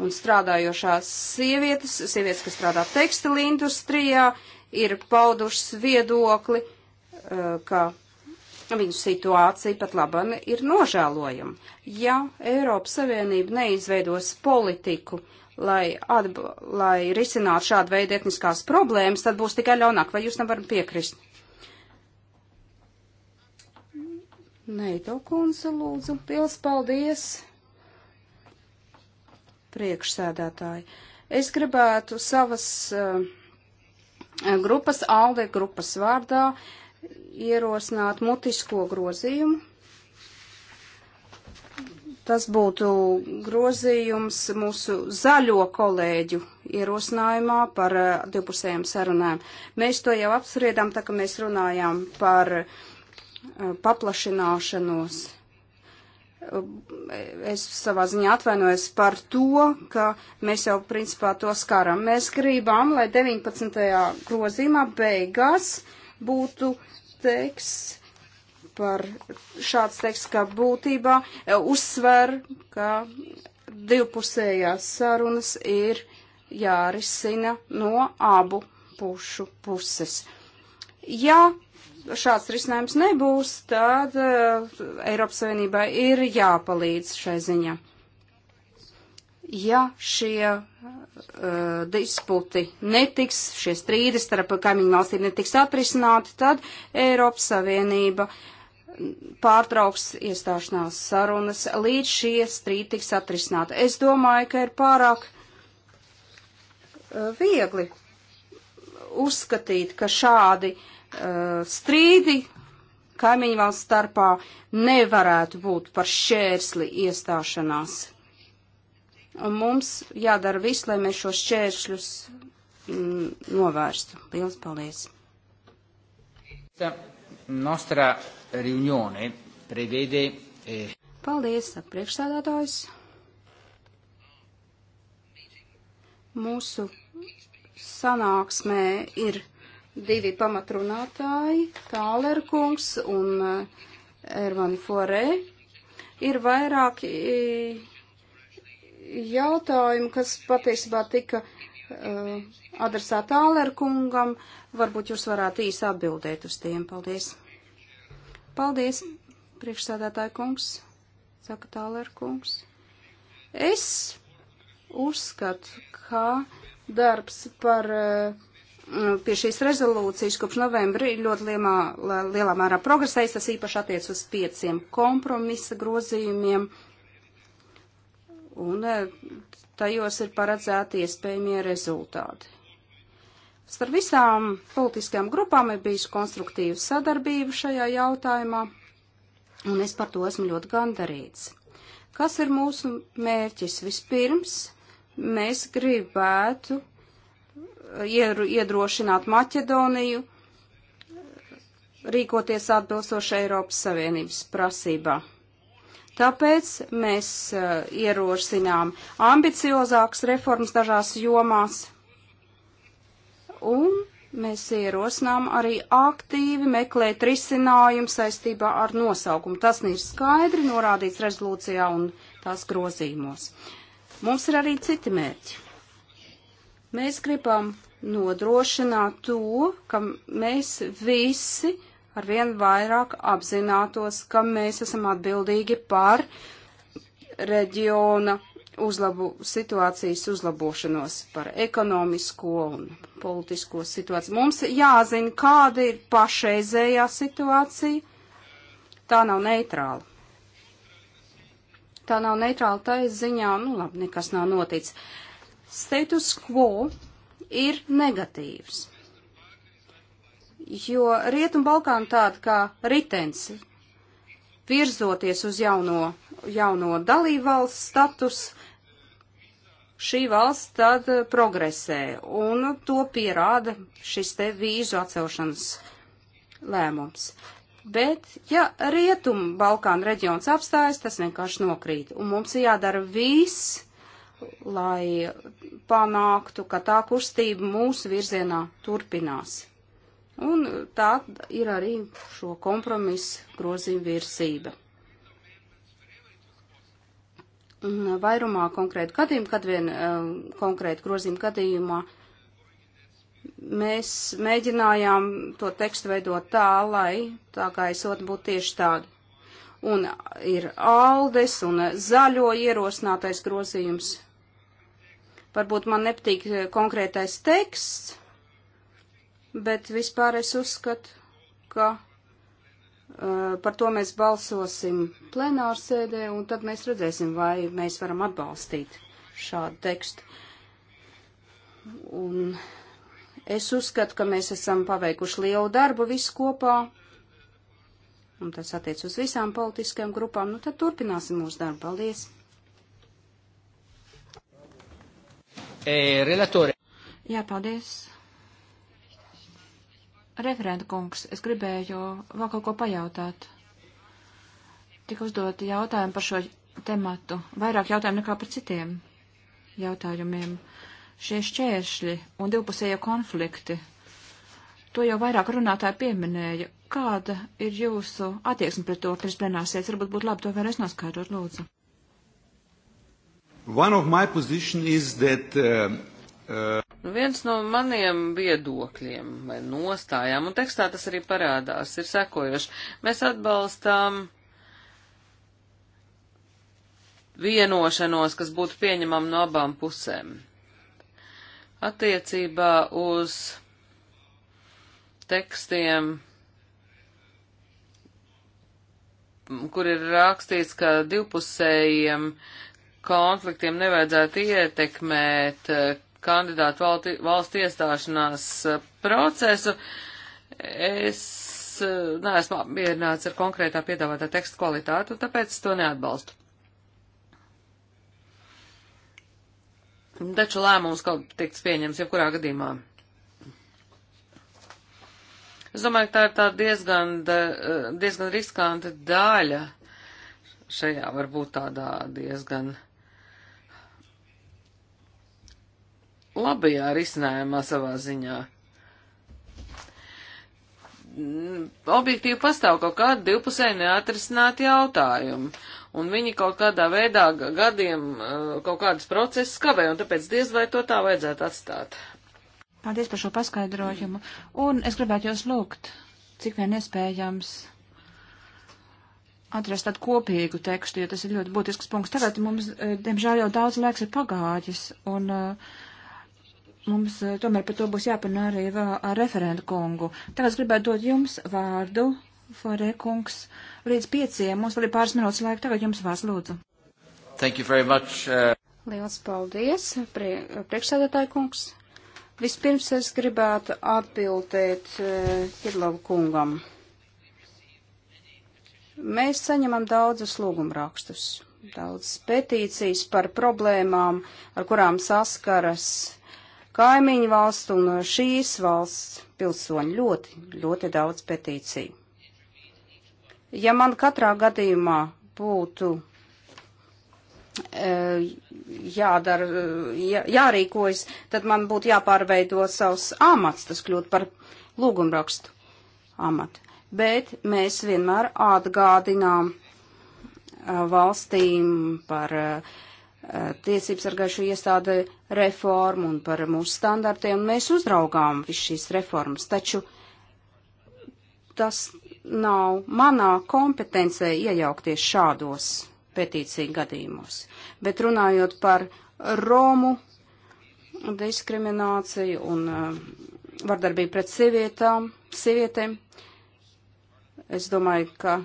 Un strādājošās sievietes, sievietes, kas strādā tekstila industrijā, ir paudušas viedokli, eh, ka viņu situācija pat labana ir nožēlojama. Ja Eiropas Savienība neizveidos politiku, uh, lai, atba, lai risinātu šādu veidu etniskās problēmas, tad būs tikai ļaunāk. Vai jūs tam varat piekrist? Nē, to kundze lūdzu. Pils paldies. Priekšsēdētāji. Es gribētu savas uh, grupas, ALDE grupas vārdā ierosināt mutisko grozījumu Tas būtu grozījums mūsu zaļo kolēģu ierosinājumā par eh, divpusējām sarunām. Mēs to jau apspriedām, tā ka mēs runājām par eh, paplašināšanos. Eh, es savā ziņā atvainojos par to, ka mēs jau principā to skaram. Mēs gribam, lai 19. grozījumā beigās būtu teiks par šāds teksts, ka būtībā e, uzsver, ka divpusējās sarunas ir jārisina no abu pušu puses. Ja šāds risinājums nebūs, tad uh, Eiropas Savienībai ir jāpalīdz šai ziņā. Ja šie uh, disputi netiks, šie strīdi starp kaimiņu valstīm netiks atrisināti, tad Eiropas Savienība uh, pārtrauks iestāšanās sarunas, līdz šie strīdi tiks atrisināti. Es domāju, ka ir pārāk eh, viegli uzskatīt, ka šādi uh, strīdi kaimiņu valsts starpā nevarētu būt par šķērsli iestāšanās. Un mums jādara viss, lai mēs šos šķēršļus mm, novērstu. Lielas paldies! Yeah nostra riunione prevede. Eh... Paldies, priekšstādātājs. Mūsu sanāksmē ir divi pamatrunātāji, Tālerkungs un eh, Ervani Forē. Ir vairāki eh, jautājumi, kas patiesībā tika Uh, adresēt Ālerkungam. Varbūt jūs varētu īsi atbildēt uz tiem. Paldies. Paldies, priekšsēdētāja kungs, saka Tālerkungs. Es uzskatu, ka darbs par, uh, pie šīs rezolūcijas kopš novembra ir ļoti lielā, lielā mērā progresējis. Tas īpaši attiec uz pieciem kompromisa grozījumiem. Uh, un eh, tajos ir paredzēti iespējamie rezultāti. Starp visām politiskajām grupām ir bijusi konstruktīva sadarbība šajā jautājumā, un es par to esmu ļoti gandarīts. Kas ir mūsu mērķis? Vispirms mēs gribētu eh, iedrošināt Maķedoniju eh, rīkoties atbilstoši Eiropas Savienības prasībā. Tāpēc mēs uh, ierosinām ambiciozākas reformas dažās jomās un mēs ierosinām arī aktīvi meklēt risinājumu saistībā ar nosaukumu. Tas ir skaidri norādīts rezolūcijā un tās grozīmos. Mums ir arī citi mērķi. Mēs gribam nodrošināt to, ka mēs visi arvien vairāk apzinātos, ka mēs esam atbildīgi par reģiona uzlabu, situācijas uzlabošanos, par ekonomisko un politisko situāciju. Mums jāzina, kāda ir pašreizējā situācija. Tā nav neitrāla. Tā nav neitrāla tā ziņā, nu labi, nekas nav noticis. Status quo ir negatīvs jo Rietumbalkāna tāda kā ritens, virzoties uz jauno, jauno dalībvalsts status, šī valsts tad progresē, un to pierāda šis te vīzu atcelšanas lēmums. Bet, ja Rietumu Balkānu reģions apstājas, tas vienkārši nokrīt, un mums ir jādara viss, lai panāktu, ka tā kustība mūsu virzienā turpinās. Un tā ir arī šo kompromisu grozījuma virsība. Un uh, vairumā konkrētu gadījumu, kad vien uh, konkrētu grozījumu gadījumā, mēs mēģinājām to tekstu veidot tā, lai tā kā esot būtu tieši tādi. Un ir Aldes un zaļo ierosinātais grozījums. Varbūt man nepatīk uh, konkrētais teksts, bet vispār es uzskatu, ka uh, par to mēs balsosim plenārsēdē, un tad mēs redzēsim, vai mēs varam atbalstīt šādu tekstu. Un es uzskatu, ka mēs esam paveikuši lielu darbu visu kopā, un tas attiec uz visām politiskajām grupām, nu tad turpināsim mūsu darbu. Paldies! E, relatore. Jā, paldies. Referenta kungs, es gribēju vēl kaut ko pajautāt. Tik uzdoti jautājumi par šo tematu, vairāk jautājumu nekā par citiem jautājumiem. Šie šķēršļi un divpusējie konflikti, to jau vairāk runātāji pieminēja. Kāda ir jūsu attieksme pret to, pirms plenāsies? Varbūt būtu labi to vēlreiz noskaidrot, lūdzu. One of my position is that uh, uh... Nu, viens no maniem viedokļiem vai nostājām, un tekstā tas arī parādās, ir sekojoši. Mēs atbalstām vienošanos, kas būtu pieņemama no abām pusēm. Attiecībā uz tekstiem, kur ir rakstīts, ka divpusējiem konfliktiem nevajadzētu ietekmēt kandidātu valti, valstu iestāšanās eh, procesu. Es eh, neesmu apmierināts ar konkrētā piedāvātā teksta kvalitāti, un tāpēc to neatbalstu. Taču lēmums kaut tiks pieņems jebkurā gadījumā. Es domāju, ka tā ir tā diezgan, eh, diezgan riskanta daļa šajā varbūt tādā diezgan uh, labajā risinājumā savā ziņā. Mm, objektīvi pastāv kaut kādi divpusēji neatrisināti jautājumi, un viņi kaut kādā veidā gadiem uh, kaut kādas procesas kavē, un tāpēc diez vai to tā vajadzētu atstāt. Paldies par šo paskaidrojumu, un es gribētu jūs lūgt, cik vien iespējams atrast tādu kopīgu tekstu, jo tas ir ļoti būtisks punkts. Tagad mums, eh, diemžēl, jau daudz laiks ir pagājis, un uh, mums eh, tomēr par to būs jāpanā arī vēl ar referentu kungu. Tagad gribētu dot jums vārdu, Fore kungs, līdz pieciem. Mums vēl ir pāris minūtes laika. Tagad jums vārds lūdzu. Thank you very much. Uh... Liels paldies, prie, priekšsēdētāji kungs. Vispirms es gribētu atbildēt uh, Kirlovu kungam. Mēs saņemam daudzus lūgumrakstus, daudz petīcijas par problēmām, ar kurām saskaras kaimiņu valstu un uh, šīs valsts pilsoņu ļoti, ļoti daudz petīciju. Ja man katrā gadījumā būtu eh, jādara, eh, jā, jārīkojas, tad man būtu jāpārveido savs amats, tas kļūt par lūgumrakstu amatu. Bet mēs vienmēr atgādinām eh, valstīm par uh, Eh, tiesības sargājušo iestāde reformu un par mūsu standartiem, un mēs uzraugām visu šīs reformas, taču tas nav manā kompetencē iejaukties šādos petīciju gadījumos. Bet runājot par Romu diskrimināciju un uh, vardarbību pret sievietām, sievietēm, es domāju, ka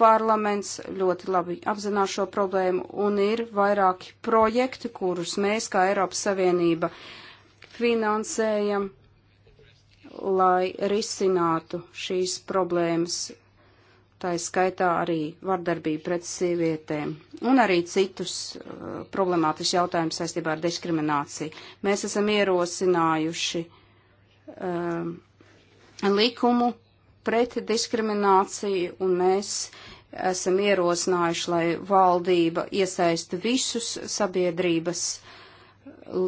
Parlaments ļoti labi apzinās šo problēmu un ir vairāki projekti, kurus mēs kā Eiropas Savienība finansējam, lai risinātu šīs problēmas, tā skaitā arī vardarbību pret sievietēm un arī citus uh, problemātus jautājumus saistībā ar diskrimināciju. Mēs esam ierosinājuši uh, likumu pret diskrimināciju, un mēs esam ierosinājuši, lai valdība iesaista visus sabiedrības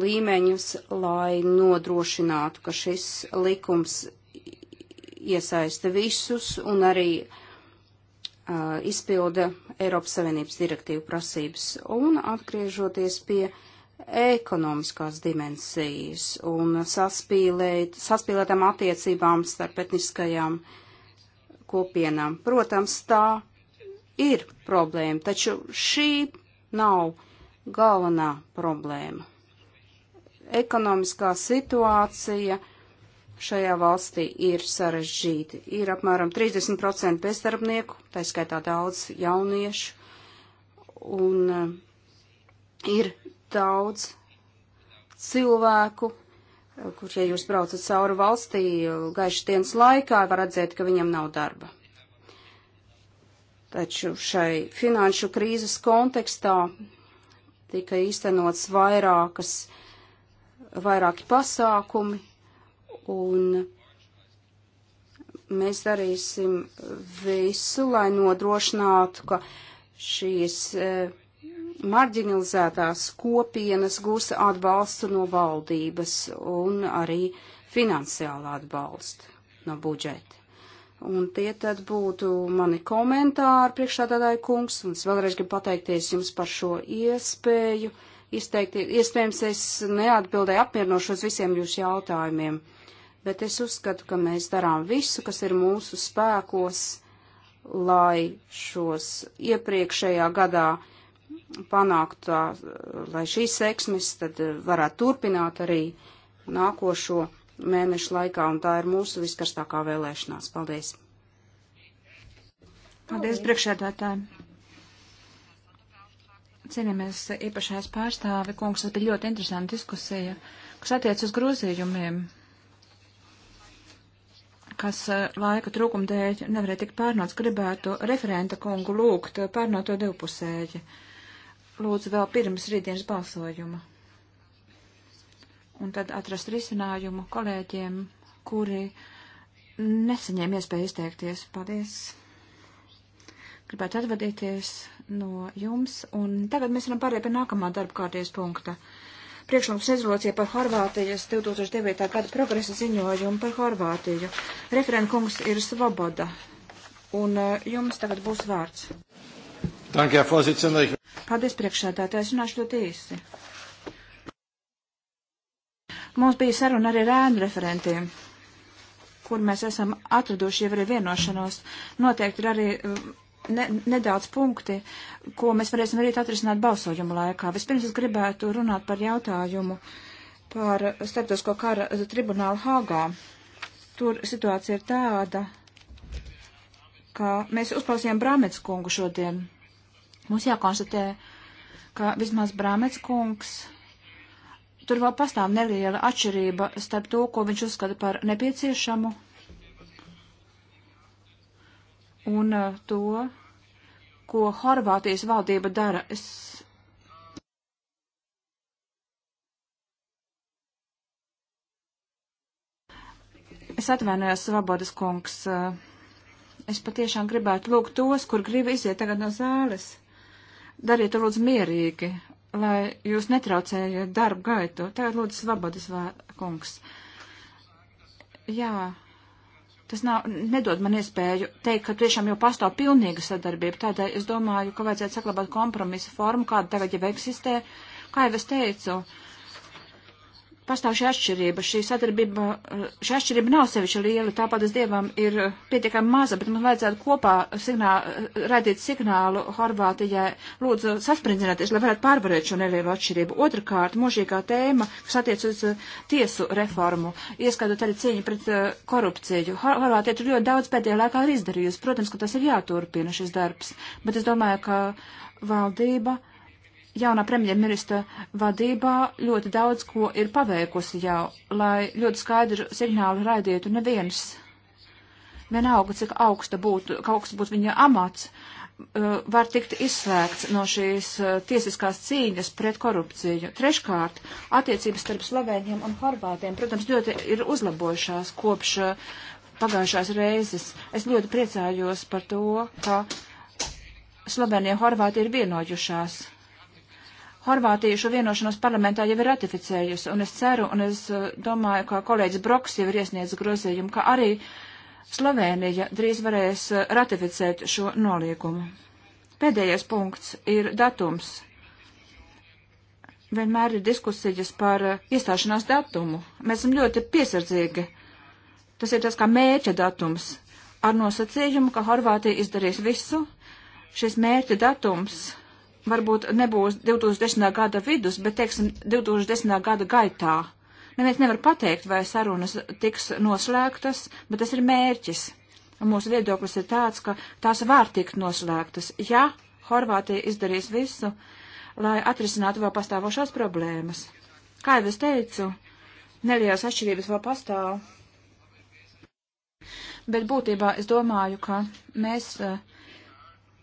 līmeņus, lai nodrošinātu, ka šis likums iesaista visus un arī uh, izpilda Eiropas Savienības direktīvu prasības. Un atgriežoties pie ekonomiskās dimensijas un saspīlēt, saspīlētām attiecībām starp etniskajām uh, kopienām. Protams, tā ir problēma, taču šī nav galvenā problēma. Ekonomiskā situācija šajā valstī ir sarežģīta. Ir apmēram 30% bezdarbnieku, tā skaitā daudz jauniešu, un eh, ir daudz cilvēku, kur, ja jūs braucat cauri valstī gaišas dienas laikā, var atzēt, ka viņam nav darba. Taču šai finanšu krīzes kontekstā tika īstenots vairākas, vairāki pasākumi, un mēs darīsim visu, lai nodrošinātu, ka šīs. Eh, marginalizētās kopienas gūsta atbalstu no valdības un arī finansiālu atbalstu no budžeta. Un tie tad būtu mani komentāri priekšādādāja kungs, un es vēlreiz gribu pateikties jums par šo iespēju. Izteikti, iespējams, es neatbildēju apmierinošos visiem jūsu jautājumiem, bet es uzskatu, ka mēs darām visu, kas ir mūsu spēkos, lai šos iepriekšējā gadā uh, panākt, tā, lai šīs seksmes tad eh, varētu turpināt arī nākošo mēnešu laikā, un tā ir mūsu viskarstākā vēlēšanās. Paldies! Paldies, priekšēdētājiem! Cienījamies īpašais pārstāve, kungs, tas bija ļoti interesanta diskusija, kas attiec uz grozījumiem, kas eh, laika trūkuma dēļ nevarēja tikt pārnots. Gribētu referenta kungu lūgt eh, pārnot to divpusēji. Uh, lūdzu vēl pirms rītdienas balsojuma. Un tad atrast risinājumu kolēģiem, kuri nesaņēma iespēju izteikties. Paldies! Gribētu atvadīties no jums, un tagad mēs varam pārēt pie nākamā darba kārties punkta. Priekšlikums rezolūcija par Horvātijas 2009. gada progresa ziņojumu par Horvātiju. Referentkungs ir Svoboda, un eh, jums tagad būs vārds. Danke, Herr Vorsitzender. Paldies priekšsēdētājs, runāšu ļoti īsi. Mums bija saruna arī ar ēnu referentiem, kur mēs esam atraduši jau arī vienošanos. Noteikti ir arī uh, ne, nedaudz punkti, ko mēs varēsim arī atrisināt balsojumu laikā. Vispirms es gribētu runāt par jautājumu par starptautisko kara tribunālu Hāgā. Tur situācija ir tāda, ka mēs uzklausījām Brāmets kungu šodien Mums jākonstatē, ka vismaz Brāmets kungs tur vēl pastāv neliela atšķirība starp to, ko viņš uzskata par nepieciešamu un eh, to, ko Horvātijas valdība dara. Es Es atvainojos, Svabodas kungs. Eh, es patiešām gribētu lūgt tos, kur grib iziet tagad no zāles. Dariet to lūdzu mierīgi, lai jūs netraucējat darbu gaitu. Tagad lūdzu svabadas kungs. Jā, tas nav, nedod man iespēju teikt, ka tiešām jau pastāv pilnīga sadarbība. Tādēļ es domāju, ka vajadzētu saklabāt kompromisu formu, kāda tagad jau eksistē. Kā jau es teicu, uh, pastāv šī atšķirība. Šī sadarbība, eh, šī atšķirība nav sevišķi liela, tāpat es dievam ir pietiekami maza, bet mums vajadzētu kopā signālu, radīt signālu Horvātijai, lūdzu sasprindzināties, lai varētu pārvarēt šo nelielu atšķirību. Otrakārt, mūžīgā tēma, kas attiec uz eh, tiesu reformu, ieskatot arī cīņu pret eh, korupciju. Horvātija tur ļoti daudz pēdējā laikā ir izdarījusi. Protams, ka tas ir jāturpina šis darbs, bet es domāju, ka valdība jaunā premjerministra vadībā ļoti daudz ko ir paveikusi jau, lai ļoti skaidru signālu raidītu neviens. Vienalga, cik augsta būtu, ka augsts būtu viņa amats, uh, var tikt izslēgts no šīs uh, tiesiskās cīņas pret korupciju. Treškārt, attiecības starp Slovēņiem un Horvātiem, protams, ļoti ir uzlabojušās kopš uh, pagājušās reizes. Es ļoti priecājos par to, ka Slovēnija un Horvātija ir vienojušās Horvātija šo vienošanos parlamentā jau ir ratificējusi, un es ceru, un es eh, domāju, ka kolēģis Broks jau ir iesniedzis grozījumu, ka arī Slovēnija drīz varēs eh, ratificēt šo nolīgumu. Pēdējais punkts ir datums. Vienmēr ir diskusijas par eh, iestāšanās datumu. Mēs esam ļoti piesardzīgi. Tas ir tas kā mērķa datums, ar nosacījumu, ka Horvātija izdarīs visu. Šis mērķa datums varbūt nebūs 2010. gada vidus, bet, teiksim, 2010. gada gaitā. Neviens nevar pateikt, vai sarunas tiks noslēgtas, bet tas ir mērķis. Un mūsu viedoklis ir tāds, ka tās var tikt noslēgtas, ja Horvātija izdarīs visu, lai atrisinātu vēl pastāvošās problēmas. Kā jau es teicu, nelielas atšķirības vēl pastāv. Bet būtībā es domāju, ka mēs uh,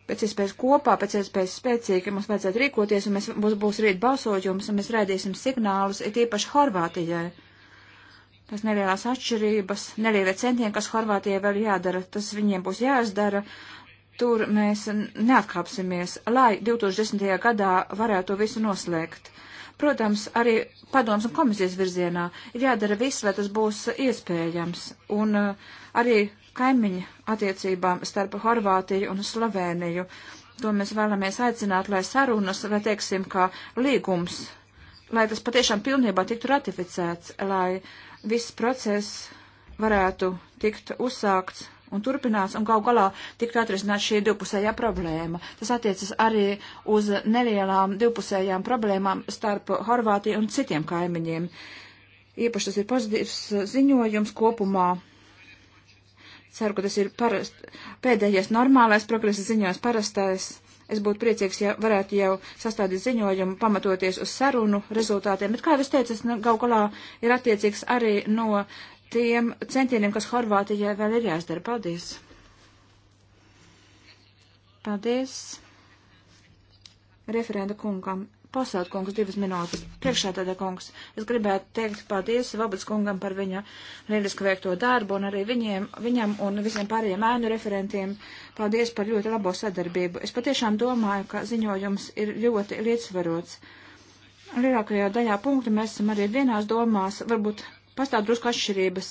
pēc iespējas kopā, pēc iespējas spēcīgi mums vajadzētu rīkoties, un mēs, mums būs rīt balsojums, un mēs rēdīsim signālus, it īpaši Horvātijai. Tas nelielās atšķirības, nelielie centieni, kas Horvātijai vēl jādara, tas viņiem būs jāizdara. Tur mēs neatkāpsimies, lai 2010. gadā varētu to visu noslēgt. Protams, arī padoms un komisijas virzienā ir jādara viss, lai tas būs iespējams. Un uh, arī kaimiņu attiecībām starp Horvātiju un Sloveniju. To mēs vēlamies aicināt, lai sarunas, vai teiksim, kā līgums, lai tas patiešām pilnībā tiktu ratificēts, lai viss process varētu tikt uzsākts un turpinās, un gal galā tiktu atrisināt šī divpusējā problēma. Tas attiecas arī uz nelielām divpusējām problēmām starp Horvātiju un citiem kaimiņiem. Īpaši tas ir pozitīvs ziņojums kopumā. Ceru, ka tas ir parast, pēdējais normālais progresa ziņojums, parastais. Es būtu priecīgs, ja varētu jau sastādīt ziņojumu, pamatoties uz sarunu rezultātiem. Bet, kā jau es teicu, tas nu, gal galā ir attiecīgs arī no tiem centieniem, kas Horvātijai vēl ir jāizdara. Paldies! Paldies! Referenda kungam Pasaut kungs, divas minūtes. Priekšsēdētā kungs, es gribētu teikt paldies Vabats kungam par viņa lielisku veikto darbu un arī viņiem, viņam un visiem pārējiem ēnu referentiem. Paldies par ļoti labo sadarbību. Es patiešām domāju, ka ziņojums ir ļoti līdzsvarots. Lielākajā daļā punktu mēs esam arī vienās domās, varbūt pastāv drusku atšķirības.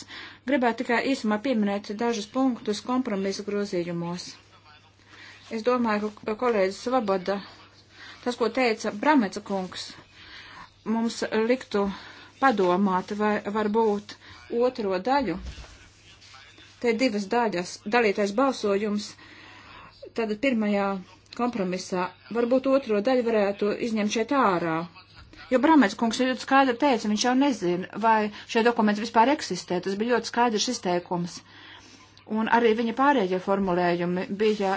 Gribētu tikai īsumā pieminēt dažus punktus kompromisu grozījumos. Es domāju, ka kolēģis Svoboda tas, ko teica Brameca kungs, mums liktu padomāt, vai varbūt otro daļu. Te ir divas daļas - dalītais balsojums. Tātad pirmajā kompromisā varbūt otro daļu varētu izņemt šeit ārā. Jo Bramets kungs ļoti skaidri teica, viņš jau nezina, vai šie dokumenti vispār eksistē. Tas bija ļoti skaidrs izteikums. Un arī viņa pārējie formulējumi bija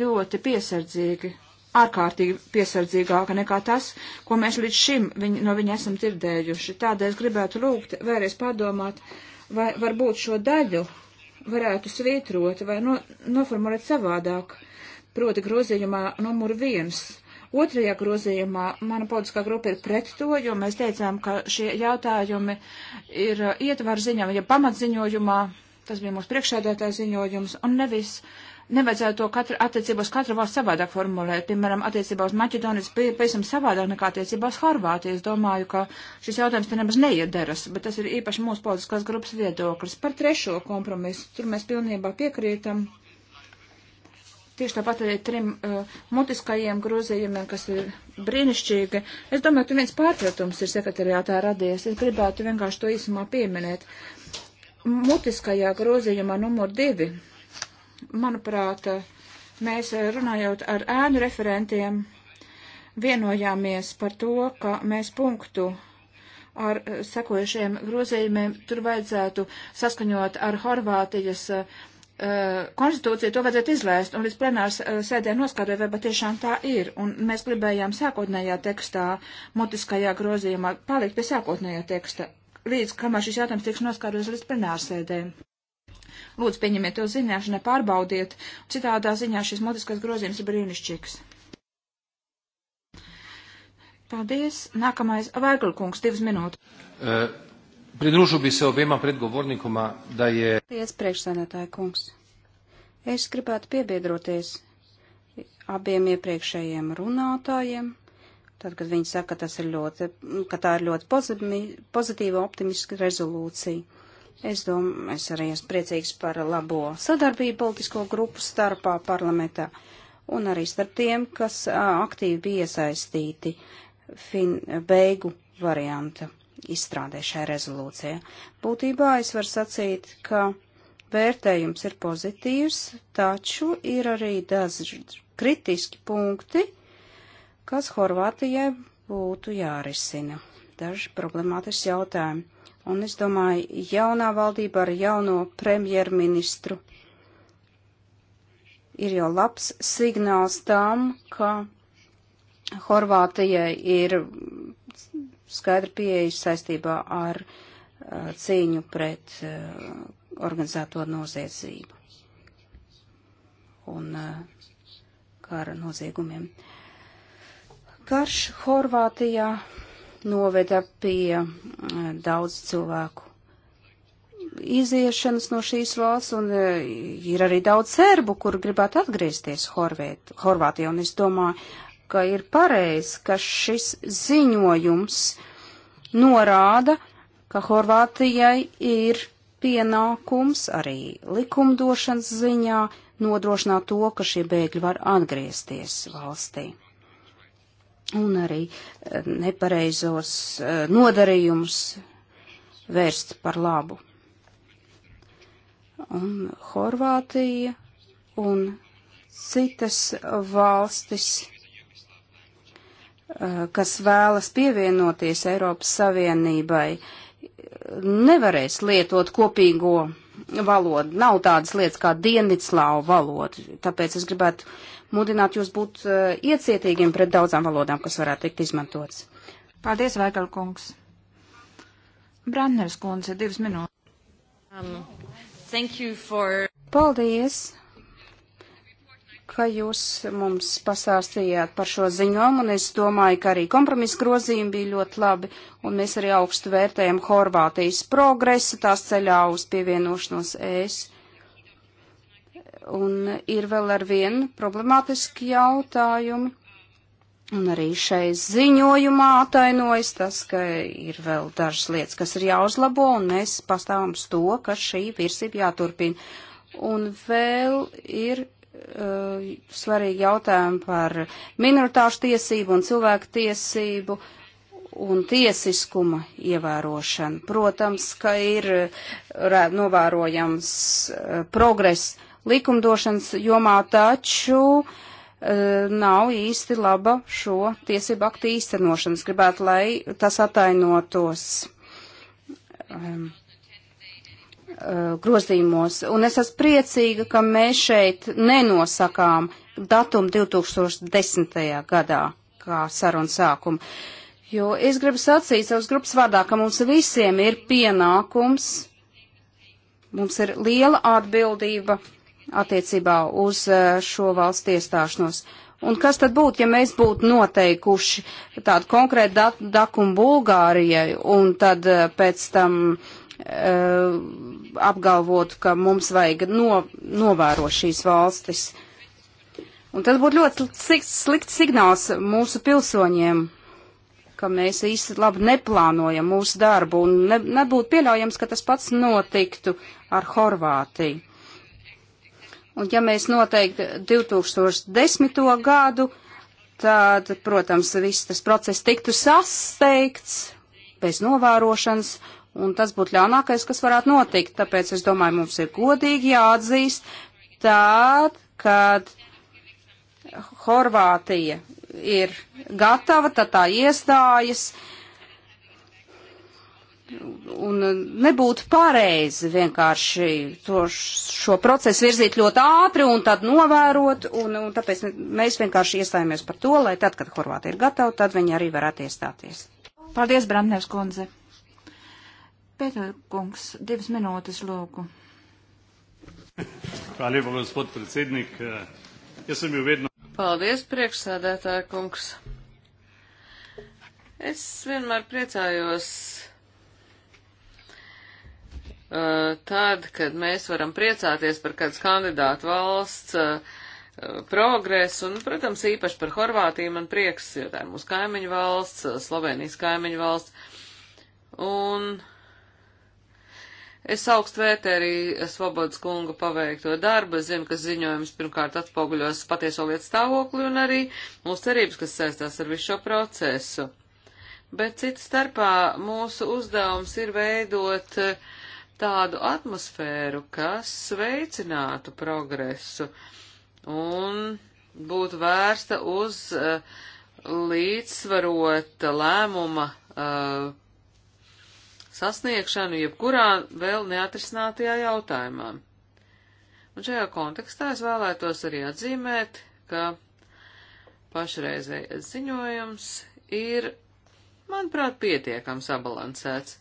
ļoti piesardzīgi ārkārtīgi piesardzīgāka nekā tas, ko mēs līdz šim viņ, no viņa esam dzirdējuši. Tādēļ es gribētu lūgt vēlreiz padomāt, vai varbūt šo daļu varētu svītrot vai no, noformulēt savādāk, proti grozījumā numur viens. Otrajā grozījumā mana politiskā grupa ir pret to, jo mēs teicām, ka šie jautājumi ir uh, ietvar ziņā, ja pamatziņojumā, tas bija mūsu priekšēdētāja ziņojums, un nevis uh, nevajadzētu to katru, attiecībā uz katru valstu savādāk formulēt. Piemēram, attiecībā uz Maķedonijas bija pavisam savādāk nekā attiecībā uz Horvātiju. Es domāju, ka šis jautājums te nemaz neiederas, bet tas ir īpaši mūsu politiskās grupas viedoklis. Par trešo kompromisu, tur mēs pilnībā piekrītam. Tieši tāpat arī trim uh, mutiskajiem grozījumiem, kas ir brīnišķīgi. Es domāju, ka viens pārpratums ir sekretariātā radies. Es gribētu vienkārši to īsumā pieminēt. Mutiskajā grozījumā numur divi manuprāt, mēs runājot ar ēnu referentiem, vienojāmies par to, ka mēs punktu ar sekojušiem grozījumiem tur vajadzētu saskaņot ar Horvātijas uh, konstitūciju, to vajadzētu izlēst, un līdz plenārs uh, eh, sēdē noskatē, vai patiešām tā ir, un mēs gribējām sākotnējā tekstā, mutiskajā grozījumā, palikt pie sākotnējā teksta, līdz kamēr šis jautājums tiks noskatīts līdz plenārsēdēm. Lūdzu, pieņemiet to zināšanai, pārbaudiet. Citādā ziņā šis mutiskais grozījums ir brīnišķīgs. Paldies. Nākamais Vēglkungs, divas minūtes. Uh, Pridružu bija sev vienmēr pretgovornikumā, da je... Paldies, priekšsēdētāja kungs. Es gribētu piebiedroties abiem iepriekšējiem runātājiem. Tad, kad viņi saka, ka, tas ir ļoti, ka tā ir ļoti pozitīva, optimiska rezolūcija. Es domāju, es arī esmu priecīgs par labo sadarbību politisko grupu starpā parlamentā un arī starp tiem, kas aktīvi bija iesaistīti fin, beigu varianta izstrādē šajā rezolūcijā. Būtībā es varu sacīt, ka vērtējums ir pozitīvs, taču ir arī daži kritiski punkti, kas Horvātijai būtu jārisina. Daži problemātiski jautājumi. Un es domāju, jaunā valdība ar jauno premjerministru ir jau labs signāls tam, ka Horvātijai ir skaidra pieeja saistībā ar uh, cīņu pret uh, organizēto noziedzību un uh, kara noziegumiem. Karš Horvātijā noveda pie eh, daudz cilvēku iziešanas no šīs valsts, un eh, ir arī daudz serbu, kur gribētu atgriezties Horvēt, Horvātijā, un es domāju, ka ir pareizi, ka šis ziņojums norāda, ka Horvātijai ir pienākums arī likumdošanas ziņā nodrošināt to, ka šie bēgļi var atgriezties valstī un arī eh, nepareizos eh, nodarījumus vērst par labu. Un Horvātija un citas valstis, eh, kas vēlas pievienoties Eiropas Savienībai, nevarēs lietot kopīgo valodu. Nav tādas lietas kā dienvidslāvu valoda, tāpēc es gribētu mudināt jūs būt eh, iecietīgiem pret daudzām valodām, kas varētu tikt izmantotas. Paldies, Vēgal kungs. Brandners kundze, divas minūtes. Um, thank you for. Paldies ka jūs mums pastāstījāt par šo ziņojumu, un es domāju, ka arī kompromisa grozījumi bija ļoti labi, un mēs arī augstu vērtējam Horvātijas progresu tās ceļā uz pievienošanos ES. Un ir vēl ar vienu problemātiski jautājumi. Un arī šai ziņojumā atainojas tas, ka ir vēl dažas lietas, kas ir jāuzlabo, un mēs pastāvam uz to, ka šī virsība jāturpina. Un vēl ir uh, svarīgi jautājumi par minoritāšu tiesību un cilvēku tiesību un tiesiskuma ievērošanu. Protams, ka ir uh, novērojams uh, progress likumdošanas jomā, taču e, nav īsti laba šo tiesību aktu īstenošanas. Gribētu, lai tas atainotos um, grozījumos. Un es esmu priecīga, ka mēs šeit nenosakām datumu 2010. gadā kā sarunu sākumu. Jo es gribu sacīt savas grupas vārdā, ka mums visiem ir pienākums, mums ir liela atbildība attiecībā uz eh, šo valstu iestāšanos. Un kas tad būtu, ja mēs būtu noteikuši tādu konkrētu dat dakumu Bulgārijai un tad eh, pēc tam uh, eh, apgalvotu, ka mums vajag no, novēro šīs valstis? Un tad būtu ļoti slikts, slikts signāls mūsu pilsoņiem, ka mēs īsti labi neplānojam mūsu darbu un ne, nebūtu pieļaujams, ka tas pats notiktu ar Horvātiju. Un ja mēs noteikti 2010. gadu, tad, protams, viss tas process tiktu sasteigts bez novērošanas, un tas būtu ļaunākais, kas varētu notikt. Tāpēc es domāju, mums ir godīgi jāatzīst, tad, kad Horvātija ir gatava, tad tā iestājas. Uh, un nebūtu pareizi vienkārši to, šo procesu virzīt ļoti ātri un tad novērot, un, un tāpēc mēs vienkārši iestājāmies par to, lai tad, kad Horvātija ir gatava, tad viņi arī varētu iestāties. Paldies, Brandnevs kundze. Pēter kungs, divas minūtes lūgu. Kā liepa, gospod predsednik, es esmu jau vedno. Paldies, priekšsēdētāja kungs. Es vienmēr priecājos Eh, tad, kad mēs varam priecāties par kādas kandidātu valsts eh, progresu, un, protams, īpaši par Horvātiju man prieks, jo tā ir mūsu kaimiņu valsts, eh, Slovenijas kaimiņu valsts. Un es augstu vērtēju arī Svobodas kunga paveikto darbu. Es zinu, ka ziņojums pirmkārt atspoguļos patieso lietu stāvokli un arī mūsu cerības, kas saistās ar visu šo procesu. Bet cita starpā mūsu uzdevums ir veidot uh, tādu atmosfēru, kas veicinātu progresu un būtu vērsta uz uh, līdzsvarota lēmuma uh, sasniegšanu jebkurā vēl neatrisinātajā jautājumā. Un šajā kontekstā es vēlētos arī atzīmēt, ka pašreizējais ziņojums ir, manuprāt, pietiekams sabalansēts.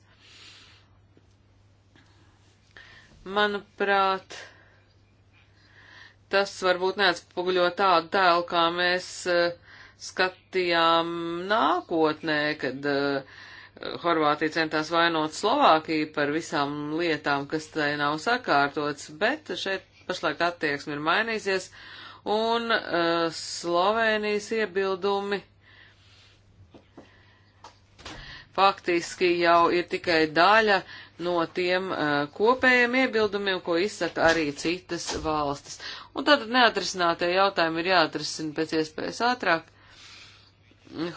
Manuprāt, tas varbūt neatspoguļo tādu tēlu, kā mēs uh, skatījām nākotnē, kad uh, Horvātija centās vainot Slovākiju par visām lietām, kas tai nav sakārtotas, bet šeit pašlaik attieksme ir mainīsies, un uh, eh, Slovēnijas iebildumi faktiski jau ir tikai daļa no tiem uh, kopējiem iebildumiem, ko izsaka arī citas valstis. Un tātad neatrisinātie jautājumi ir jāatrisina pēc iespējas ātrāk.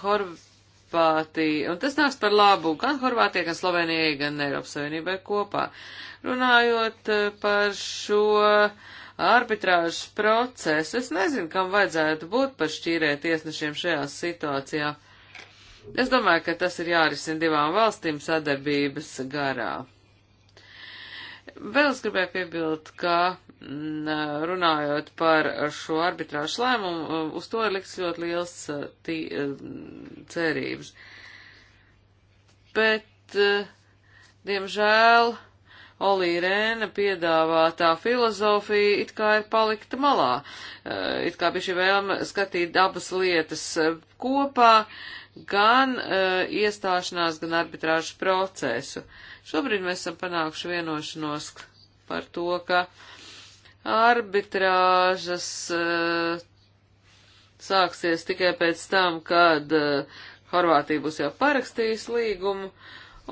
Horvātija, un tas nāks par labu gan Horvātijai, gan Slovenijai, gan Eiropas Savienībai kopā. Runājot uh, par šo arbitrāžu procesu, es nezinu, kam vajadzētu būt par šķīrē tiesnešiem šajā situācijā. Uh, Es domāju, ka tas ir jārisina divām valstīm sadarbības garā. Vēl es gribēju piebilst, ka mm, runājot par šo arbitrāžu lēmumu, mm, uz to ir liks ļoti liels eh, tī, mm, cerības. Bet, eh, diemžēl, Olī Rēna piedāvātā filozofija it kā ir palikta malā, eh, it kā bija šī vēlme skatīt abas lietas kopā, gan uh, iestāšanās, gan arbitrāžu procesu. Šobrīd mēs esam panākuši vienošanos par to, ka arbitrāžas uh, sāksies tikai pēc tam, kad uh, Horvātija būs jau parakstījusi līgumu,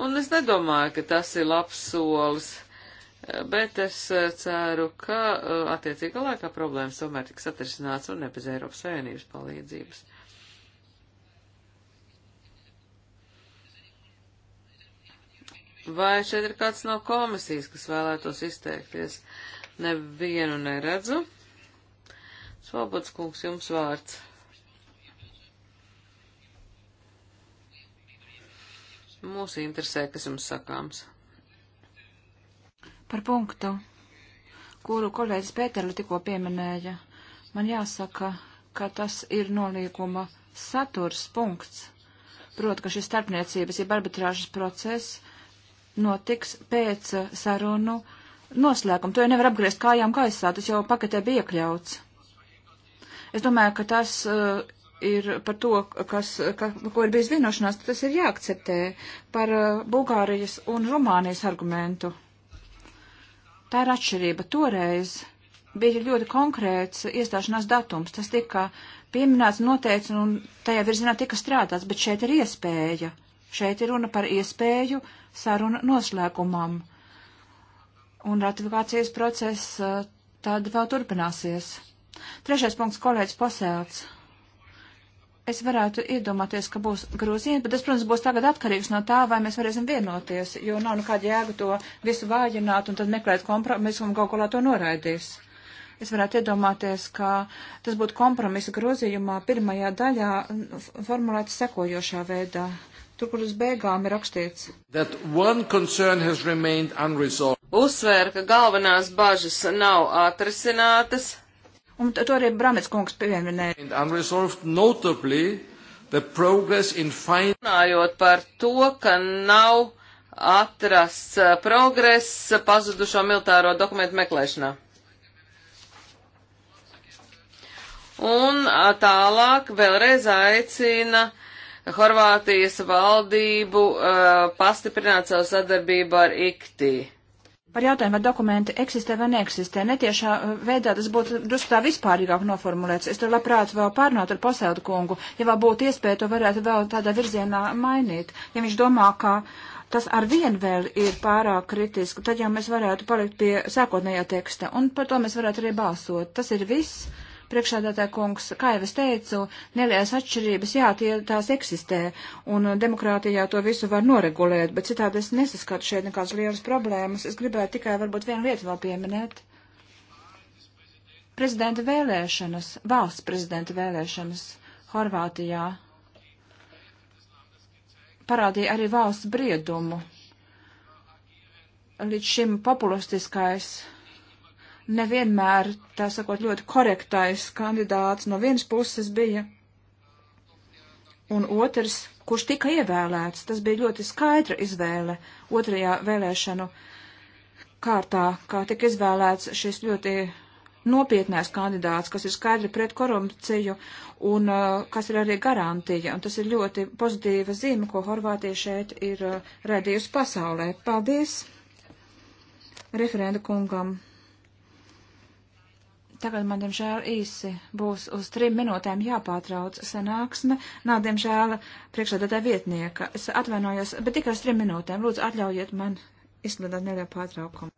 un es nedomāju, ka tas ir labs solis bet es ceru, ka attiecīgā laikā problēmas tomēr tiks atrisināts un ne bez Eiropas Savienības palīdzības. Vai šeit ir kāds no komisijas, kas vēlētos izteikties? Nevienu neredzu. Svobods kungs, jums vārds. Mūs interesē, kas jums sakāms. Par punktu, kuru kolēģis Pēterli tikko pieminēja, man jāsaka, ka tas ir nolīguma saturs punkts. Proti, ka šis starpniecības, jeb arbitrāžas process notiks pēc eh, sarunu noslēguma. To jau nevar apgriezt kājām gaisā, tas jau paketē bija iekļauts. Es domāju, ka tas uh, ir par to, kas, ka, ko ir bijis vienošanās, tas ir jāakceptē par uh, Bulgārijas un Rumānijas argumentu. Tā ir atšķirība. Toreiz bija ļoti konkrēts iestāšanās datums. Tas tika pieminēts, noteicis un tajā virzienā tika strādāts, bet šeit ir iespēja Šeit ir runa par iespēju sarunu noslēgumam, un ratifikācijas process eh, tad vēl turpināsies. Trešais punkts, kolēģis Posēlts. Es varētu iedomāties, ka būs grūzījumi, bet tas, protams, būs tagad atkarīgs no tā, vai mēs varēsim vienoties, jo nav nekāda nu jēga to visu vājināt un tad meklēt kompromisu un kaut kā to noraidīs. Es varētu iedomāties, ka tas būtu kompromisa grozījumā pirmajā daļā formulēts sekojošā veidā. Tur, kur uz beigām ir rakstīts. Uzsvēra, ka galvenās bažas nav atrisinātas. Un to arī Bramets kungs pieminēja. Runājot par to, ka nav atrasts eh, progress pazudušo militāro dokumentu meklēšanā. Un eh, tālāk vēlreiz aicina uh, Horvātijas valdību eh, pastiprināt savu sadarbību ar IKTI. Par jautājumu, vai dokumenti eksistē vai neeksistē, netiešā eh, veidā tas būtu drusku tā vispārīgāk noformulēts. Es tur labprāt vēl pārnāt ar posēdu kungu, ja vēl būtu iespēja to varētu vēl tādā virzienā mainīt. Ja viņš domā, ka tas ar vien vēl ir pārāk kritiski, tad jau mēs varētu palikt pie sākotnējā teksta, un par to mēs varētu arī balsot. Tas ir viss priekšādātā kungs, kā jau es teicu, nelielas atšķirības, jā, tie tās eksistē, un demokrātijā to visu var noregulēt, bet citādi es nesaskatu šeit nekādas lielas problēmas. Es gribētu tikai varbūt vienu lietu vēl pieminēt. Prezidenta vēlēšanas, valsts prezidenta vēlēšanas Horvātijā parādīja arī valsts briedumu. Līdz šim populistiskais nevienmēr, tā sakot, ļoti korektais kandidāts no vienas puses bija, un otrs, kurš tika ievēlēts, tas bija ļoti skaidra izvēle otrajā vēlēšanu kārtā, kā tika izvēlēts šis ļoti nopietnēs kandidāts, kas ir skaidri pret korupciju un uh, kas ir arī garantija. Un tas ir ļoti pozitīva zīme, ko Horvātija šeit ir uh, redzījusi pasaulē. Paldies referenda kungam. Tagad man, diemžēl, īsi būs uz trim minūtēm jāpātrauc sanāksme. Nav, diemžēl, priekšsēdētā vietnieka. Es atvainojos, bet tikai uz trim minūtēm. Lūdzu, atļaujiet man izsludināt nelielu pārtraukumu.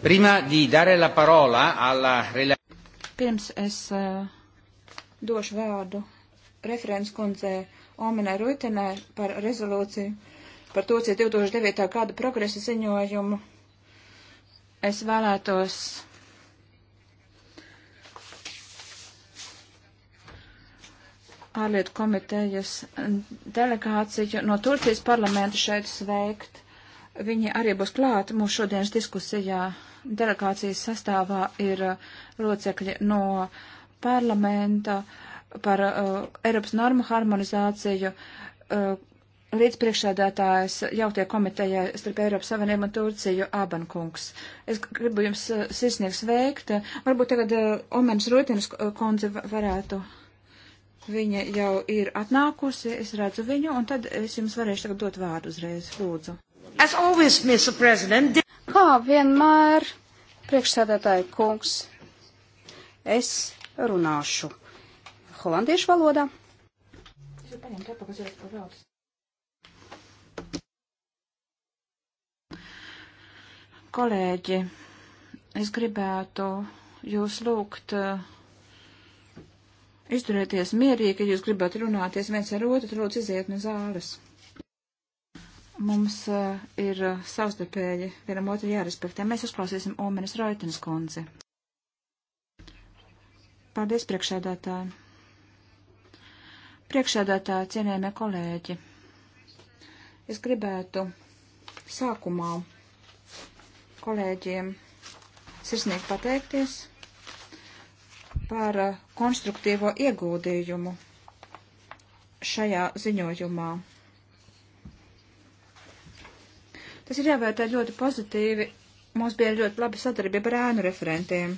Prima di dare la parola alla Pirms es uh, došu vārdu referents kundzē Omenai Ruitenai par rezolūciju par Turcijas 2009. gada progresa ziņojumu. Es vēlētos ārlietu komitejas delegāciju no Turcijas parlamenta šeit sveikt. Viņi arī būs klāt mūsu šodienas diskusijā delegācijas sastāvā ir uh, locekļi no parlamenta par uh, Eiropas normu harmonizāciju, uh, līdzpriekšsēdētājs jautie komitejai starp Eiropas Savienību un Turciju Abankungs. Es gribu jums uh, sirsnieks veikt. Varbūt tagad uh, Omenas Rūtienas uh, kundze varētu. Viņa jau ir atnākusi, es redzu viņu, un tad es jums varēšu tagad dot vārdu uzreiz, lūdzu. As always, Mr. President. Kā vienmēr, priekšsēdētāji kungs, es runāšu holandiešu valodā. Kolēģi, es gribētu jūs lūgt eh, izturēties mierīgi, ja jūs gribat runāties viens ar otru, lūdzu iziet no zāles. Mums uh, ir eh, savstarpēji vienam otru jārespektē. Mēs uzklausīsim Omenes Raitenes kundzi. Paldies, priekšēdētāji. Priekšēdētāji, cienējamie kolēģi. Es gribētu sākumā kolēģiem sirsnīgi pateikties par eh, konstruktīvo ieguldījumu šajā ziņojumā. Tas ir jāvērtē ļoti pozitīvi. Mums bija ļoti laba sadarbība ar ēnu referentiem.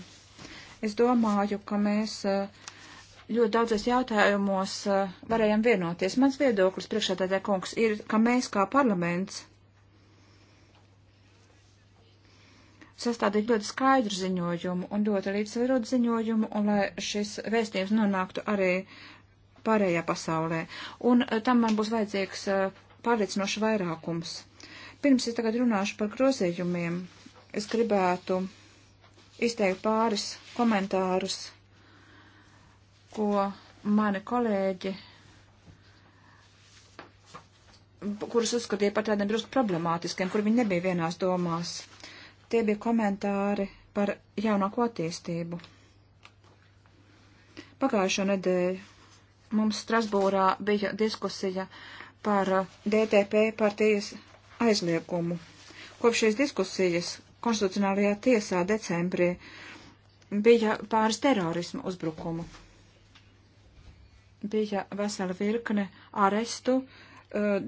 Es domāju, ka mēs eh, ļoti daudzos jautājumos eh, varējām vienoties. Mans viedoklis priekšādātē kungs ir, ka mēs kā parlaments sastādīt ļoti skaidru ziņojumu un ļoti līdzsvarot ziņojumu, un lai šis vēstījums nonāktu arī pārējā pasaulē. Un eh, tam man būs vajadzīgs pārliecinošs vairākums. Pirms es tagad runāšu par grozījumiem, es gribētu izteikt pāris komentārus, ko mani kolēģi, kurus uzskatīja par tādiem drusku problemātiskiem, kur viņi nebija vienās domās. Tie bija komentāri par jaunāko attīstību. Pagājušo nedēļu mums Strasbūrā bija diskusija par uh, DTP partijas aizliegumu. Kopš šīs diskusijas konstitucionālajā tiesā decembrī bija pāris terorismu uzbrukumu. Bija vesela virkne arestu uh,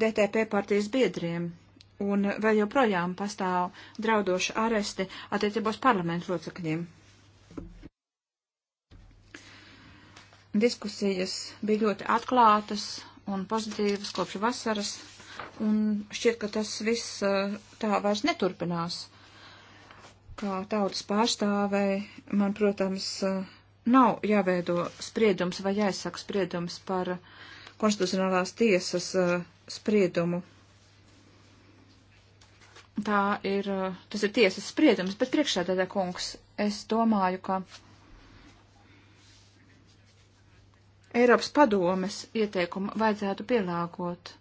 DTP partijas biedriem, un vēl joprojām pastāv draudoši aresti attiecībos parlamentu locekļiem. Diskusijas bija ļoti atklātas un pozitīvas kopš vasaras un šķiet, ka tas viss eh, tā vairs neturpinās. Kā tautas pārstāvei, man, protams, eh, nav jāveido spriedums vai jāizsaka spriedums par eh, konstitucionālās tiesas spriedumu. Tā ir, tas ir tiesas spriedums, bet priekšsēdētā kungs, es domāju, ka Eiropas padomes ieteikumu vajadzētu pielāgot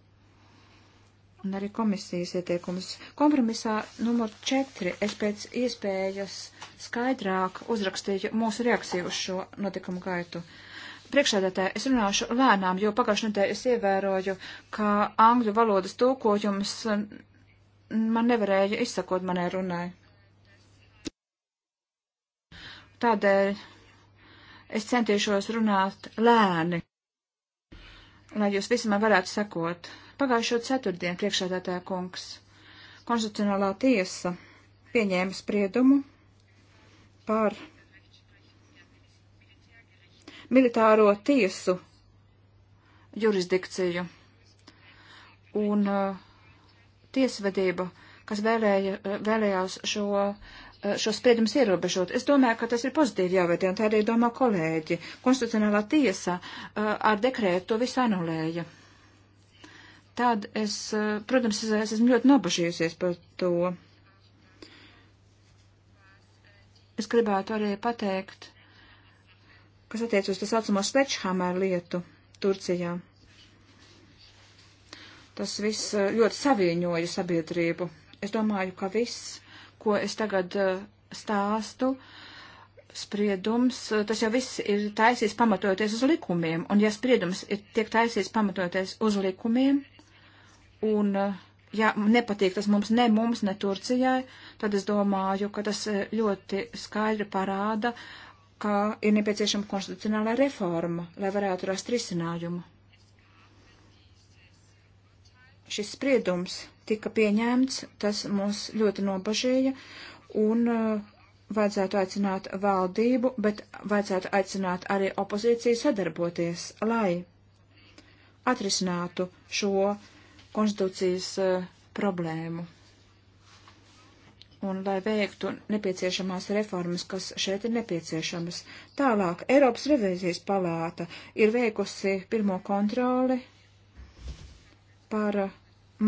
un arī komisijas ieteikumus. Kompromisā numur 4 es pēc iespējas skaidrāk uzrakstīju mūsu reakciju uz šo notikumu gaitu. Priekšādātāji, es runāšu lēnām, jo pagājušajā nedēļā es ievēroju, ka angļu valodas tūkojums eh, man nevarēja izsakot manai runai. Tādēļ es centīšos runāt lēni, lai jūs visi man varētu sakot. Pagājušo ceturtdienu priekšādātāja kungs konstitucionālā tiesa pieņēma spriedumu par militāro tiesu jurisdikciju un uh, tiesvedību, kas vēlēja, uh, vēlējās šo, uh, šo spriedumus ierobežot. Es domāju, ka tas ir pozitīvi jāvērtē, un tā arī domā kolēģi. Konstitucionālā tiesa uh, ar dekrētu to visu anulēja tad es, eh, protams, es, es esmu ļoti nobažījusies par to. Es gribētu arī pateikt, kas attiec uz tā saucamo Sledgehammer lietu Turcijā. Tas viss eh, ļoti saviņoja sabiedrību. Es domāju, ka viss, ko es tagad eh, stāstu, spriedums, tas jau viss ir taisīts pamatojoties uz likumiem, un ja spriedums ir, tiek taisīts pamatojoties uz likumiem, Un, eh, ja nepatīk tas mums ne mums, ne Turcijai, tad es domāju, ka tas eh, ļoti skaidri parāda, ka ir nepieciešama konstitucionālā reforma, lai varētu rast risinājumu. Šis spriedums tika pieņemts, tas mūs ļoti nobažīja, un eh, vajadzētu aicināt valdību, bet vajadzētu aicināt arī opozīciju sadarboties, lai atrisinātu šo konstitūcijas eh, problēmu. Un lai veiktu nepieciešamās reformas, kas šeit ir nepieciešamas. Tālāk, Eiropas revīzijas palāta ir veikusi pirmo kontroli par eh,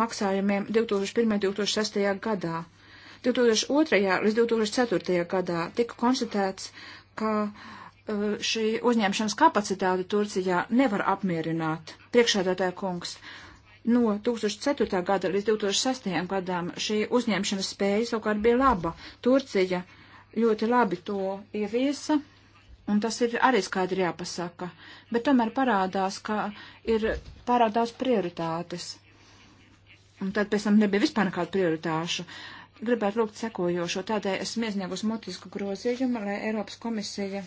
maksājumiem 2001.-2006. gadā. 2002. līdz 2004. gadā tika konstatēts, ka eh, šī uzņemšanas kapacitāte Turcijā nevar apmierināt. Priekšādātāja kungs, No 2004. gada līdz 2006. gadam šī uzņemšanas spēja savukārt bija laba. Turcija ļoti labi to ieviesa, un tas ir arī skaidri jāpasaka. Bet tomēr parādās, ka ir parādās prioritātes. Un tad pēc tam nebija vispār nekādu prioritāšu. Gribētu lūgt sekojošo, tādēļ esmu iesniegus motisku grozījumu, lai Eiropas komisija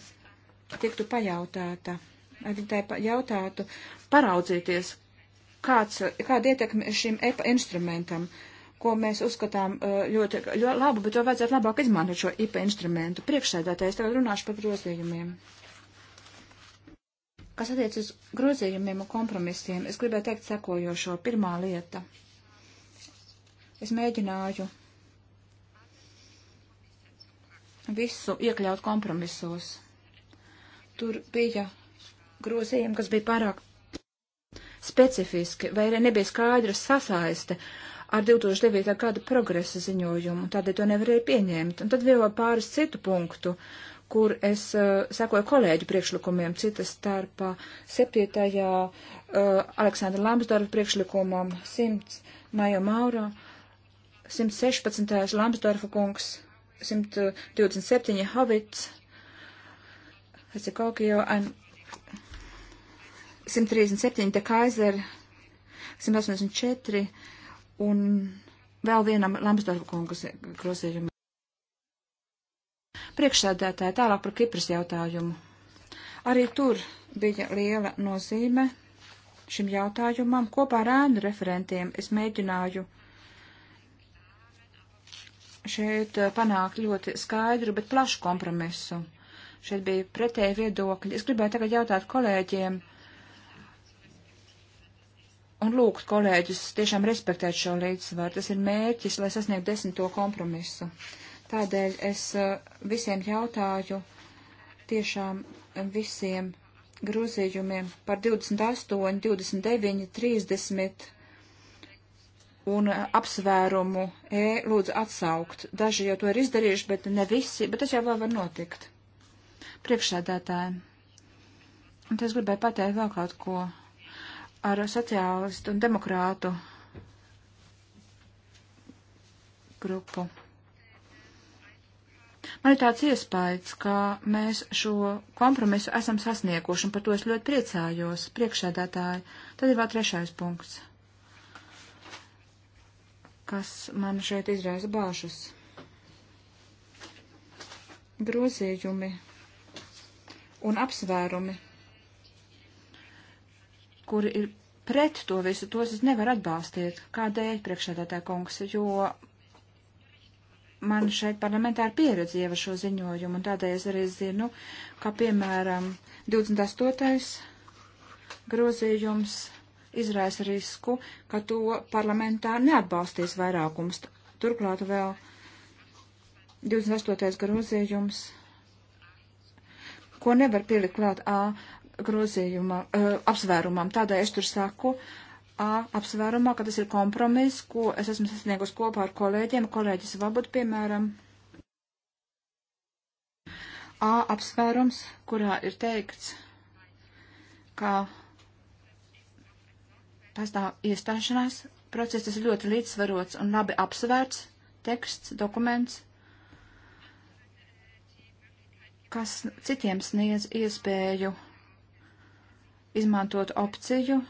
tiktu pajautāta. Lai viņi tai jautātu, paraudzīties, kāds, kāda ietekme šim EPA instrumentam, ko mēs uzskatām uh, ļoti, ļoti labu, bet to vajadzētu labāk izmantot šo IPA instrumentu. Priekšsēdētājs tagad runāšu par grozījumiem. Kas attiec uz grozījumiem un kompromisiem, es gribēju teikt sekojošo. Pirmā lieta. Es mēģināju visu iekļaut kompromisos. Tur bija grozījumi, kas bija pārāk specifiski, vai arī nebija skaidra sasaiste ar 2009. gada progresa ziņojumu, tādēļ to nevarēja pieņemt. Un tad vēl pāris citu punktu, kur es uh, sekoju kolēģu priekšlikumiem, citas starpā 7. Uh, Aleksandra Lambsdorfa priekšlikumam 100 Maija Maurā, 116. Lambsdorfa kungs, 127. Havits, Hecikokio, un 137 te Kaiser, 184 un vēl vienam Lambsdorfa kungas grozījumam. Priekšsēdētāji tālāk par Kipras jautājumu. Arī tur bija liela nozīme šim jautājumam. Kopā ar ēnu referentiem es mēģināju šeit eh, panākt ļoti skaidru, bet plašu kompromisu. Šeit bija pretēji viedokļi. Es gribēju tagad jautāt kolēģiem, uh, un lūgt kolēģus tiešām respektēt šo līdzsvaru. Tas ir mērķis, lai sasniegtu desmito kompromisu. Tādēļ es eh, visiem jautāju tiešām visiem grozījumiem par 28, 29, 30 un eh, apsvērumu E lūdzu atsaukt. Daži jau to ir izdarījuši, bet ne visi, bet tas jau vēl var notikt. Priekšsēdētājiem. Un es gribēju pateikt vēl kaut ko ar sociālistu un demokrātu grupu. Man ir tāds iespējas, ka mēs šo kompromisu esam sasnieguši, un par to es ļoti priecājos, priekšsēdētāji. Tad ir vēl trešais punkts, kas man šeit izraisa bāžas. Grozījumi un apsvērumi kuri ir pret to visu, tos es nevaru atbalstīt. Kādēļ, priekšsēdētāja kungs, jo man šeit parlamentā ir pieredze jau ar šo ziņojumu, un tādēļ es arī zinu, ka, piemēram, 28. grozījums izraisa risku, ka to parlamentā neatbalstīs vairākums. Turklāt vēl 28. grozījums, ko nevar pielikt klāt A, grozījuma uh, apsvērumam. Tādēļ es tur saku A apsvērumā, ka tas ir kompromiss, ko es esmu sasniegus kopā ar kolēģiem, kolēģis Vabud, piemēram. A apsvērums, kurā ir teikts, ka pastāv iestāšanās process, tas ir ļoti līdzsvarots un labi apsvērts teksts, dokuments, kas citiem sniedz iespēju izmantot opciju.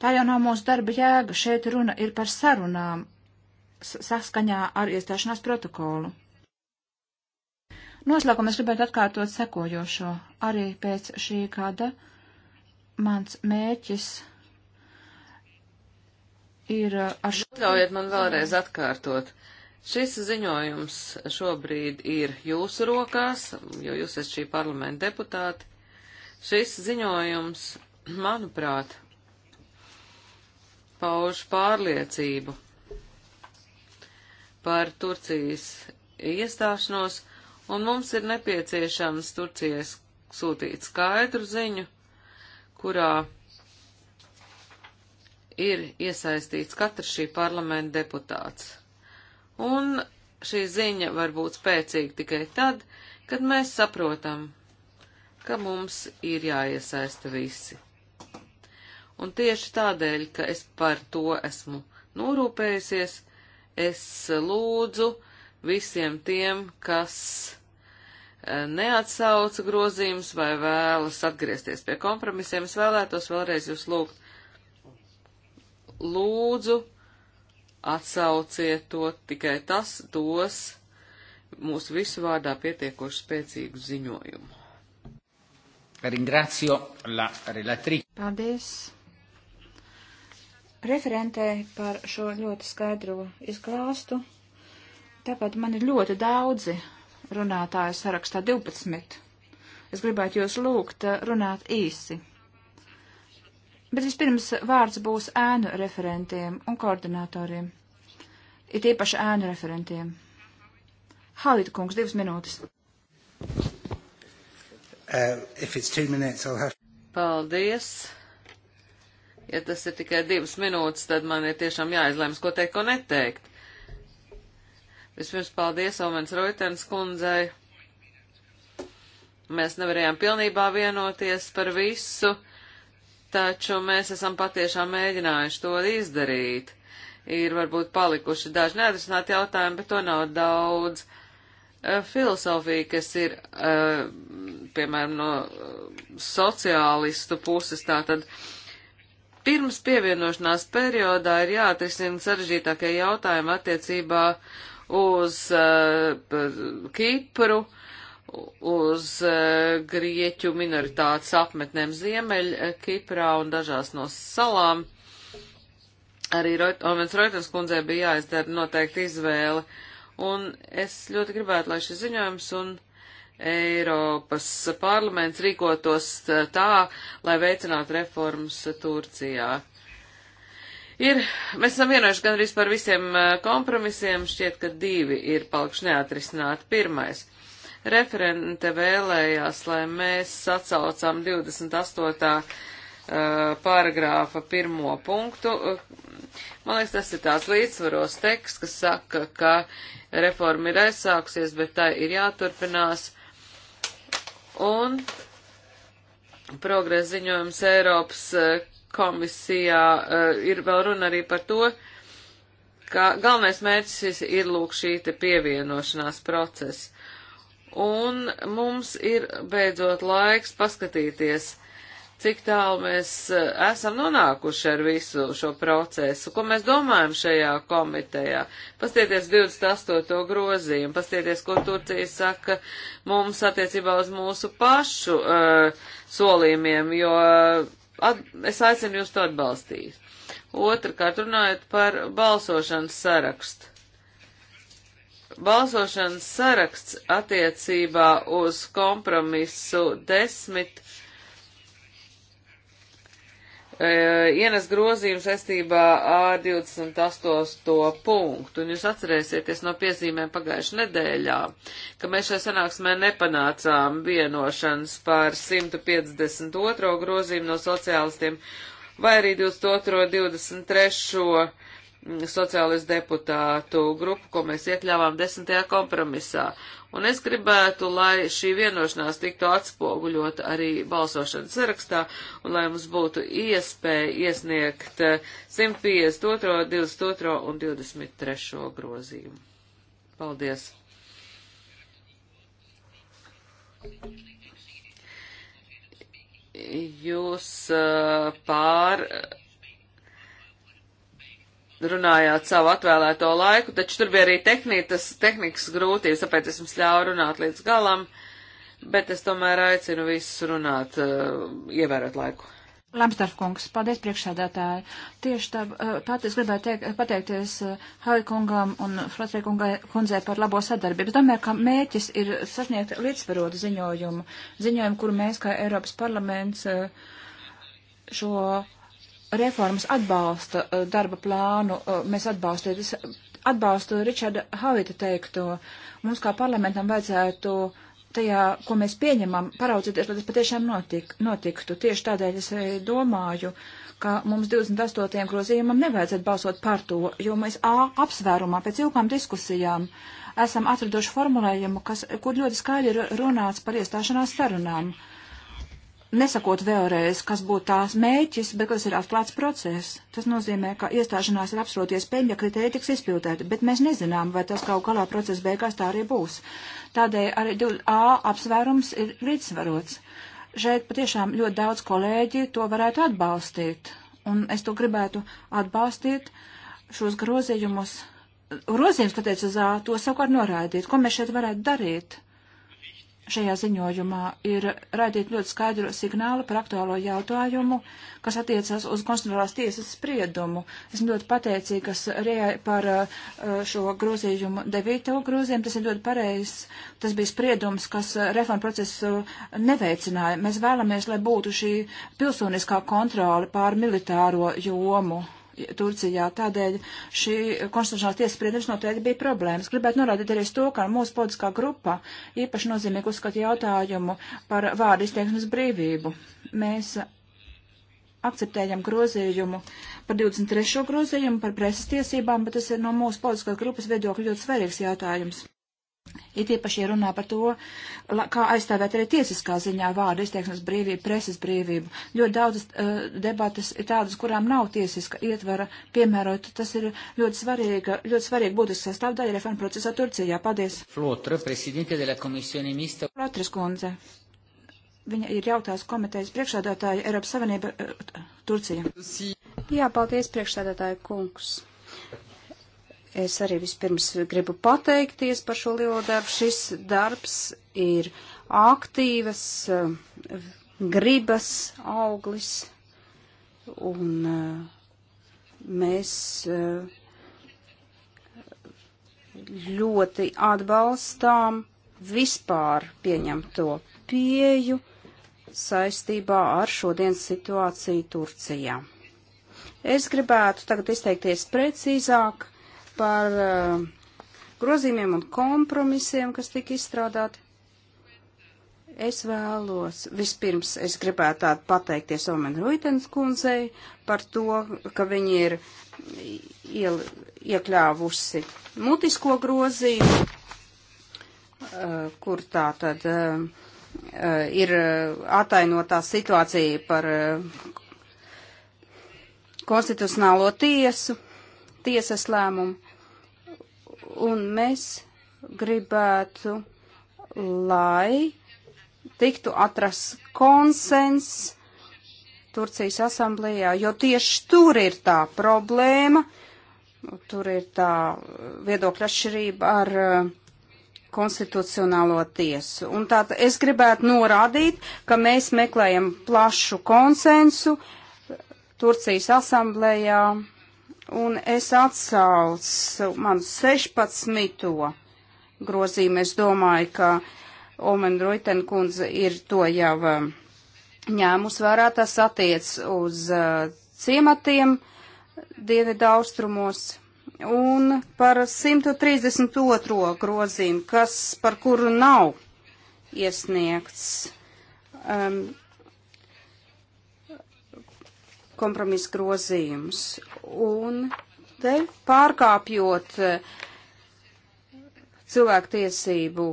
Tā jau nav mūsu darba jēga. Šeit runa ir par sarunām saskaņā ar iestāšanās protokolu. Noslēgumā es gribētu atkārtot sekojošo. Arī pēc šī gada mans mērķis ir uh, ar šo. Ļaujiet man vēlreiz atkārtot. Šis ziņojums šobrīd ir jūsu rokās, jo jūs esat šī parlamenta deputāti. Šis ziņojums, manuprāt, pauž pārliecību par Turcijas iestāšanos, un mums ir nepieciešams Turcijas sūtīt skaidru ziņu, kurā ir iesaistīts katrs šī parlamenta deputāts. Un šī ziņa var būt spēcīga tikai tad, kad mēs saprotam, ka mums ir jāiesaista visi. Un tieši tādēļ, ka es par to esmu norūpējusies, es lūdzu visiem tiem, kas e, neatsauca grozījums vai vēlas atgriezties pie kompromisiem, es vēlētos vēlreiz jūs lūgt. Lūdzu, atsauciet to tikai tas dos mūsu visu vārdā pietiekoši spēcīgu ziņojumu. Ringrazio la relatrice. Paldies referentei par šo ļoti skaidro izklāstu. Tāpat man ir ļoti daudzi runātāju sarakstā 12. Es gribētu jūs lūgt eh, runāt īsi. Bet vispirms vārds būs ēnu referentiem un koordinatoriem. Ir tīpaši ēnu referentiem. Halita kungs, divas minūtes. Uh, if it's two minutes, I'll have... Paldies. Ja tas ir tikai divas minūtes, tad man ir tiešām jāizlēms, ko teikt, ko neteikt. Vispirms paldies Omens Roitens kundzei. Mēs nevarējām pilnībā vienoties par visu, taču mēs esam patiešām mēģinājuši to izdarīt. Ir varbūt palikuši daži neatrisināti jautājumi, bet to nav daudz. Uh, Eh, filozofija, kas ir, eh, piemēram, no eh, sociālistu puses, tātad pirms pievienošanās periodā ir jāatrisina sarežģītākie jautājumi attiecībā uz Kipru, uz Grieķu minoritātes apmetnēm Ziemeļ Kiprā un dažās no salām. Arī Roitons kundzei bija jāizdara noteikti izvēle. Uh, Un es ļoti gribētu, lai šis ziņojums un Eiropas parlaments rīkotos eh, tā, lai veicinātu reformas Turcijā. Ir, mēs esam vienojuši gandrīz par visiem eh, kompromisiem, šķiet, ka divi ir palikuši neatrisināti. Pirmais. Referente vēlējās, lai mēs sacaucām 28 Eh, paragrāfa pirmo punktu. Eh, man liekas, tas ir tās līdzsvaros teksts, kas saka, ka reforma ir aizsāksies, bet tai ir jāturpinās. Un progresa ziņojums Eiropas eh, komisijā ir vēl runa arī par to, ka galvenais mērķis ir lūk šī te pievienošanās procesa. Un mums ir beidzot laiks paskatīties, uh, cik tālu mēs eh, esam nonākuši ar visu šo procesu, ko mēs domājam šajā komitejā. Pastieties 28. grozījumu, pastieties, ko Turcija saka mums attiecībā uz mūsu pašu uh, solījumiem, jo eh, at, es aicinu jūs to atbalstīt. Otrakārt, runājot par balsošanas sarakstu. Balsošanas saraksts attiecībā uz kompromisu desmit 10 E, ienes grozījumu saistībā ar 28. punktu. Un jūs atcerēsieties no piezīmēm pagājušajā nedēļā, ka mēs šajā sanāksmē nepanācām vienošanas par 152. grozījumu no sociālistiem vai arī 22. 23 sociālistu deputātu grupu, ko mēs iekļāvām desmitajā kompromisā. Un es gribētu, lai šī vienošanās tiktu atspoguļota arī balsošanas sarakstā, un lai mums būtu iespēja iesniegt 152, 22 un 23 grozījumu. Paldies! Jūs pār runājāt savu atvēlēto laiku, taču tur bija arī tehnītas, tehnikas grūtības, tāpēc es jums ļauju runāt līdz galam, bet es tomēr aicinu visus runāt, uh, ievērot laiku. Lamstarf kungs, paldies priekšsēdētāji. Tieši tāpat eh, es gribēju teik, pateikties eh, Havi kungam un Flatrī kundzei par labo sadarbību. Es domāju, ka mēķis ir sasniegt līdzsvarotu ziņojumu, ziņojumu, kuru mēs kā Eiropas parlaments šo reformas atbalsta eh, darba plānu, eh, mēs atbalstu, atbalstu Ričarda Havita teikto. Mums kā parlamentam vajadzētu tajā, ko mēs pieņemam, paraudzīties, lai tas patiešām notik, notiktu. Tieši tādēļ es eh, domāju, ka mums 28. grozījumam nevajadzētu balsot par to, jo mēs A apsvērumā pēc ilgām diskusijām esam atraduši formulējumu, kas, kur ļoti skaļi ir runāts par iestāšanās sarunām. Uh, nesakot vēlreiz, kas būtu tās mēķis, bet kas ir atklāts process. Tas nozīmē, ka iestāšanās ir apsroties peļņa kritērija tiks izpildēta, bet mēs nezinām, vai tas kaut galā procesa beigās tā arī būs. Tādēļ arī 2A apsvērums ir līdzsvarots. Šeit patiešām ļoti daudz kolēģi to varētu atbalstīt, un es to gribētu atbalstīt šos grozījumus. Grozījums, kāpēc uz A, to savukārt noraidīt. Ko mēs šeit varētu darīt? šajā ziņojumā ir raidīt ļoti skaidru signālu par aktuālo jautājumu, kas attiecas uz konstitucionālās tiesas spriedumu. Esmu ļoti pateicīgas Rijai par uh, šo grozījumu devīto grozījumu. Tas ir ļoti pareizs. Tas bija spriedums, kas uh, reformu procesu neveicināja. Mēs vēlamies, lai būtu šī pilsoniskā kontrole pār militāro jomu. Turcijā. Tādēļ šī konstitucionālās tiesas spriedums noteikti bija problēmas. Gribētu norādīt arī to, ka mūsu politiskā grupa īpaši nozīmīgi uzskata jautājumu par vārdu izteiksmes brīvību. Mēs akceptējam grozījumu par 23. grozījumu par presas tiesībām, bet tas ir no mūsu politiskās grupas viedokļa ļoti svarīgs jautājums. It īpaši runā par to, la, kā aizstāvēt arī tiesiskā ziņā vārdu izteiksmes brīvību, preses brīvību. Ļoti daudzas uh, eh, debatas ir tādas, kurām nav tiesiska ietvara piemērot. Tas ir ļoti svarīga, ļoti svarīga būtiska sastāvdaļa reforma procesā Turcijā. Paldies. Flotra, prezidente de la komisione mista. Flotras kundze. Viņa ir jautās komitejas priekšādātāja Eiropas Savienība uh, Turcija. Jā, paldies priekšādātāja kungs. Es arī vispirms gribu pateikties par šo lielo darbu. Šis darbs ir aktīvas eh, gribas auglis, un eh, mēs eh, ļoti atbalstām vispār pieņemto pieju saistībā ar šodienas situāciju Turcijā. Es gribētu tagad izteikties precīzāk par eh, grozījumiem un kompromisiem, kas tika izstrādāti. Es vēlos, vispirms es gribētu tādu pateikties Omen Ruitens kundzei par to, ka viņi ir iel, iekļāvusi mutisko grozījumu, eh, kur tā tad eh, ir atainotā situācija par konstitucionālo tiesu, tiesas lēmumu un mēs gribētu, lai tiktu atrasts konsens Turcijas asamblējā, jo tieši tur ir tā problēma, tur ir tā viedokļa atšķirība ar uh, konstitucionālo tiesu. Un tā es gribētu norādīt, ka mēs meklējam plašu konsensu Turcijas asamblējā un es atsaucu manu 16. grozīmu. Es domāju, ka Omen Ruiten kundze ir to jau um, ņēmus vērā. Tas attiec uz uh, ciematiem dievidu austrumos. Un par 132. grozīmu, kas par kuru nav iesniegts um, kompromisu grozījumus. Un te pārkāpjot eh, cilvēktiesību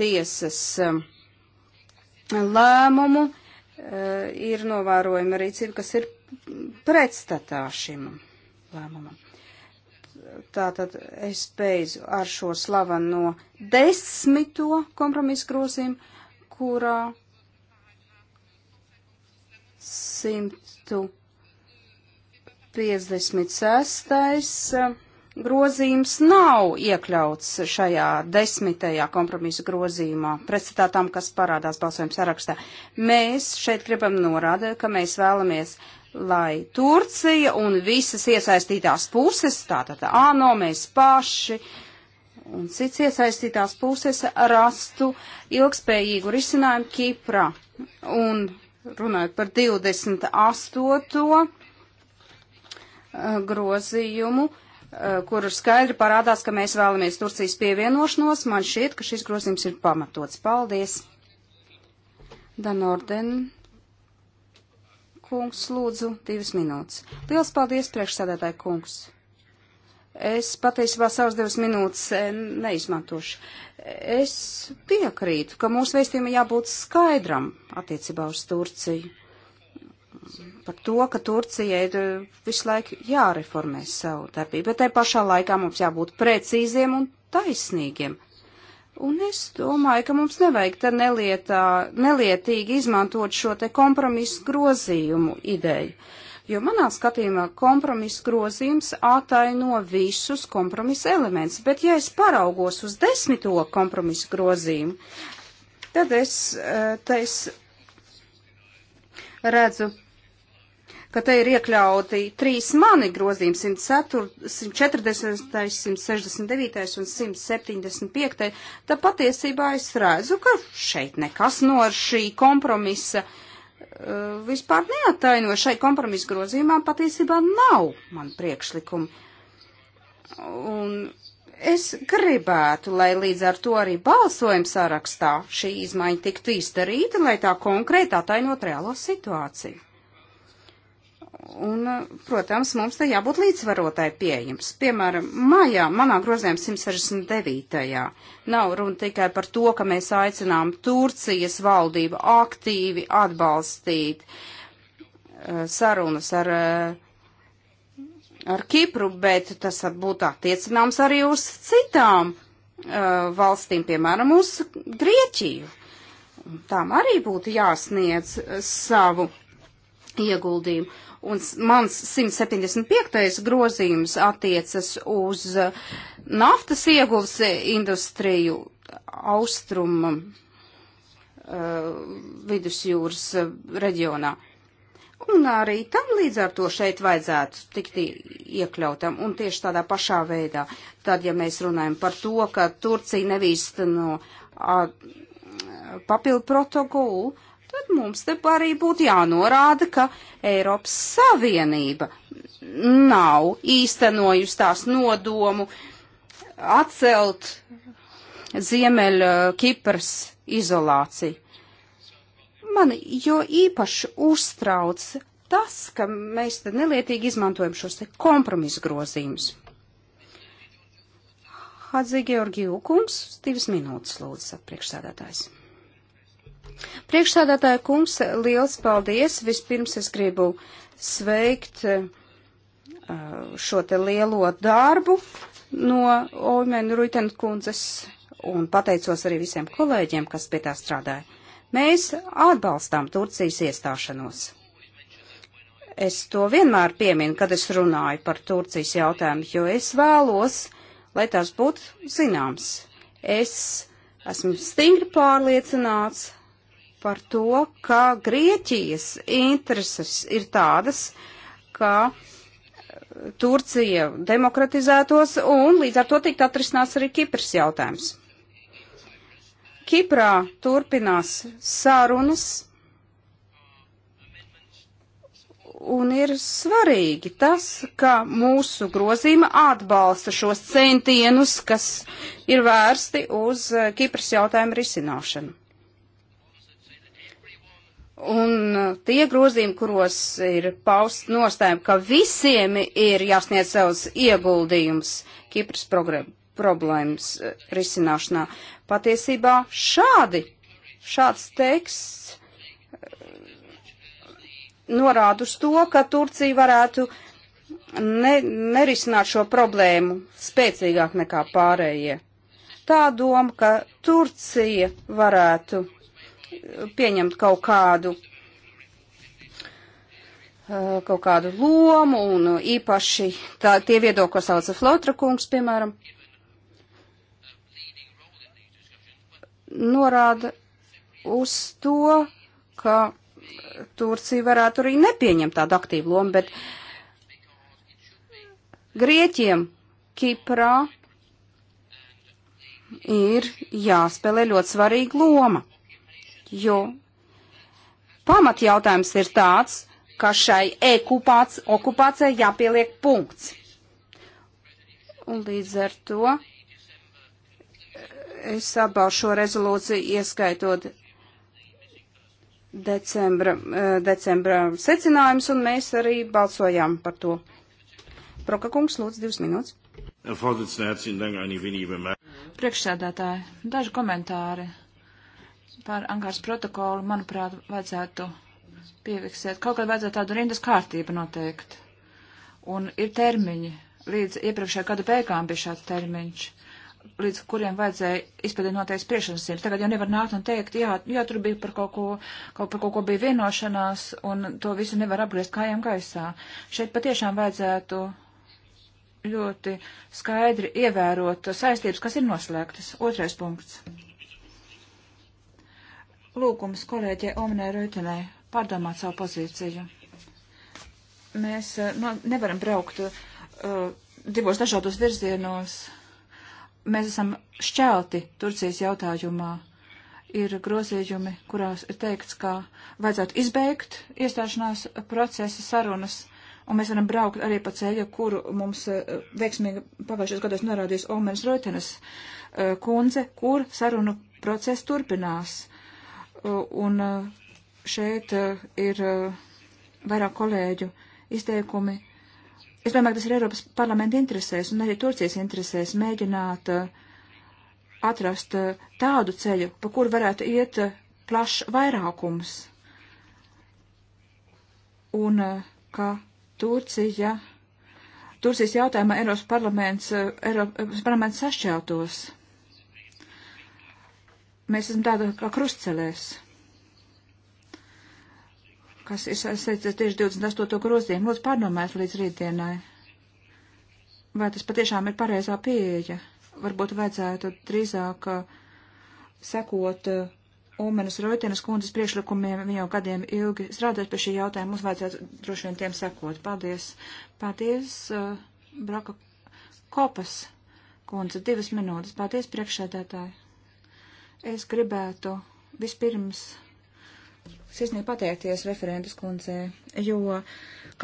tiesas eh, lēmumu, eh, ir novērojama rīcība, kas ir pretstatā šim lēmumam. Tātad es beidzu ar šo slaveno no desmito kompromisu grozījumu, kurā 100. 56. Eh, grozījums nav iekļauts šajā desmitajā kompromisa grozījumā, pretstatā tam, kas parādās balsojuma sarakstā. Mēs šeit gribam norādīt, ka mēs vēlamies, lai Turcija un visas iesaistītās puses, tātad ANO, mēs paši, un cits iesaistītās puses rastu ilgspējīgu risinājumu Kiprā. Un runājot par 28. Eh, grozījumu, eh, kur skaidri parādās, ka mēs vēlamies Turcijas pievienošanos. Man šķiet, ka šis grozījums ir pamatots. Paldies! Danorden kungs, lūdzu, divas minūtes. Liels paldies, priekšsēdētāji kungs! Es patiesībā savas divas minūtes eh, neizmantošu. Es piekrītu, ka mūsu vēstījumam jābūt skaidram attiecībā uz Turciju par to, ka Turcija ir eh, visu laiku jāreformē savu darbību, bet tai pašā laikā mums jābūt precīziem un taisnīgiem. Un es domāju, ka mums nevajag te nelietā, nelietīgi izmantot šo te kompromisu grozījumu ideju, jo manā skatījumā kompromisu grozījums ataino visus kompromisu elementus, bet ja es paraugos uz desmito kompromisu grozījumu, tad es, eh, te es redzu ka te ir iekļauti trīs mani grozījumi 104, 140, 169 un 175, tad patiesībā es redzu, ka šeit nekas no šī kompromisa uh, vispār neataino. Šai kompromisa grozījumā patiesībā nav man priekšlikumi. Un es gribētu, lai līdz ar to arī balsojuma sarakstā šī izmaiņa tiktu izdarīta, lai tā konkrēti atainot reālo situāciju. Un, protams, mums te jābūt līdzvarotai pieejams. Piemēram, mājā, manā grozījumā 169. nav runa tikai par to, ka mēs aicinām Turcijas valdību aktīvi atbalstīt uh, sarunas ar, uh, ar Kipru, bet tas būtu attiecināms arī uz citām uh, valstīm, piemēram, uz Grieķiju. Tām arī būtu jāsniedz savu ieguldījumu. Un mans 175. grozījums attiecas uz eh, naftas ieguves industriju austrumu uh, vidusjūras eh, reģionā. Un arī tam līdz ar to šeit vajadzētu tikt iekļautam un tieši tādā pašā veidā. Tad, ja mēs runājam par to, ka Turcija nevīst no papildu protokolu, tad mums te arī būtu jānorāda, ka Eiropas Savienība nav īstenojusi tās nodomu atcelt Ziemeļa uh, Kipras izolāciju. Man jo īpaši uztrauc tas, ka mēs te nelietīgi izmantojam šos te kompromisu grozījumus. Hadzi Georgiju Kums, divas minūtes lūdzu, priekšsēdētājs. Priekšsādātāja kungs, liels paldies! Vispirms es gribu sveikt eh, šo te lielo darbu no Oimēna Ruitena kundzes un pateicos arī visiem kolēģiem, kas pie tā strādāja. Mēs atbalstām Turcijas iestāšanos. Es to vienmēr pieminu, kad es runāju par Turcijas jautājumu, jo es vēlos, lai tās būtu zināms. Es esmu stingri pārliecināts, par to, ka Grieķijas intereses ir tādas, ka Turcija demokratizētos un līdz ar to tikt atrisināts arī Kipras jautājums. Kiprā turpinās sārunas un ir svarīgi tas, ka mūsu grozīma atbalsta šos centienus, kas ir vērsti uz Kipras jautājumu risināšanu. Un uh, tie grozījumi, kuros ir paust nostājumi, ka visiem ir jāsniedz savs ieguldījums Kipras problēmas uh, risināšanā, patiesībā šādi, šāds teksts uh, norāda uz to, ka Turcija varētu ne, nerisināt šo problēmu spēcīgāk nekā pārējie. Tā doma, ka Turcija varētu pieņemt kaut kādu kaut kādu lomu, un īpaši tā, tie viedokļi, ko sauca Flotra kungs, piemēram, norāda uz to, ka Turcija varētu arī nepieņemt tādu aktīvu lomu, bet Grieķiem Kiprā ir jāspēlē ļoti svarīga loma jo pamatjautājums ir tāds, ka šai okupācijai jāpieliek punkts. Un līdz ar to eh, es atbalstu šo rezolūciju, ieskaitot decembra, eh, decembra secinājumus, un mēs arī balsojām par to. Proka kungs, lūdzu, divas minūtes. Priekšsēdētāji, daži komentāri par Ankāras protokolu, manuprāt, vajadzētu pieviksēt. Kaut kā vajadzētu tādu rindas kārtību noteikt. Un ir termiņi. Līdz iepriekšējā gada beigām bija šāds termiņš līdz kuriem vajadzēja izpildīt noteikts priekšnosacījums. Tagad jau nevar nākt un teikt, jā, jā tur bija par kaut ko, kaut, par kaut ko bija vienošanās, un to visu nevar apgriezt kājām gaisā. Šeit patiešām vajadzētu ļoti skaidri ievērot saistības, kas ir noslēgtas. Otrais punkts lūgums kolēģei Omenē Reutenē pārdomāt savu pozīciju. Mēs eh, nu, nevaram braukt uh, divos dažādos virzienos. Mēs esam šķelti Turcijas jautājumā. Ir grozījumi, kurās ir teikts, ka vajadzētu izbeigt iestāšanās procesa sarunas, un mēs varam braukt arī pa ceļu, kuru mums uh, veiksmīgi pagājušajos gados norādījis Omenas Roitenes uh, kundze, kur sarunu process turpinās. Uh, Un eh, šeit eh, ir eh, vairāk kolēģu izteikumi. Es domāju, ka tas ir Eiropas parlamenta interesēs un arī Turcijas interesēs mēģināt atrast tādu ceļu, pa kuru varētu iet plašs vairākums. Un ka Turcija, Turcijas jautājumā Eiropas parlaments, Eiropas parlaments sašķeltos. Mēs esam tādā kā krustcelēs, kas ir saistīts tieši 28. grozījumu. Lūdzu, pārdomājiet līdz rītdienai. Vai tas patiešām ir pareizā pieeja? Varbūt vajadzētu drīzāk uh, sekot uh, Umenas Roitenes kundzes priekšlikumiem, viņa jau gadiem ilgi strādājot pie šī jautājuma, mums vajadzētu droši vien tiem sekot. Paldies. Paldies, uh, Braka Kopas kundze, divas minūtes. Paldies, priekšsēdētāji. Es gribētu vispirms sirsnīgi pateikties referentas kundzē, jo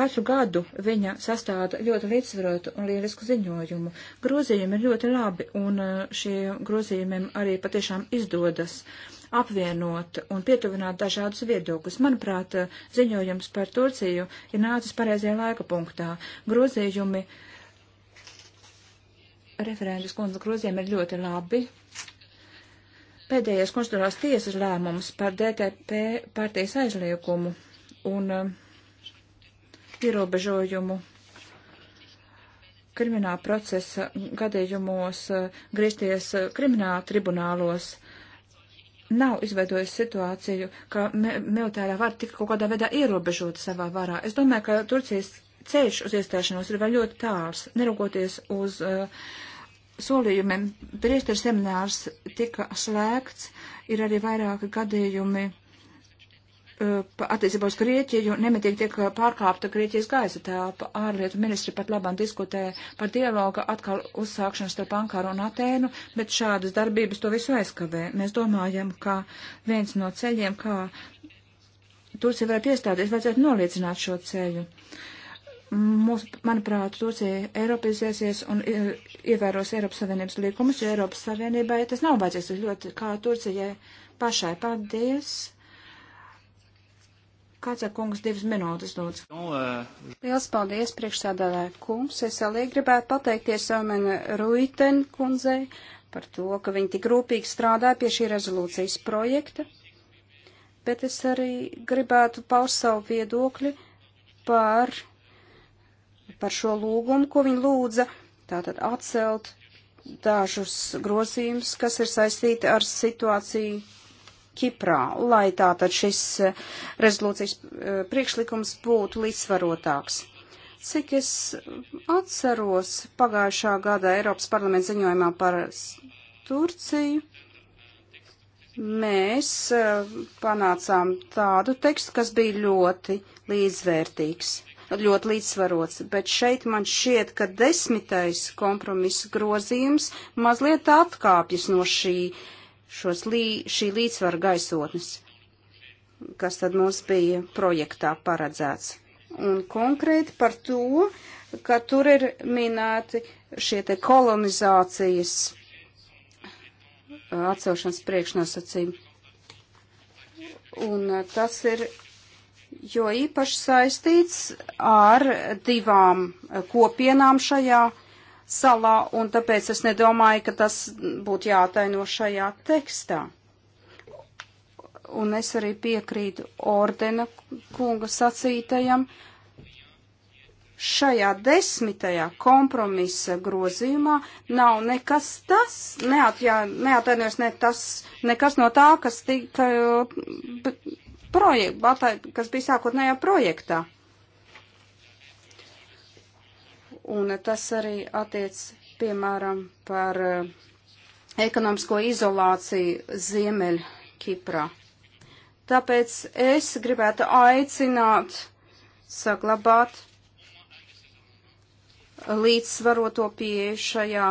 katru gadu viņa sastāda ļoti līdzsvarotu un lielisku ziņojumu. Grozījumi ir ļoti labi, un uh, šiem grozījumiem arī patiešām izdodas apvienot un pietuvināt dažādus viedokļus. Manuprāt, uh, ziņojums par Turciju ir nācis pareizajā laika punktā. Grozījumi referentas kundzes grozījumi ir ļoti labi pēdējais konstitucionālās tiesas lēmums par DTP partijas aizliegumu un uh, ierobežojumu krimināla procesa gadījumos uh, griezties uh, krimināla tribunālos nav izveidojis situāciju, ka mi militārā vara tik kaut kādā veidā ierobežota savā varā. Es domāju, ka Turcijas ceļš uz iestāšanos ir vēl ļoti tāls, neraugoties uz uh, solījumiem. Priesteru seminārs tika slēgts, ir arī vairāki gadījumi eh, attiecībā uz Grieķiju, nemitīgi tiek pārkāpta Grieķijas gaisa telpa. Ārlietu ministri pat labam diskutē par dialoga atkal uzsākšanu starp Ankaru un Atēnu, bet šādas darbības to visu aizkavē. Mēs domājam, ka viens no ceļiem, kā Turcija varētu iestāties, vajadzētu noliecināt šo ceļu. Uh, Mūsu, manuprāt, Turcija Eiropizēsies un e, ievēros Eiropas Savienības līkumus, jo Eiropas Savienībai tas nav vajadzīgs ļoti kā Turcijai pašai. Paldies! Kāds ir kungs divas minūtes, lūdzu? Nu, e, Liels paldies, priekšsādātāja kungs. Es arī gribētu pateikties Amena Ruiten kundzei par to, ka viņi tik rūpīgi strādāja pie šī rezolūcijas projekta. Bet es arī gribētu paust savu viedokli par par šo lūgumu, ko viņi lūdza, tātad atcelt dažus grozījumus, kas ir saistīti ar situāciju Kiprā, lai tātad šis eh, rezolūcijas eh, priekšlikums būtu līdzsvarotāks. Cik es atceros pagājušā gada Eiropas parlamenta ziņojumā par Turciju, mēs eh, panācām tādu tekstu, kas bija ļoti līdzvērtīgs ļoti līdzsvarots, bet šeit man šķiet, ka desmitais kompromisa grozījums mazliet atkāpjas no šī, šos lī, šī līdzsvara gaisotnes, kas tad mums bija projektā paredzēts. Un konkrēti par to, ka tur ir minēti šie te kolonizācijas uh, atcelšanas priekšnosacījumi. Un uh, tas ir jo īpaši saistīts ar divām kopienām šajā salā, un tāpēc es nedomāju, ka tas būtu jātaino šajā tekstā. Un es arī piekrītu ordena kunga sacītajam. Šajā desmitajā kompromisa grozījumā nav nekas tas, neatjā, neatainojas ne tas, nekas no tā, kas tika projekta, kas bija sākotnējā projektā. Un tas arī attiec, piemēram, par eh, ekonomisko izolāciju Ziemeļ Kiprā. Tāpēc es gribētu aicināt saglabāt līdzsvaroto pieeju šajā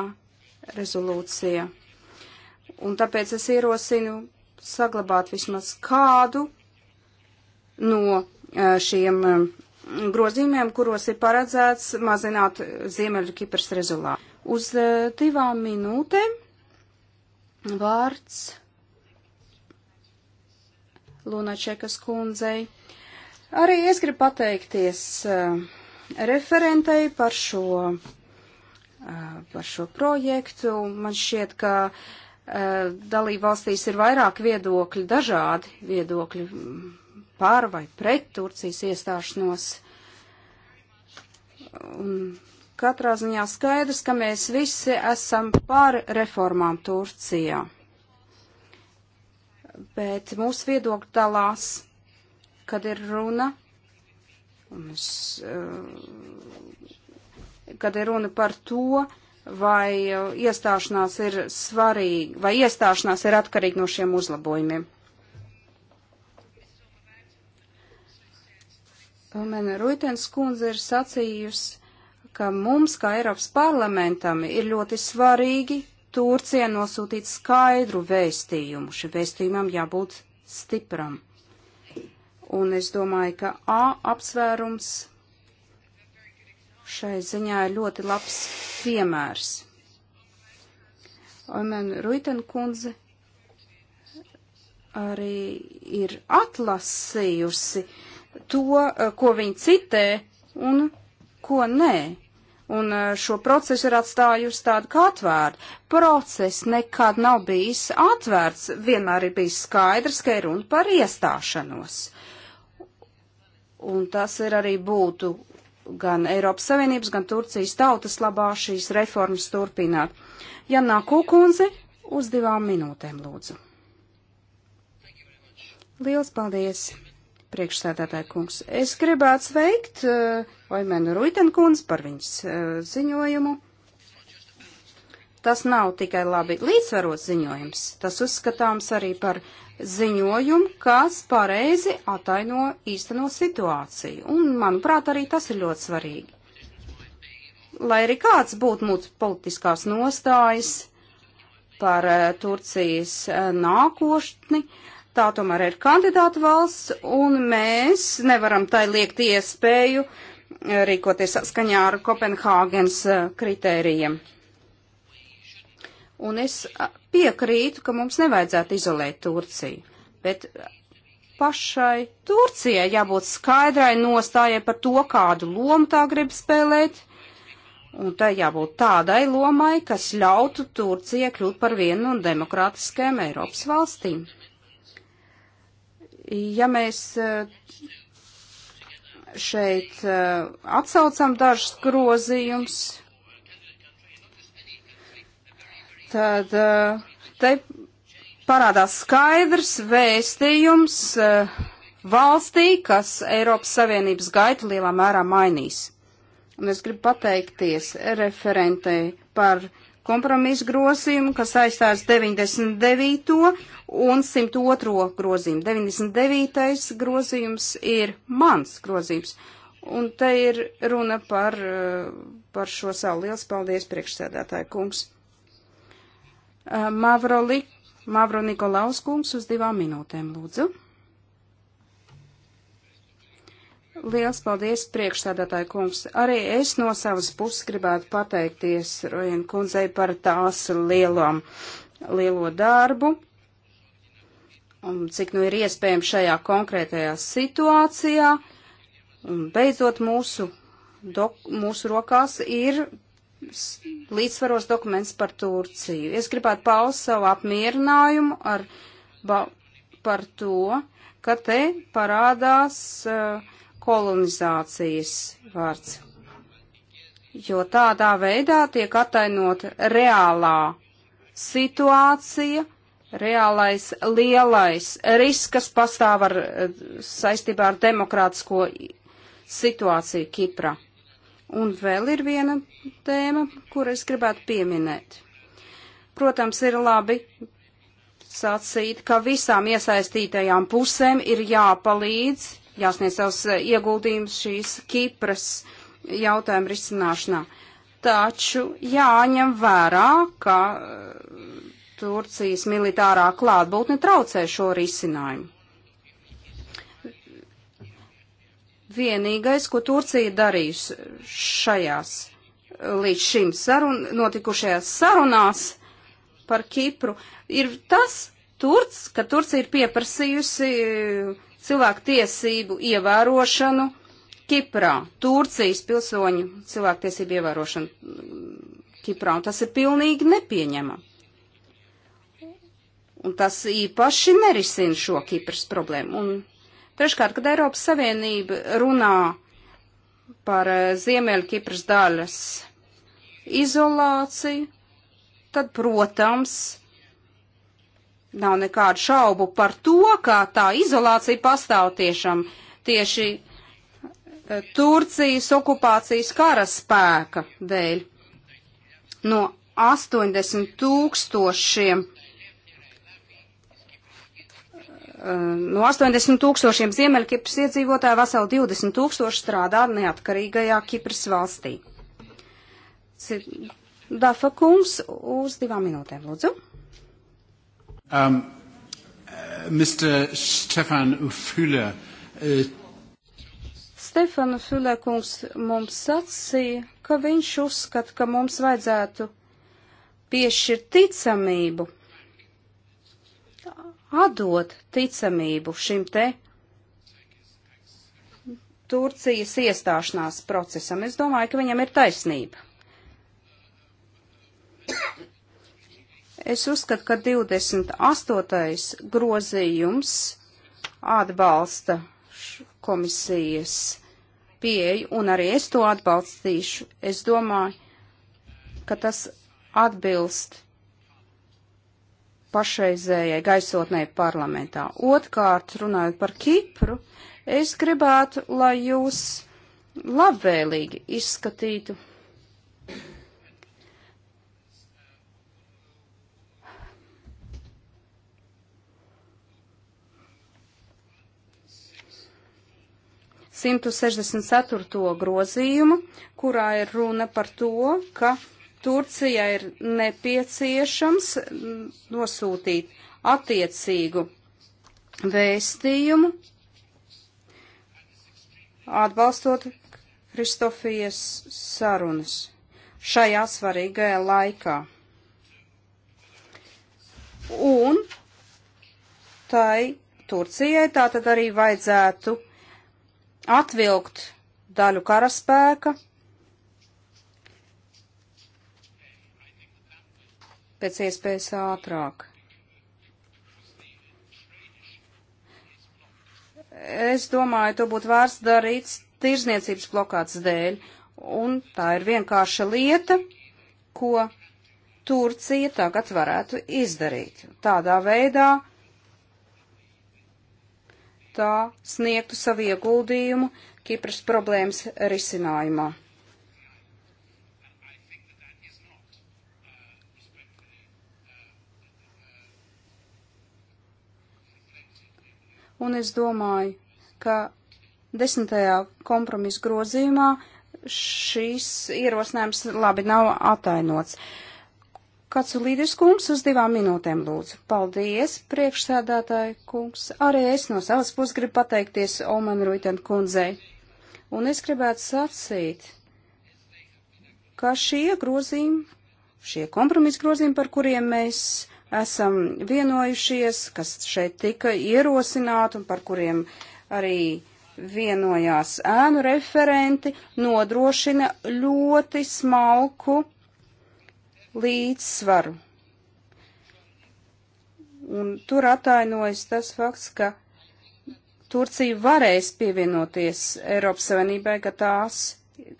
rezolūcijā. Un tāpēc es ierosinu saglabāt vismaz kādu no eh, šiem eh, grozījumiem, kuros ir paredzēts mazināt Ziemeļu Kipras rezolātu. Uz eh, divām minūtēm vārds Lunačekas kundzei. Arī es gribu pateikties referentei par šo, par šo projektu. Man šķiet, ka dalību valstīs ir vairāk viedokļu, dažādi viedokļi par vai pret Turcijas iestāšanos. Un katrā ziņā skaidrs, ka mēs visi esam par reformām Turcijā. Bet mūsu viedokļi dalās, kad ir runa, mums, eh, kad ir runa par to, vai eh, iestāšanās ir svarīga, vai iestāšanās ir atkarīga no šiem uzlabojumiem. Mena Ruitens kundze ir sacījusi, ka mums, kā Eiropas parlamentam, ir ļoti svarīgi Turcija nosūtīt skaidru vēstījumu. Šim vēstījumam jābūt stipram. Un es domāju, ka A apsvērums šai ziņā ir ļoti labs piemērs. Omen Ruiten kundze arī ir atlasījusi uh, to, eh, ko viņi citē un ko nē. Un eh, šo procesu ir atstājusi tādu kā atvērtu. Process nekad nav bijis atvērts, vienmēr ir bijis skaidrs, ka ir runa par iestāšanos. Un tas ir arī būtu gan Eiropas Savienības, gan Turcijas tautas labā šīs reformas turpināt. Janā Kukunze uz divām minūtēm lūdzu. Liels paldies! priekšsēdētāja kungs. Es gribētu sveikt uh, Oimenu Ruitenkunds par viņas uh, ziņojumu. Tas nav tikai labi līdzsvarots ziņojums, tas uzskatāms arī par ziņojumu, kas pareizi ataino īsteno situāciju. Un, manuprāt, arī tas ir ļoti svarīgi. Lai arī kāds būtu mūsu politiskās nostājas par uh, Turcijas uh, nākošni, uh, tā tomēr ir kandidāta valsts, un mēs nevaram tai liekt iespēju eh, rīkoties saskaņā ar Kopenhāgens eh, kritērijiem. Un es eh, piekrītu, ka mums nevajadzētu izolēt Turciju, bet pašai Turcijai jābūt skaidrai nostājai par to, kādu lomu tā grib spēlēt, un tai jābūt tādai lomai, kas ļautu Turcijai kļūt par vienu no demokrātiskajām Eiropas valstīm. Ja mēs e, šeit e, atsaucam dažus grozījumus, tad e, te parādās skaidrs vēstījums valstī, kas Eiropas Savienības gaitu lielā mērā mainīs. Un es gribu pateikties referentei par kompromisu grozījumu, kas aizstās 99 un 102. grozījumu. 99. grozījums ir mans grozījums. Un te ir runa par, eh, par šo savu liels paldies priekšsēdētāju kungs. Eh, Mavro, Li, Mavro Nikolaus kungs uz divām minūtēm lūdzu. Liels paldies priekšstādātāju kungs. Arī es no savas puses gribētu pateikties Rojena kundzei par tās lielam, lielo darbu un cik nu ir iespējams šajā konkrētajā situācijā. Un beidzot, mūsu, dok, mūsu rokās ir līdzsvaros dokuments par Turciju. Es gribētu paust savu apmierinājumu ar, ba, par to, ka te parādās uh, kolonizācijas vārds. Jo tādā veidā tiek atainot reālā situācija, uh, reālais lielais risks, kas pastāv ar, eh, saistībā ar demokrātisko situāciju Kiprā. Un vēl ir viena tēma, kur es gribētu pieminēt. Protams, ir labi sacīt, ka visām iesaistītajām pusēm ir jāpalīdz, jāsniedz savs eh, ieguldījums šīs Kipras jautājuma risināšanā. Taču jāņem vērā, ka eh, Turcijas militārā klātbūtne traucē šo risinājumu. Vienīgais, ko Turcija darījusi šajās līdz šim sarun, notikušajās sarunās par Kipru, ir tas, Turc, ka Turcija ir pieprasījusi eh, cilvēku tiesību ievērošanu Kiprā, Turcijas pilsoņu cilvēku tiesību ievērošanu mm, Kiprā, un tas ir pilnīgi nepieņemami. Un tas īpaši nerisina šo Kipras problēmu. Un treškārt, kad Eiropas Savienība runā par eh, Ziemeļa Kipras daļas izolāciju, tad, protams, nav nekādu šaubu par to, ka tā izolācija pastāv tiešām tieši eh, Turcijas okupācijas kara spēka dēļ. No 80 tūkstošiem Um, no 80 tūkstošiem Ziemeļkipras iedzīvotāju veseli 20 tūkstoši strādā neatkarīgajā Kipras valstī. Dafa kungs uz divām minūtēm, lūdzu. Um, uh, Mr. Stefan Füle. Uh... Stefan Füle kungs mums sacīja, ka viņš uzskata, ka mums vajadzētu piešķirt ticamību atdot ticamību šim te Turcijas iestāšanās procesam. Es domāju, ka viņam ir taisnība. Es uzskatu, ka 28. grozījums atbalsta komisijas pieeju, un arī es to atbalstīšu. Es domāju, ka tas atbilst pašreizējai gaisotnē parlamentā. Otkārt, runājot par Kipru, es gribētu, lai jūs labvēlīgi izskatītu simtu sešdesmit ceturto grozījumu, kurā ir runa par to, ka Turcija ir nepieciešams nosūtīt attiecīgu vēstījumu, atbalstot Kristofijas sarunas šajā svarīgajā laikā. Un tai Turcijai tātad arī vajadzētu atvilkt daļu karaspēka pēc iespējas ātrāk. Es domāju, to būtu vērts darīt tirzniecības blokāts dēļ, un tā ir vienkārša lieta, ko Turcija tagad varētu izdarīt. Tādā veidā tā sniegtu savu ieguldījumu Kipras problēmas risinājumā. un es domāju, ka desmitajā kompromisa grozījumā šīs ierosinājums labi nav atainots. Kāds ir līderis kungs uz divām minūtēm lūdzu? Paldies, priekšsēdētāji kungs. Arī es no savas puses gribu pateikties Oman Ruiten kundzei. Un es gribētu sacīt, ka šie grozījumi, šie kompromisa grozījumi, par kuriem mēs esam vienojušies, kas šeit tika ierosināti un par kuriem arī vienojās ēnu referenti, nodrošina ļoti smalku līdzsvaru. Un tur atainojas tas fakts, ka Turcija varēs pievienoties Eiropas Savienībai, ka, tās,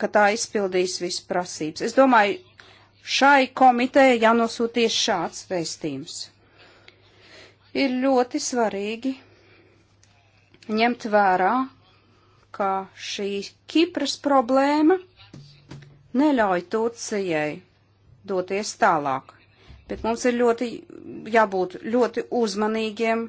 ka tā izpildīs visu prasības. Es domāju, šai komitejai jānosūties šāds vēstījums. Ir ļoti svarīgi ņemt vērā, ka šī Kipras problēma neļauj Turcijai doties tālāk, bet mums ir ļoti jābūt ļoti uzmanīgiem,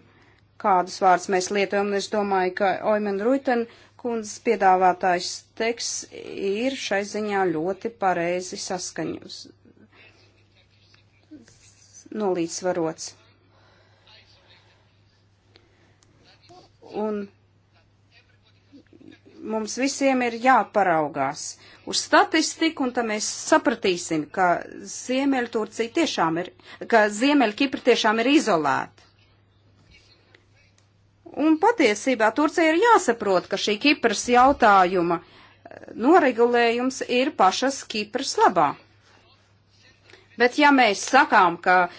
kādus vārdus mēs lietojam, un es domāju, ka Oimen Ruiten kundzes piedāvātājs teksts ir šai ziņā ļoti pareizi saskaņus, nolīdzvarots. Un mums visiem ir jāparaugās uz statistiku, un tad mēs sapratīsim, ka Ziemeļturcija tiešām ir, ka Ziemeļkipra tiešām ir izolēta. Un patiesībā Turcija ir jāsaprot, ka šī Kipras jautājuma noregulējums ir pašas Kipras labā. Bet ja mēs sakām, ka e,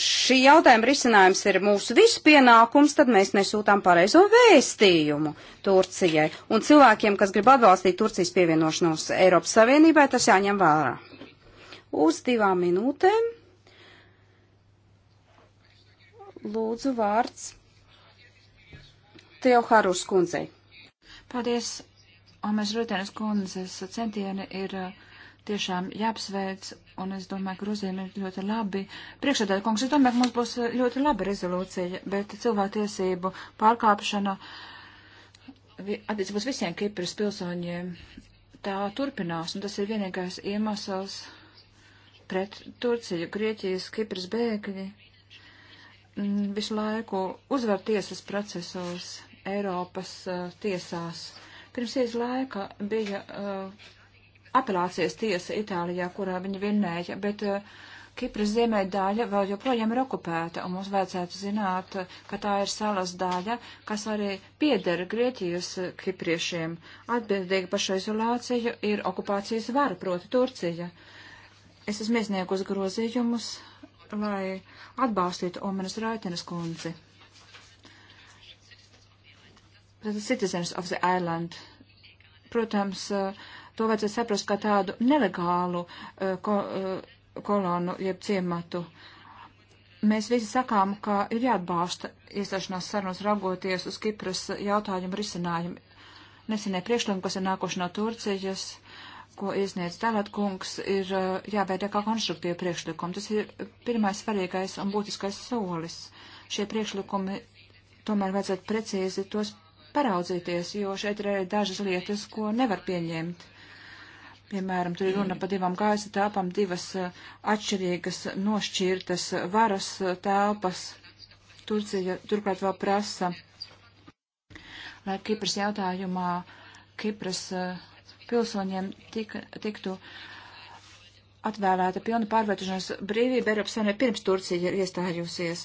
šī jautājuma risinājums ir mūsu vispienākums, tad mēs nesūtām pareizo vēstījumu Turcijai. Un cilvēkiem, kas grib atbalstīt Turcijas pievienošanos Eiropas Savienībai, tas jāņem vērā. Uz divām minūtēm lūdzu vārds Teoharus kundzei. Paldies, Omes Rūtēnas kundzes centieni ir. Uh tiešām jāapsveic, un es domāju, ka grozījumi ir ļoti labi. Priekšādāja kungs, es domāju, ka mums būs ļoti laba rezolūcija, bet cilvēktiesību pārkāpšana attiecībos visiem Kipras pilsoņiem tā turpinās, un tas ir vienīgais iemesls pret Turciju, Grieķijas, Kipras bēgļi mm, visu laiku uzvar tiesas procesos Eiropas uh, tiesās. Pirms ies laika bija uh, apelācijas tiesa Itālijā, kurā viņa vinnēja, bet uh, Kipras ziemeļdaļa vēl joprojām ir okupēta, un mums vajadzētu zināt, ka tā ir salas daļa, kas arī piedara Grieķijas kipriešiem. Atbildīga par šo izolāciju ir okupācijas vara, proti Turcija. Es esmu iesniegus grozījumus, lai atbalstītu Omenas Raitenes kundzi. Tātad Citizens of the Island. Protams, uh, to vajadzētu saprast kā tādu nelegālu uh, ko, uh, kolonu jeb ciematu. Mēs visi sakām, ka ir jāatbalsta iestāšanās sarunas raugoties uz Kipras jautājumu risinājumu. Nesenie priekšlikumi, kas ir nākuši no Turcijas, ko iesniedz Talat kungs, ir uh, jāveido kā konstruktīvi priekšlikumi. Tas ir pirmais svarīgais un būtiskais solis. Šie priekšlikumi tomēr vajadzētu precīzi tos paraudzīties, jo šeit ir arī dažas lietas, ko nevar pieņemt. Piemēram, tur ir runa par divām gaisa telpām, divas eh, atšķirīgas nošķirtas varas eh, telpas. Turcija turklāt vēl prasa, lai Kipras jautājumā Kipras eh, pilsoņiem tika, tiktu atvēlēta pilna pārvietošanās brīvība Eiropas Savienībā pirms Turcija ir iestājusies.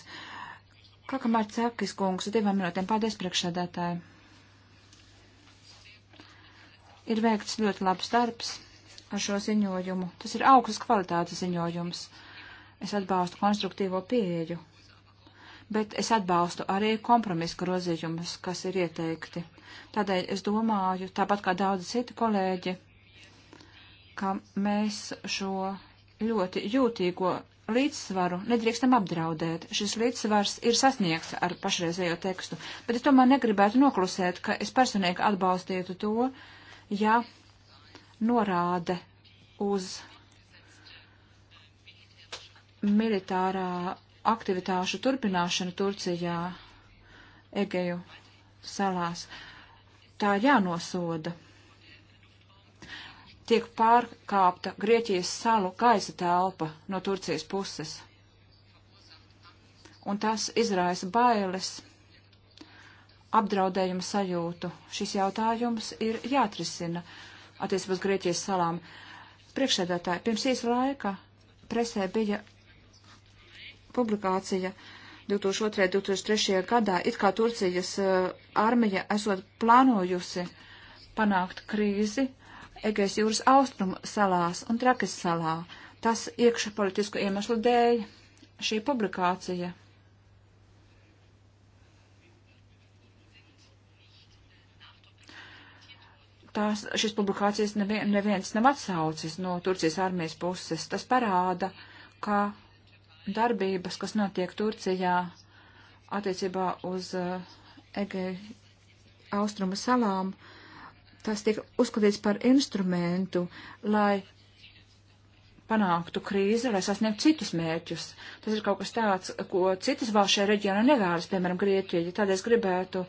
Kakamār Cakis kungs, divām minūtēm paldies priekšsēdētāji. Ir veikts ļoti labs darbs ar šo ziņojumu. Tas ir augstas kvalitātes ziņojums. Es atbalstu konstruktīvo pieeju, bet es atbalstu arī kompromisu grozījumus, kas ir ieteikti. Tādēļ es domāju, tāpat kā daudzi citi kolēģi, ka mēs šo ļoti jūtīgo līdzsvaru nedrīkstam apdraudēt. Šis līdzsvars ir sasniegts ar pašreizējo tekstu, bet es tomēr negribētu noklusēt, ka es personīgi atbalstītu to, ja norāde uz militārā aktivitāšu turpināšanu Turcijā, Egeju salās. Tā jānosoda. Tiek pārkāpta Grieķijas salu gaisa telpa no Turcijas puses. Un tas izraisa bailes, apdraudējumu sajūtu. Šis jautājums ir jāatrisina. Uh, attiecībā uz Grieķijas salām. Priekšsēdētāji, pirms īsa laika presē bija publikācija 2002. 2003. gadā, it kā Turcijas uh, armija esot plānojusi panākt krīzi Egejas jūras austrumu salās un Trakis salā. Tas iekšpolitisku iemeslu dēļ šī publikācija tās, šis publikācijas nevien, neviens nav atsaucis no Turcijas armijas puses. Tas parāda, ka darbības, kas notiek Turcijā attiecībā uz uh, eh, Egeja austrumu salām, tas tiek uzskatīts par instrumentu, lai panāktu krīzi, lai sasniegtu citus mērķus. Tas ir kaut kas tāds, ko citas valsts šajā reģionā nevēlas, piemēram, Grieķija. Tādēļ es gribētu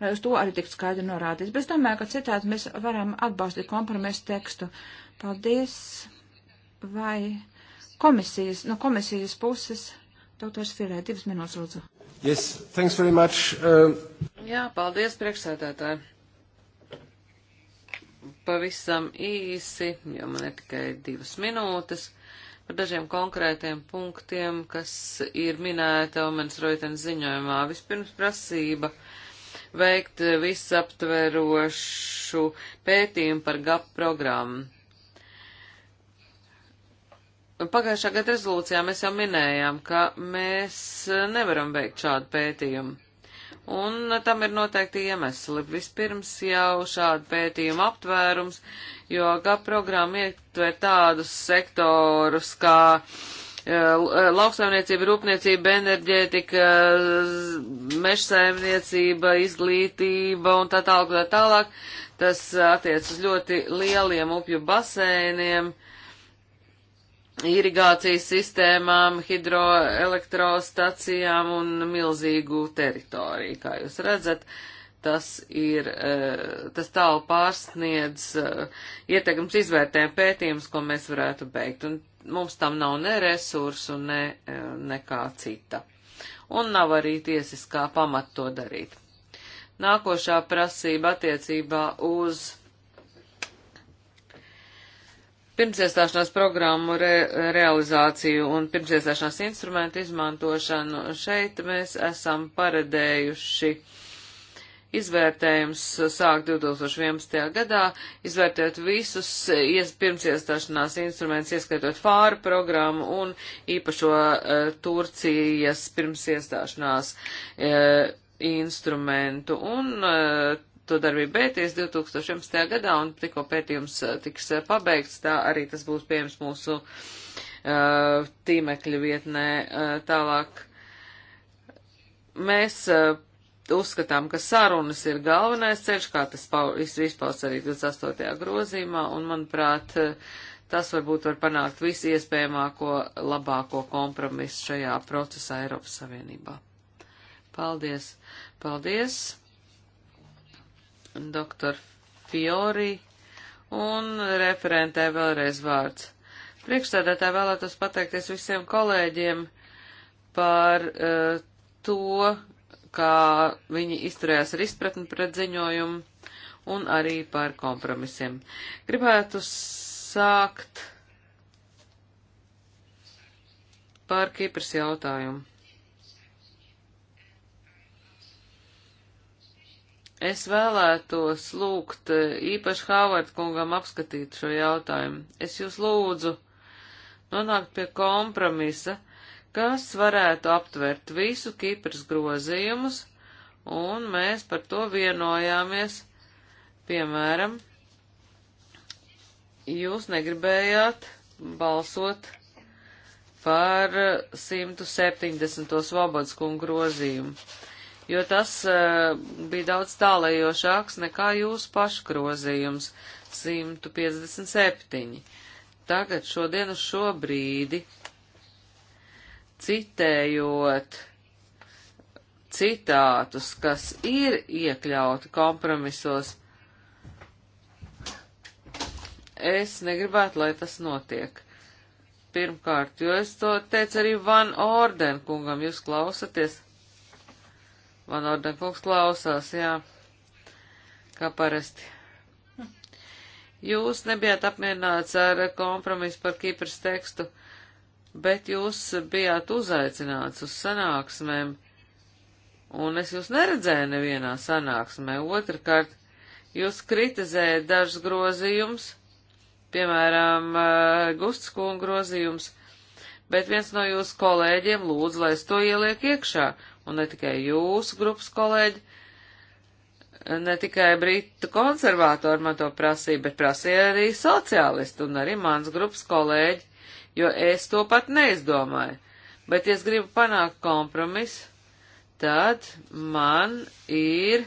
lai uz to arī tiktu skaidri norādīts. Bet es domāju, ka citādi mēs varam atbalstīt kompromisu tekstu. Paldies. Vai komisijas, no komisijas puses, doktors Filē, divas minūtes lūdzu. Yes, thanks very much. Uh... Jā, paldies priekšsēdētāji. Pavisam īsi, jo man ir tikai divas minūtes par dažiem konkrētiem punktiem, kas ir minēta Omenas Roitens ziņojumā. Vispirms prasība veikt visaptverošu pētījumu par GAP programmu. Pagājušā gada rezolūcijā mēs jau minējām, ka mēs nevaram veikt šādu pētījumu. Un tam ir noteikti iemesli. Vispirms jau šāda pētījuma aptvērums, jo GAP programma ietver tādus sektorus kā uh, Eh, eh, lauksaimniecība, rūpniecība, enerģētika, mežsaimniecība, izglītība un tā tālāk, tā tālāk. Tas eh, attiec uz ļoti lieliem upju basēniem, irigācijas sistēmām, hidroelektrostacijām un milzīgu teritoriju, kā jūs redzat. Tas ir, tas tālu pārsniedz ietekmes izvērtējumu pētījums, ko mēs varētu beigt. Un mums tam nav ne resursu, ne e, nekā cita. Un nav arī tiesiskā pamat to darīt. Nākošā prasība attiecībā uz pirmsiestāšanās programmu re, realizāciju un pirmsiestāšanās instrumentu izmantošanu. Šeit mēs esam paredējuši uh, Izvērtējums uh, sāk 2011. gadā, izvērtēt visus uh, pirms iestāšanās instrumentus, ieskaitot fāru programmu un īpašo uh, Turcijas pirms iestāšanās uh, instrumentu. Un, uh, to darbību beigties 2011. gadā, un tikko pētījums uh, tiks pabeigts, tā arī tas būs pieejams mūsu uh, tīmekļa vietnē uh, tālāk. Mēs uh, uzskatām, ka sarunas ir galvenais ceļš, kā tas izpausts arī 28. grozīmā, un, manuprāt, tas varbūt var panākt visu iespējamāko labāko kompromisu šajā procesā Eiropas Savienībā. Paldies! Paldies! Doktor Fiori un referentē vēlreiz vārds. Priekšstādātā vēlētos pateikties visiem kolēģiem par uh, to, kā viņi izturējās ar izpratni pret ziņojumu un arī par kompromisiem. Gribētu sākt par Kipras jautājumu. Es vēlētos lūgt īpaši Hāvard kungam apskatīt šo jautājumu. Es jūs lūdzu nonākt pie kompromisa, uh, kas varētu aptvert visu Kipras grozījumus, un mēs par to vienojāmies. Piemēram, jūs negribējāt balsot par 170. Svobodskungu grozījumu, jo tas uh, bija daudz tālējošāks nekā jūsu pašu grozījums 157. Tagad šodien uz šo brīdi citējot citātus, kas ir iekļauti kompromisos, es negribētu, lai tas notiek. Pirmkārt, jo es to teicu arī Van Orden kungam, jūs klausaties? Van Orden kungs klausās, jā, kā parasti. Jūs nebijāt apmierināts ar kompromisu par Kīpras tekstu. Uh, bet jūs bijāt uzaicināts uz sanāksmēm, un es jūs neredzēju nevienā sanāksmē. Otrakārt, jūs kritizējat dažs grozījums, piemēram, eh, Gusts kunga grozījums, bet viens no jūsu kolēģiem lūdz, lai es to ieliek iekšā, un ne tikai jūsu grupas kolēģi, ne tikai britu konservātori man to prasīja, bet prasīja arī sociālisti un arī mans grupas kolēģi jo es to pat neizdomāju. Bet, ja es gribu panākt kompromisu, tad man ir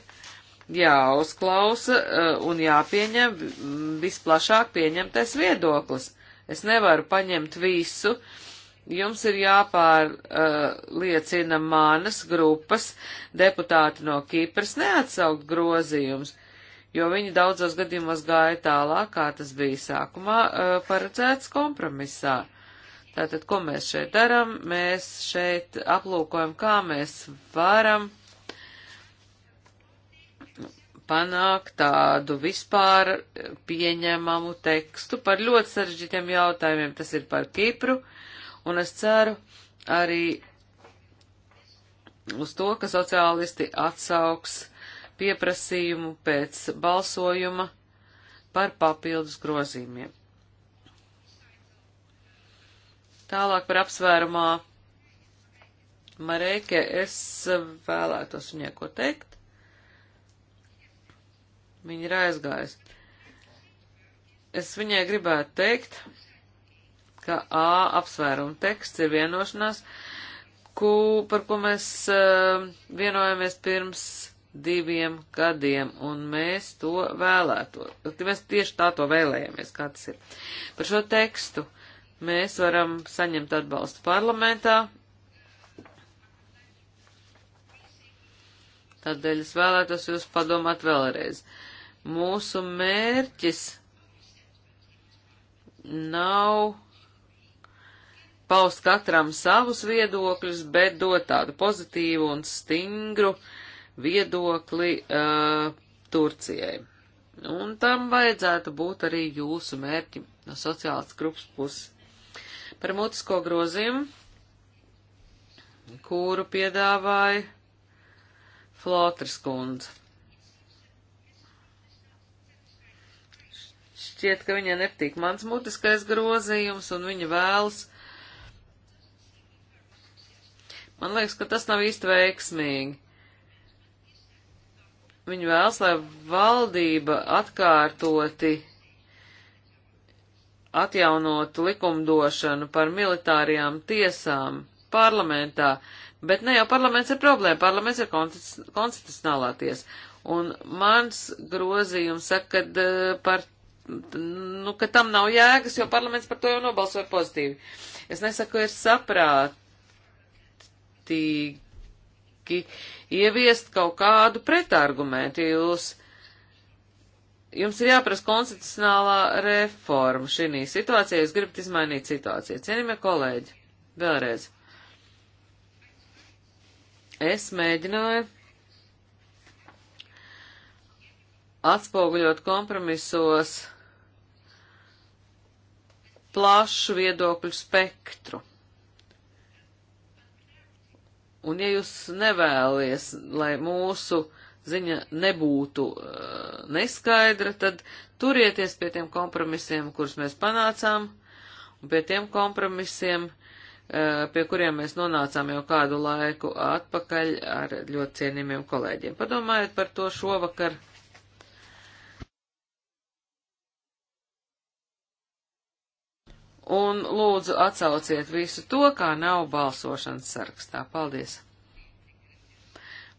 jāuzklausa uh, un jāpieņem visplašāk pieņemtais viedoklis. Es nevaru paņemt visu. Jums ir jāpārliecina eh, uh, manas grupas deputāti no Kīpras neatsaukt grozījums, jo viņi daudzos gadījumos gāja tālāk, kā tas bija sākumā uh, paredzēts kompromisā. Tātad, ko mēs šeit darām? Mēs šeit aplūkojam, kā mēs varam panākt tādu vispār pieņemamu tekstu par ļoti sarežģītiem jautājumiem. Tas ir par Kipru, un es ceru arī uz to, ka sociālisti atsauks pieprasījumu pēc balsojuma par papildus grozījumiem. Tālāk par apsvērumā Marēke, es vēlētos viņai ko teikt. Viņa ir aizgājusi. Es viņai gribētu teikt, ka A apsvēruma teksts ir vienošanās, ku, par ko mēs uh, vienojamies pirms diviem gadiem, un mēs to vēlētos. Mēs tieši tā to vēlējamies, kā tas ir. Par šo tekstu. Uh, mēs varam saņemt atbalstu parlamentā. Tādēļ es vēlētos jūs padomāt vēlreiz. Mūsu mērķis nav paust katram savus viedokļus, bet dot tādu pozitīvu un stingru viedokli uh, Turcijai. Un tam vajadzētu būt arī jūsu mērķim no sociālas grupas puses par mutisko grozījumu, kuru piedāvāja Flotras kundze. Šķiet, ka viņai nepatīk mans mutiskais grozījums, un viņa vēlas. Man liekas, ka tas nav īsti veiksmīgi. Viņa vēlas, lai valdība atkārtoti atjaunot likumdošanu par militārijām tiesām parlamentā, bet ne jau parlaments ir problēma, parlaments ir konstitucionālā tiesa. Un mans grozījums saka, ka par, nu, ka tam nav jēgas, jo parlaments par to jau nobalsoja pozitīvi. Es nesaku, ir saprātīgi ieviest kaut kādu pretargumentu, ja jūs jums ir jāprasa konstitucionālā reforma šī situācijā, jūs gribat izmainīt situāciju. Cienījamie kolēģi, vēlreiz. Es mēģināju atspoguļot kompromisos plašu viedokļu spektru. Un ja jūs nevēlies, lai mūsu uh, ziņa nebūtu eh, neskaidra, tad turieties pie tiem kompromisiem, kurus mēs panācām, un pie tiem kompromisiem, eh, pie kuriem mēs nonācām jau kādu laiku atpakaļ ar ļoti cienījumiem kolēģiem. Padomājiet par to šovakar. Un lūdzu atsauciet visu to, kā nav balsošanas sarakstā. Paldies!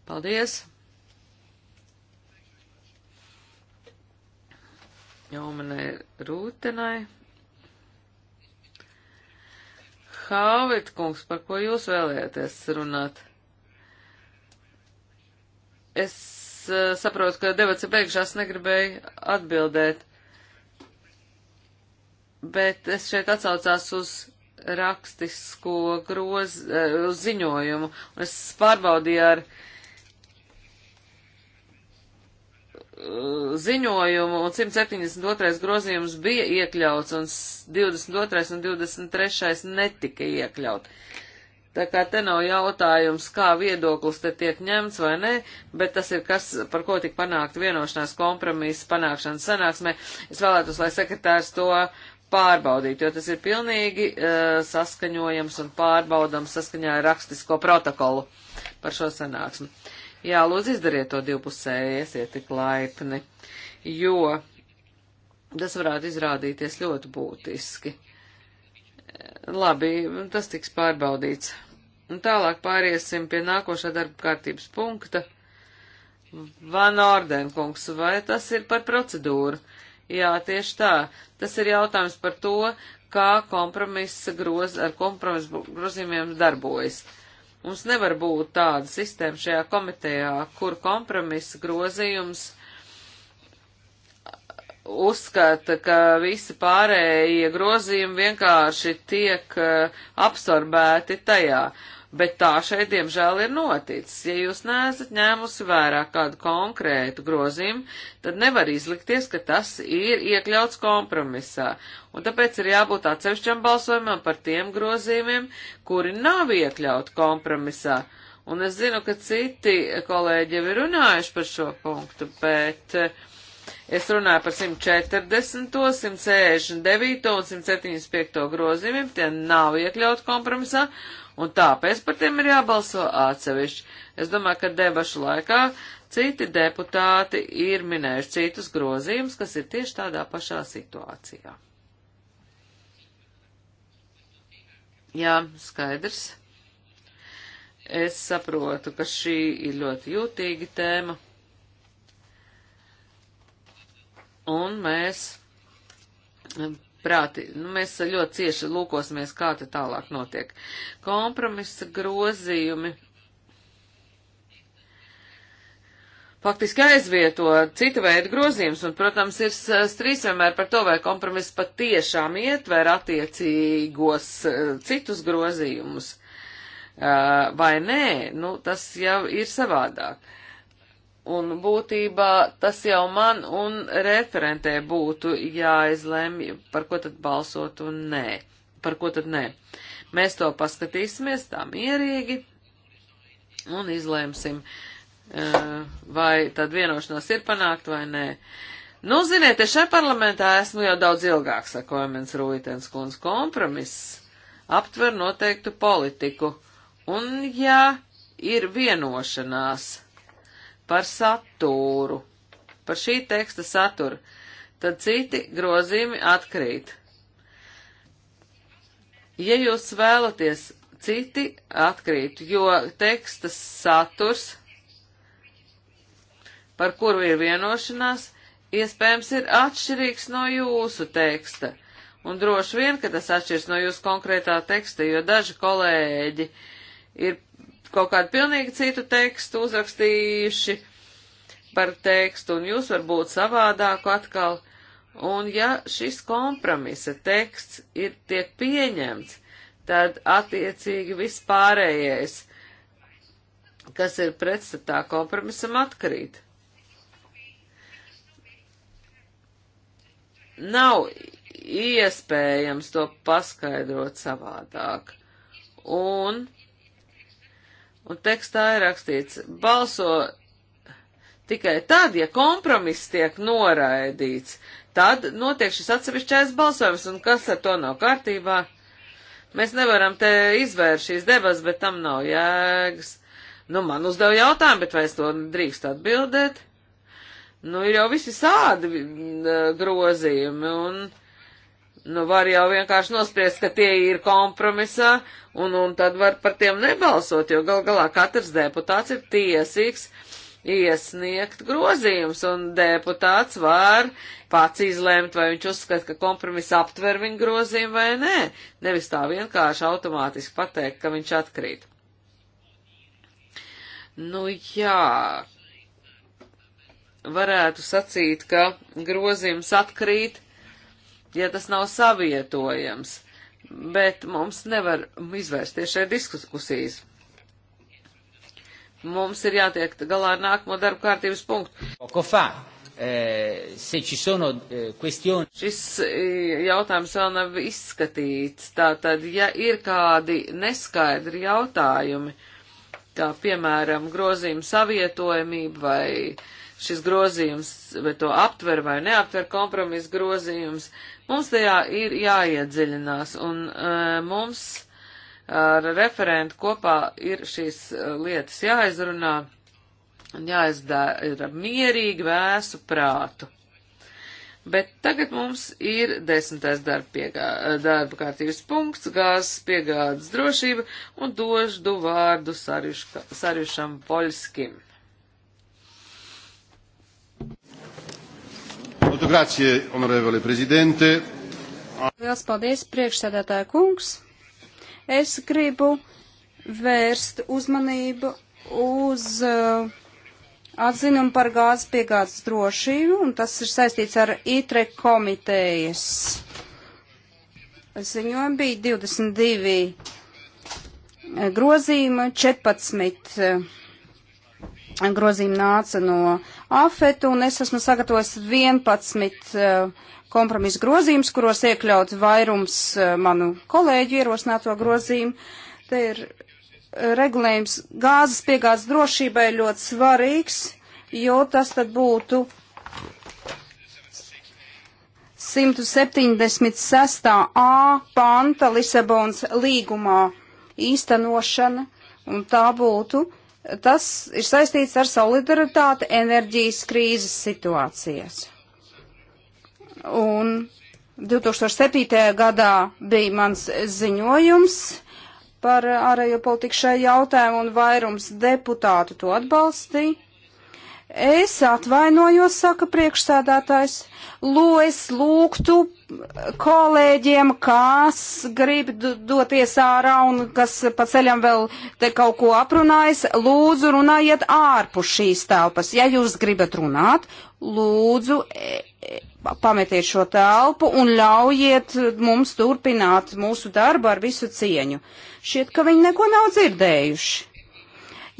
Paldies! Jaumanai Rūtenai. Hāvet kungs, par ko jūs vēlēties runāt? Es uh, saprotu, ka debats ir beigšās, negribēju atbildēt, bet es šeit atsaucās uz rakstisko groz, uh, uz ziņojumu, un es pārbaudīju ar uh, Eh, ziņojumu, un 172. grozījums bija iekļauts, un 22. un 23. netika iekļaut. Tā kā te nav jautājums, kā viedoklis te tiek ņemts vai nē, bet tas ir kas, par ko tik panākt vienošanās kompromisa panākšanas sanāksmē. Es vēlētos, lai sekretārs to pārbaudīt, jo tas ir pilnīgi uh, saskaņojams un pārbaudams saskaņā ar rakstisko protokolu par šo sanāksmi. Uh, Jā, lūdzu, izdariet to divpusēji, esiet tik laipni, jo tas varētu izrādīties ļoti būtiski. Labi, tas tiks pārbaudīts. Un tālāk pāriesim pie nākošā darba kārtības punkta. Van Orden, kungs, vai tas ir par procedūru? Jā, tieši tā. Tas ir jautājums par to, kā kompromisa groz, ar kompromisa grozījumiem darbojas. Uh, Mums nevar būt tāda sistēma šajā komitejā, kur kompromisa grozījums uzskata, ka visi pārējie grozījumi vienkārši tiek eh, absorbēti tajā. Uh, bet tā šeit, diemžēl, ir noticis. Ja jūs neesat ņēmusi vērā kādu konkrētu grozījumu, tad nevar izlikties, ka tas ir iekļauts kompromisā, un tāpēc ir jābūt atsevišķam balsojumam par tiem grozījumiem, kuri nav iekļauti kompromisā. Un es zinu, ka citi kolēģi jau ir runājuši par šo punktu, bet eh, es runāju par 140, 169 un 175 grozījumiem, tie nav iekļauti kompromisā, un tāpēc par tiem ir jābalso atsevišķi. Es domāju, ka debašu laikā citi deputāti ir minējuši citus grozījumus, kas ir tieši tādā pašā situācijā. Jā, skaidrs. Es saprotu, ka šī ir ļoti jūtīga tēma. Un mēs prāti. Nu, mēs ļoti cieši lūkosimies, kā te tālāk notiek. Kompromisa grozījumi. faktiski aizvieto citu veidu grozījumus, un, protams, ir strīds vienmēr par to, vai kompromiss patiešām ietver attiecīgos e, citus grozījumus e, vai nē, nu, tas jau ir savādāk. Un būtībā tas jau man un referentē būtu jāizlemj, par ko tad balsot un nē. Par ko tad nē. Mēs to paskatīsimies tā mierīgi un izlēmsim, vai tad vienošanās ir panākt vai nē. Nu, ziniet, es šajā parlamentā esmu jau daudz ilgāk, saka Oemens Rūitens kundz, kompromiss aptver noteiktu politiku. Un, ja ir vienošanās, par saturu, par šī teksta saturu, tad citi grozījumi atkrīt. Ja jūs vēlaties, citi atkrīt, jo teksta saturs, par kuru ir vienošanās, iespējams ir atšķirīgs no jūsu teksta. Un droši vien, ka tas atšķirs no jūsu konkrētā teksta, jo daži kolēģi ir kaut kādu pilnīgi citu tekstu uzrakstījuši par tekstu, un jūs varbūt savādāku atkal. Un ja šis kompromisa teksts ir tiek pieņemts, tad attiecīgi vispārējais, kas ir pretstatā kompromisam, atkrīt. Nav iespējams to paskaidrot savādāk. Un Un tekstā ir rakstīts, balso tikai tad, ja kompromiss tiek noraidīts, tad notiek šis atsevišķais balsojums, un kas ar to nav kārtībā. Mēs nevaram te izvērst šīs debas, bet tam nav jēgas. Nu, man uzdev jautājumu, bet vai es to drīkst atbildēt? Nu, ir jau visi sādi mm, eh, grozījumi, un Nu, var jau vienkārši nospriest, ka tie ir kompromisā, un, un tad var par tiem nebalsot, jo gal galā katrs deputāts ir tiesīgs iesniegt grozījums, un deputāts var pats izlēmt, vai viņš uzskata, ka kompromiss aptver viņa grozījumu vai nē. Nevis tā vienkārši automātiski pateikt, ka viņš atkrīt. Nu jā, varētu sacīt, ka grozījums atkrīt, ja tas nav savietojams, bet mums nevar izvērsties šeit diskusijas. Mums ir jātiek galā ar nākamo darbu kārtības punktu. Ko fa? Eh, se ci sono eh, questioni. Šis eh, jautājums vēl nav izskatīts. Tātad, ja ir kādi neskaidri jautājumi, kā piemēram grozījuma savietojamība vai šis grozījums, vai to aptver vai neaptver kompromisa grozījums, Mums tajā ir jāiedziļinās, un uh, mums ar referentu kopā ir šīs e, lietas jāizrunā un jāizdara mierīgi vēsu prātu. Bet tagad mums ir desmitais darba, piegā, e, darba kārtības punkts - gāzes piegādes drošība, un došu vārdu Sarjušam Poļskim. Molto grazie, onorevole prezidente. Liels paldies, priekšsēdētāja kungs. Es gribu vērst uzmanību uz uh, atzinumu par gāzes piegādes drošību, un tas ir saistīts ar ITRE komitejas ziņojumu. Bija 22 grozījuma, 14 uh, grozījumi nāca no afetu, un es esmu sagatavojis 11 eh, kompromisu grozījumus, kuros iekļaut vairums eh, manu kolēģu ierosināto grozījumu. Te ir eh, regulējums gāzes piegādes drošībai ļoti svarīgs, jo tas tad būtu 176. A panta Lisabons līgumā īstenošana, un tā būtu Tas ir saistīts ar solidaritāti enerģijas krīzes situācijas. Un 2007. gadā bija mans ziņojums par ārējo politiku šai jautājumu un vairums deputātu to atbalstīja. Es atvainojos, saka priekšsēdētājs, lo es lūgtu kolēģiem, kas grib doties ārā un kas pa ceļam vēl te kaut ko aprunājas, lūdzu runājiet ārpus šīs telpas. Ja jūs gribat runāt, lūdzu e, e, pametiet šo telpu un ļaujiet mums turpināt mūsu darbu ar visu cieņu. Šķiet, ka viņi neko nav dzirdējuši.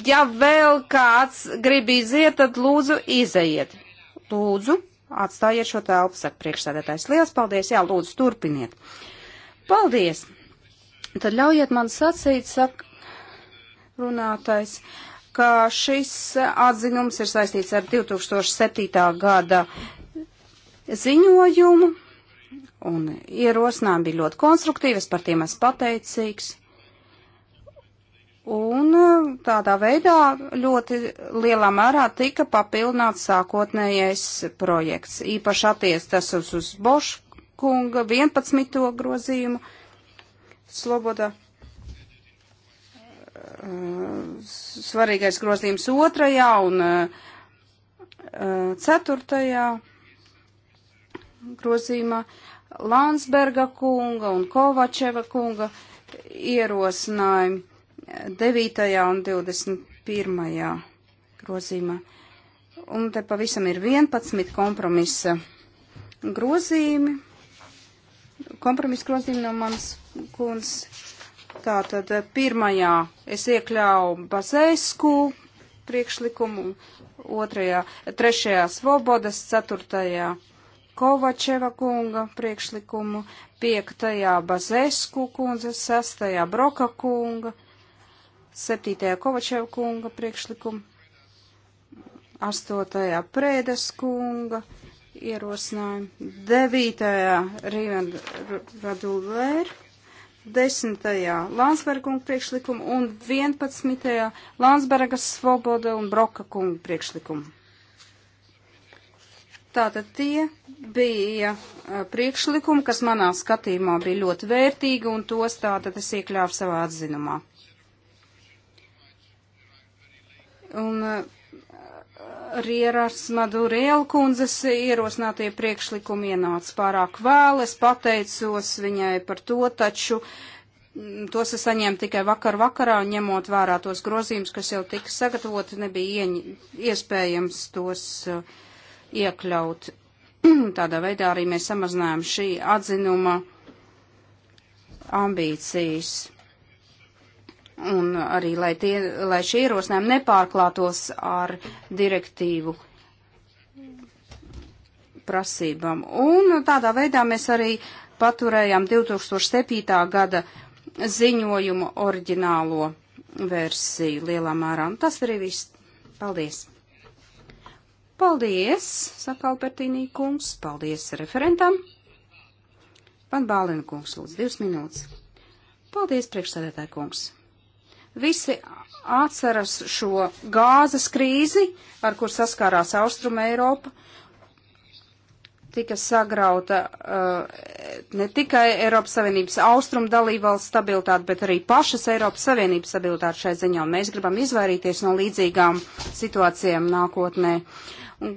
Ja vēl kāds grib iziet, tad lūdzu izejiet. Lūdzu. Atstājiet šo telpu, saka priekšsēdētājs. Lielas paldies, jā, lūdzu, turpiniet. Paldies! Tad ļaujiet man sacīt, saka runātais, ka šis atzinums ir saistīts ar 2007. gada ziņojumu, un ierosinājumi bija ļoti konstruktīvi, es par tiem esmu pateicīgs. Un eh, tādā veidā ļoti lielā mērā tika papildināts sākotnējais projekts. Īpaši attiec tas uz, uz Bošu kunga 11. grozījumu. Sloboda. Eh, svarīgais grozījums otrajā un eh, ceturtajā grozījumā. Landsberga kunga un Kovačeva kunga ierosinājumi 9. un 21. grozīmā. Un te pavisam ir 11 kompromisa grozīmi. Kompromisa grozīmi no manas kundzes. Tātad eh, pirmajā es iekļauju Bazēsku priekšlikumu, otrajā, trešajā Svobodas, ceturtajā Kovačeva kunga priekšlikumu, piektajā Bazēsku kundze, sestajā Broka kunga, 7. Kovačeva kunga priekšlikumu, 8. Prēdes kunga ierosinājumu, 9. Rīvena Radulēra, 10. Lansberga kunga priekšlikumu un 11. Lansberga Svoboda un Broka kunga priekšlikumu. Tātad tie bija priekšlikumi, kas manā skatījumā bija ļoti vērtīgi, un tos tātad es iekļāvu savā atzinumā. Un uh, Rieras Madurēla kundzes ierosinātie priekšlikumi ienāca pārāk vēl. Es pateicos viņai par to, taču mm, tos es saņēmu tikai vakar vakarā, un ņemot vērā tos grozījumus, kas jau tika sagatavoti, nebija ieņi, iespējams tos uh, iekļaut. Tādā veidā arī mēs samazinājām šī atzinuma ambīcijas un arī, lai, tie, lai šie ierosinājumi nepārklātos ar direktīvu prasībām. Un tādā veidā mēs arī paturējām 2007. gada ziņojumu oriģinālo versiju lielā mērā. Un tas arī viss. Paldies! Paldies, saka Albertīnī kungs, paldies referentam. Pan Bālina kungs, lūdzu, divas minūtes. Paldies, priekšsēdētāji kungs. Visi atceras šo gāzes krīzi, ar kur saskārās Austruma Eiropa. Tika sagrauta uh, ne tikai Eiropas Savienības austrumu dalībvalsts stabilitāte, bet arī pašas Eiropas Savienības stabilitāte šai ziņā. Un mēs gribam izvairīties no līdzīgām situācijām nākotnē. Un,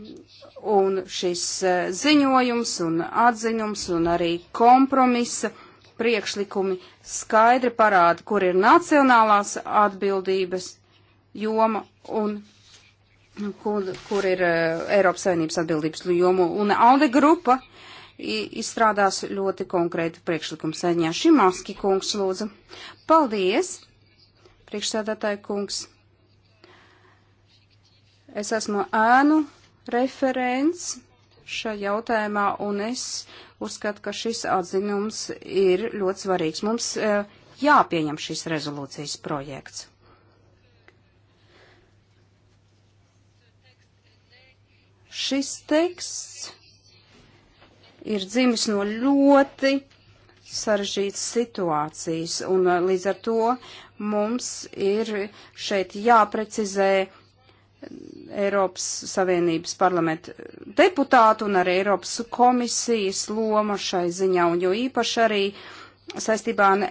un šis uh, ziņojums un atziņums un arī kompromisa uh, priekšlikumi skaidri parāda, kur ir nacionālās atbildības joma un kur, kur ir eh, Eiropas Savienības atbildības joma. Un Alde grupa izstrādās ļoti konkrētu priekšlikumu saņā. Šimaski kungs lūdzu. Paldies, priekšsēdētāji kungs. Es esmu ēnu referents šajā jautājumā, un es uzskatu, ka šis atzinums ir ļoti svarīgs. Mums e, jāpieņem šis rezolūcijas projekts. Šis teksts ir dzimis no ļoti sarežģītas situācijas, un e, līdz ar to mums ir šeit jāprecizē Eiropas Savienības parlamenta deputātu un arī Eiropas komisijas loma šai ziņā, un jo īpaši arī saistībā ar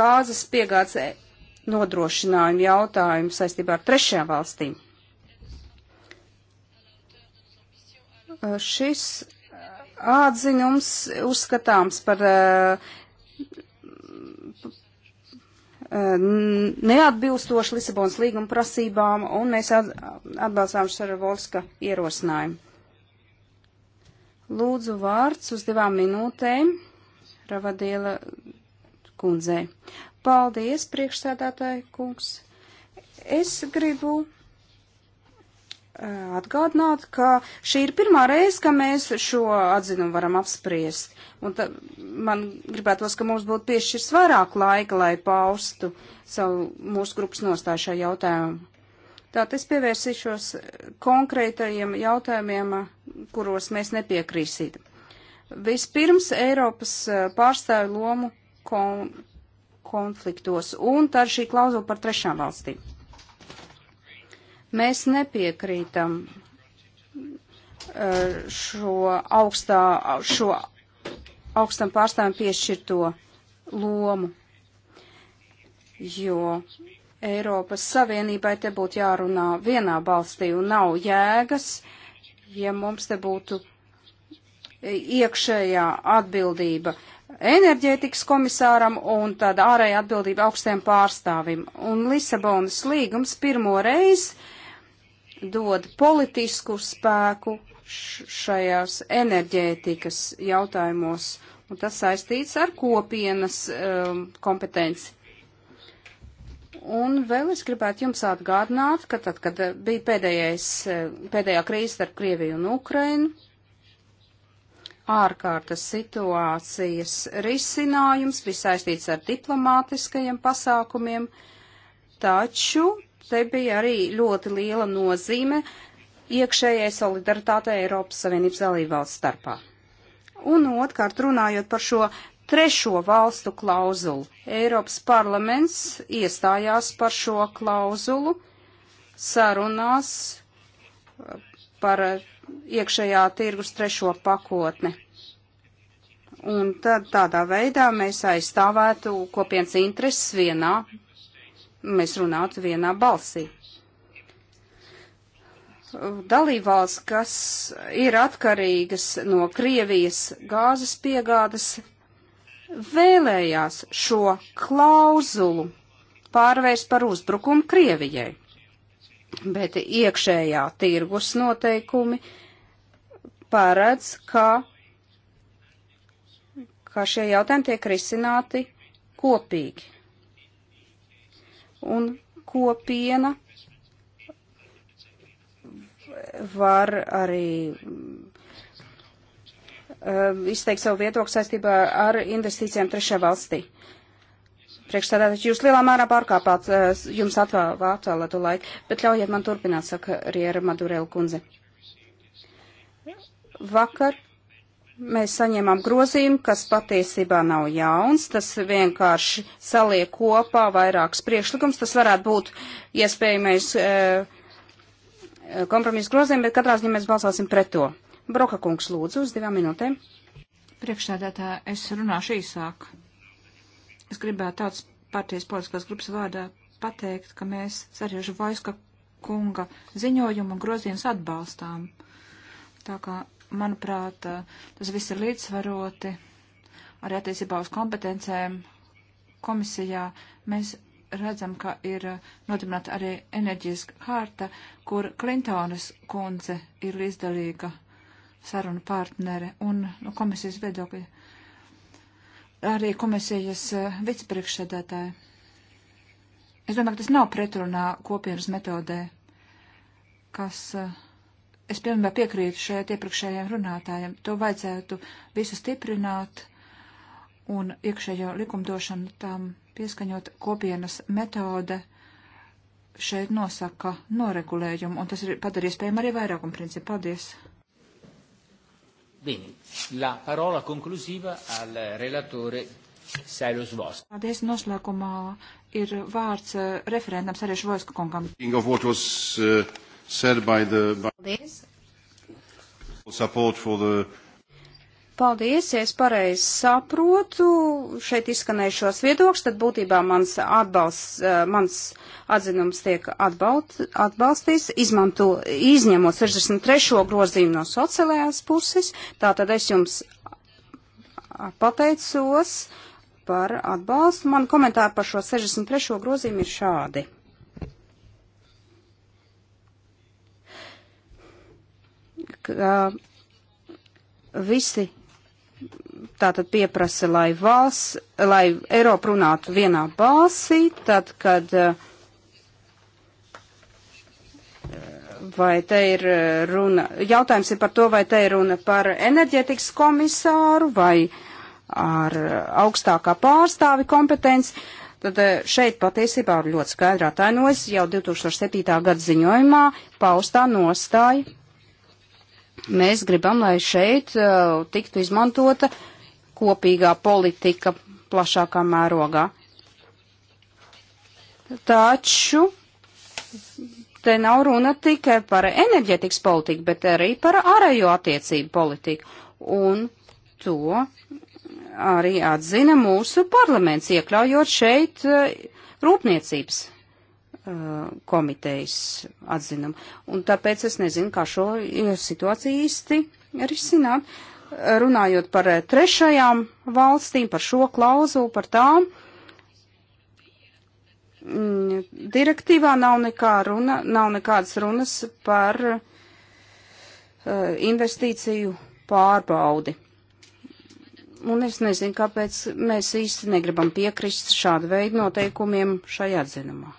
gāzes piegādes nodrošinājumu jautājumu saistībā ar trešajām valstīm. Šis atziņums uzskatāms par uh, neatbilstoši Lisabonas līguma prasībām, un mēs atbalstām Šaravolska ierosinājumu. Lūdzu vārds uz divām minūtēm Ravadiela kundzei. Paldies, priekšsēdētāji kungs. Es gribu atgādināt, ka šī ir pirmā reize, ka mēs šo atzinumu varam apspriest. Un tā, man gribētos, ka mums būtu piešķirs vairāk laika, lai paustu savu mūsu grupas nostāju šajā jautājumā. Tātad es pievērsīšos konkrētajiem jautājumiem, kuros mēs nepiekrīsītu. Vispirms Eiropas pārstāvju lomu kon konfliktos un tad šī klauzula par trešām valstīm. Mēs nepiekrītam eh, šo, augstā, šo augstam pārstāvim piešķirto lomu, jo Eiropas Savienībai te būtu jārunā vienā balstī un nav jēgas, ja mums te būtu iekšējā atbildība enerģētikas komisāram un tad ārēja atbildība augstiem pārstāvim. Un Lisabonas līgums pirmo reizi dod politisku spēku šajās enerģētikas jautājumos, un tas saistīts ar kopienas um, kompetenci. Un vēl es gribētu jums atgādināt, ka tad, kad uh, bija pēdējais, uh, pēdējā krīze starp Krieviju un Ukrainu, ārkārtas situācijas risinājums bija saistīts ar diplomātiskajiem pasākumiem, taču te bija arī ļoti liela nozīme iekšējai solidaritātei Eiropas Savienības dalībvalsts starpā. Un otrkārt, runājot par šo trešo valstu klauzulu, Eiropas parlaments iestājās par šo klauzulu sarunās uh, par uh, iekšējā tirgus trešo pakotni. Un tad tādā veidā mēs aizstāvētu kopienas intereses vienā mēs runātu vienā balsī. Dalībvalsts, kas ir atkarīgas no Krievijas gāzes piegādes, vēlējās šo klauzulu pārvērst par uzbrukumu Krievijai. Bet iekšējā tirgus noteikumi paredz, ka, ka šie jautājumi tiek risināti kopīgi un kopiena var arī um, izteikt savu viedokli saistībā ar investīcijām trešajā valstī. Priekšstādātājs, jūs lielā mērā pārkāpāt uh, jums atvēlēto laiku, bet ļaujiet man turpināt, saka Riera Madurela kundze. Vakar Mēs saņēmām grozījumu, kas patiesībā nav jauns, tas vienkārši saliek kopā vairākas priekšlikums, tas varētu būt iespējamais e, kompromiss grozījums, bet katrā ziņā mēs balsosim pret to. Broka kungs lūdzu uz divām minūtēm. Priekšsēdētā es runāšu īsāk. Es gribētu tāds partijas politiskās grupas vārdā pateikt, ka mēs Sarieža Vaiska kunga ziņojumu un grozījums atbalstām. Tā kā manuprāt, eh, tas viss ir līdzsvaroti arī attiecībā uz kompetencēm komisijā. Mēs redzam, ka ir eh, notimnāta arī enerģijas hārta, kur Klintonas kundze ir līdzdalīga saruna partnere un no komisijas viedokļa arī komisijas eh, vicepriekšsēdētāja. Es domāju, ka tas nav pretrunā kopienas metodē, kas uh, es pilnībā piekrītu šeit iepriekšējiem runātājiem. To vajadzētu visu stiprināt un iekšējo likumdošanu tam pieskaņot kopienas metode šeit nosaka noregulējumu, un tas ir padarījis pējam arī vairākumu principu. Paldies! Bene, la parola conclusiva al relatore Sēļus Vosk. Paldies, noslēgumā ir vārds eh, referendam Sēļus Voska kungam. Of what was, uh said by the by Paldies. support for the Paldies, ja es pareizi saprotu šeit izskanējušos viedokļus, tad būtībā mans atbalsts, eh, mans atzinums tiek atbalt, atbalstīts, izmanto, izņemot 63. grozījumu no sociālajās puses, tātad es jums pateicos par atbalstu. Man komentāri par šo 63. grozījumu ir šādi. ka visi tātad pieprasa, lai valsts, lai Eiropa runātu vienā balsī, tad, kad vai te ir eh, runa, jautājums ir par to, vai te ir runa par enerģetikas komisāru vai ar augstākā pārstāvi kompetenci, tad eh, šeit patiesībā ļoti skaidrā tainojas jau 2007. gada ziņojumā paustā nostāja Mēs gribam, lai šeit uh, tiktu izmantota kopīgā politika plašākā mērogā. Taču te nav runa tikai par enerģetikas politiku, bet arī par ārējo attiecību politiku. Un to arī atzina mūsu parlaments, iekļaujot šeit uh, rūpniecības komitejas atzinam. Un tāpēc es nezinu, kā šo situāciju īsti risināt. Runājot par eh, trešajām valstīm, par šo klauzulu, par tām, mm, direktīvā nav, nekā runa, nav nekādas runas par eh, investīciju pārbaudi. Un es nezinu, kāpēc mēs īsti negribam piekrist šādu veidu noteikumiem šajā atzinumā.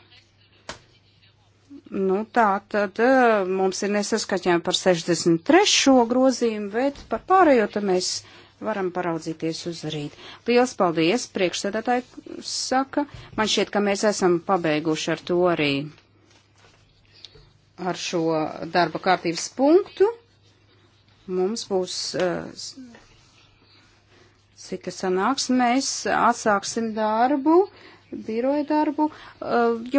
Nu, tā tad eh, mums ir nesaskaņojumi par 63. grozījumu, bet par pārējo tad mēs varam paraudzīties uz rīt. Liels paldies, priekšsēdētāji saka. Man šķiet, ka mēs esam pabeiguši ar to arī ar šo darba kārtības punktu. Mums būs eh, cita sanāks, mēs atsāksim darbu, biroja darbu. Eh,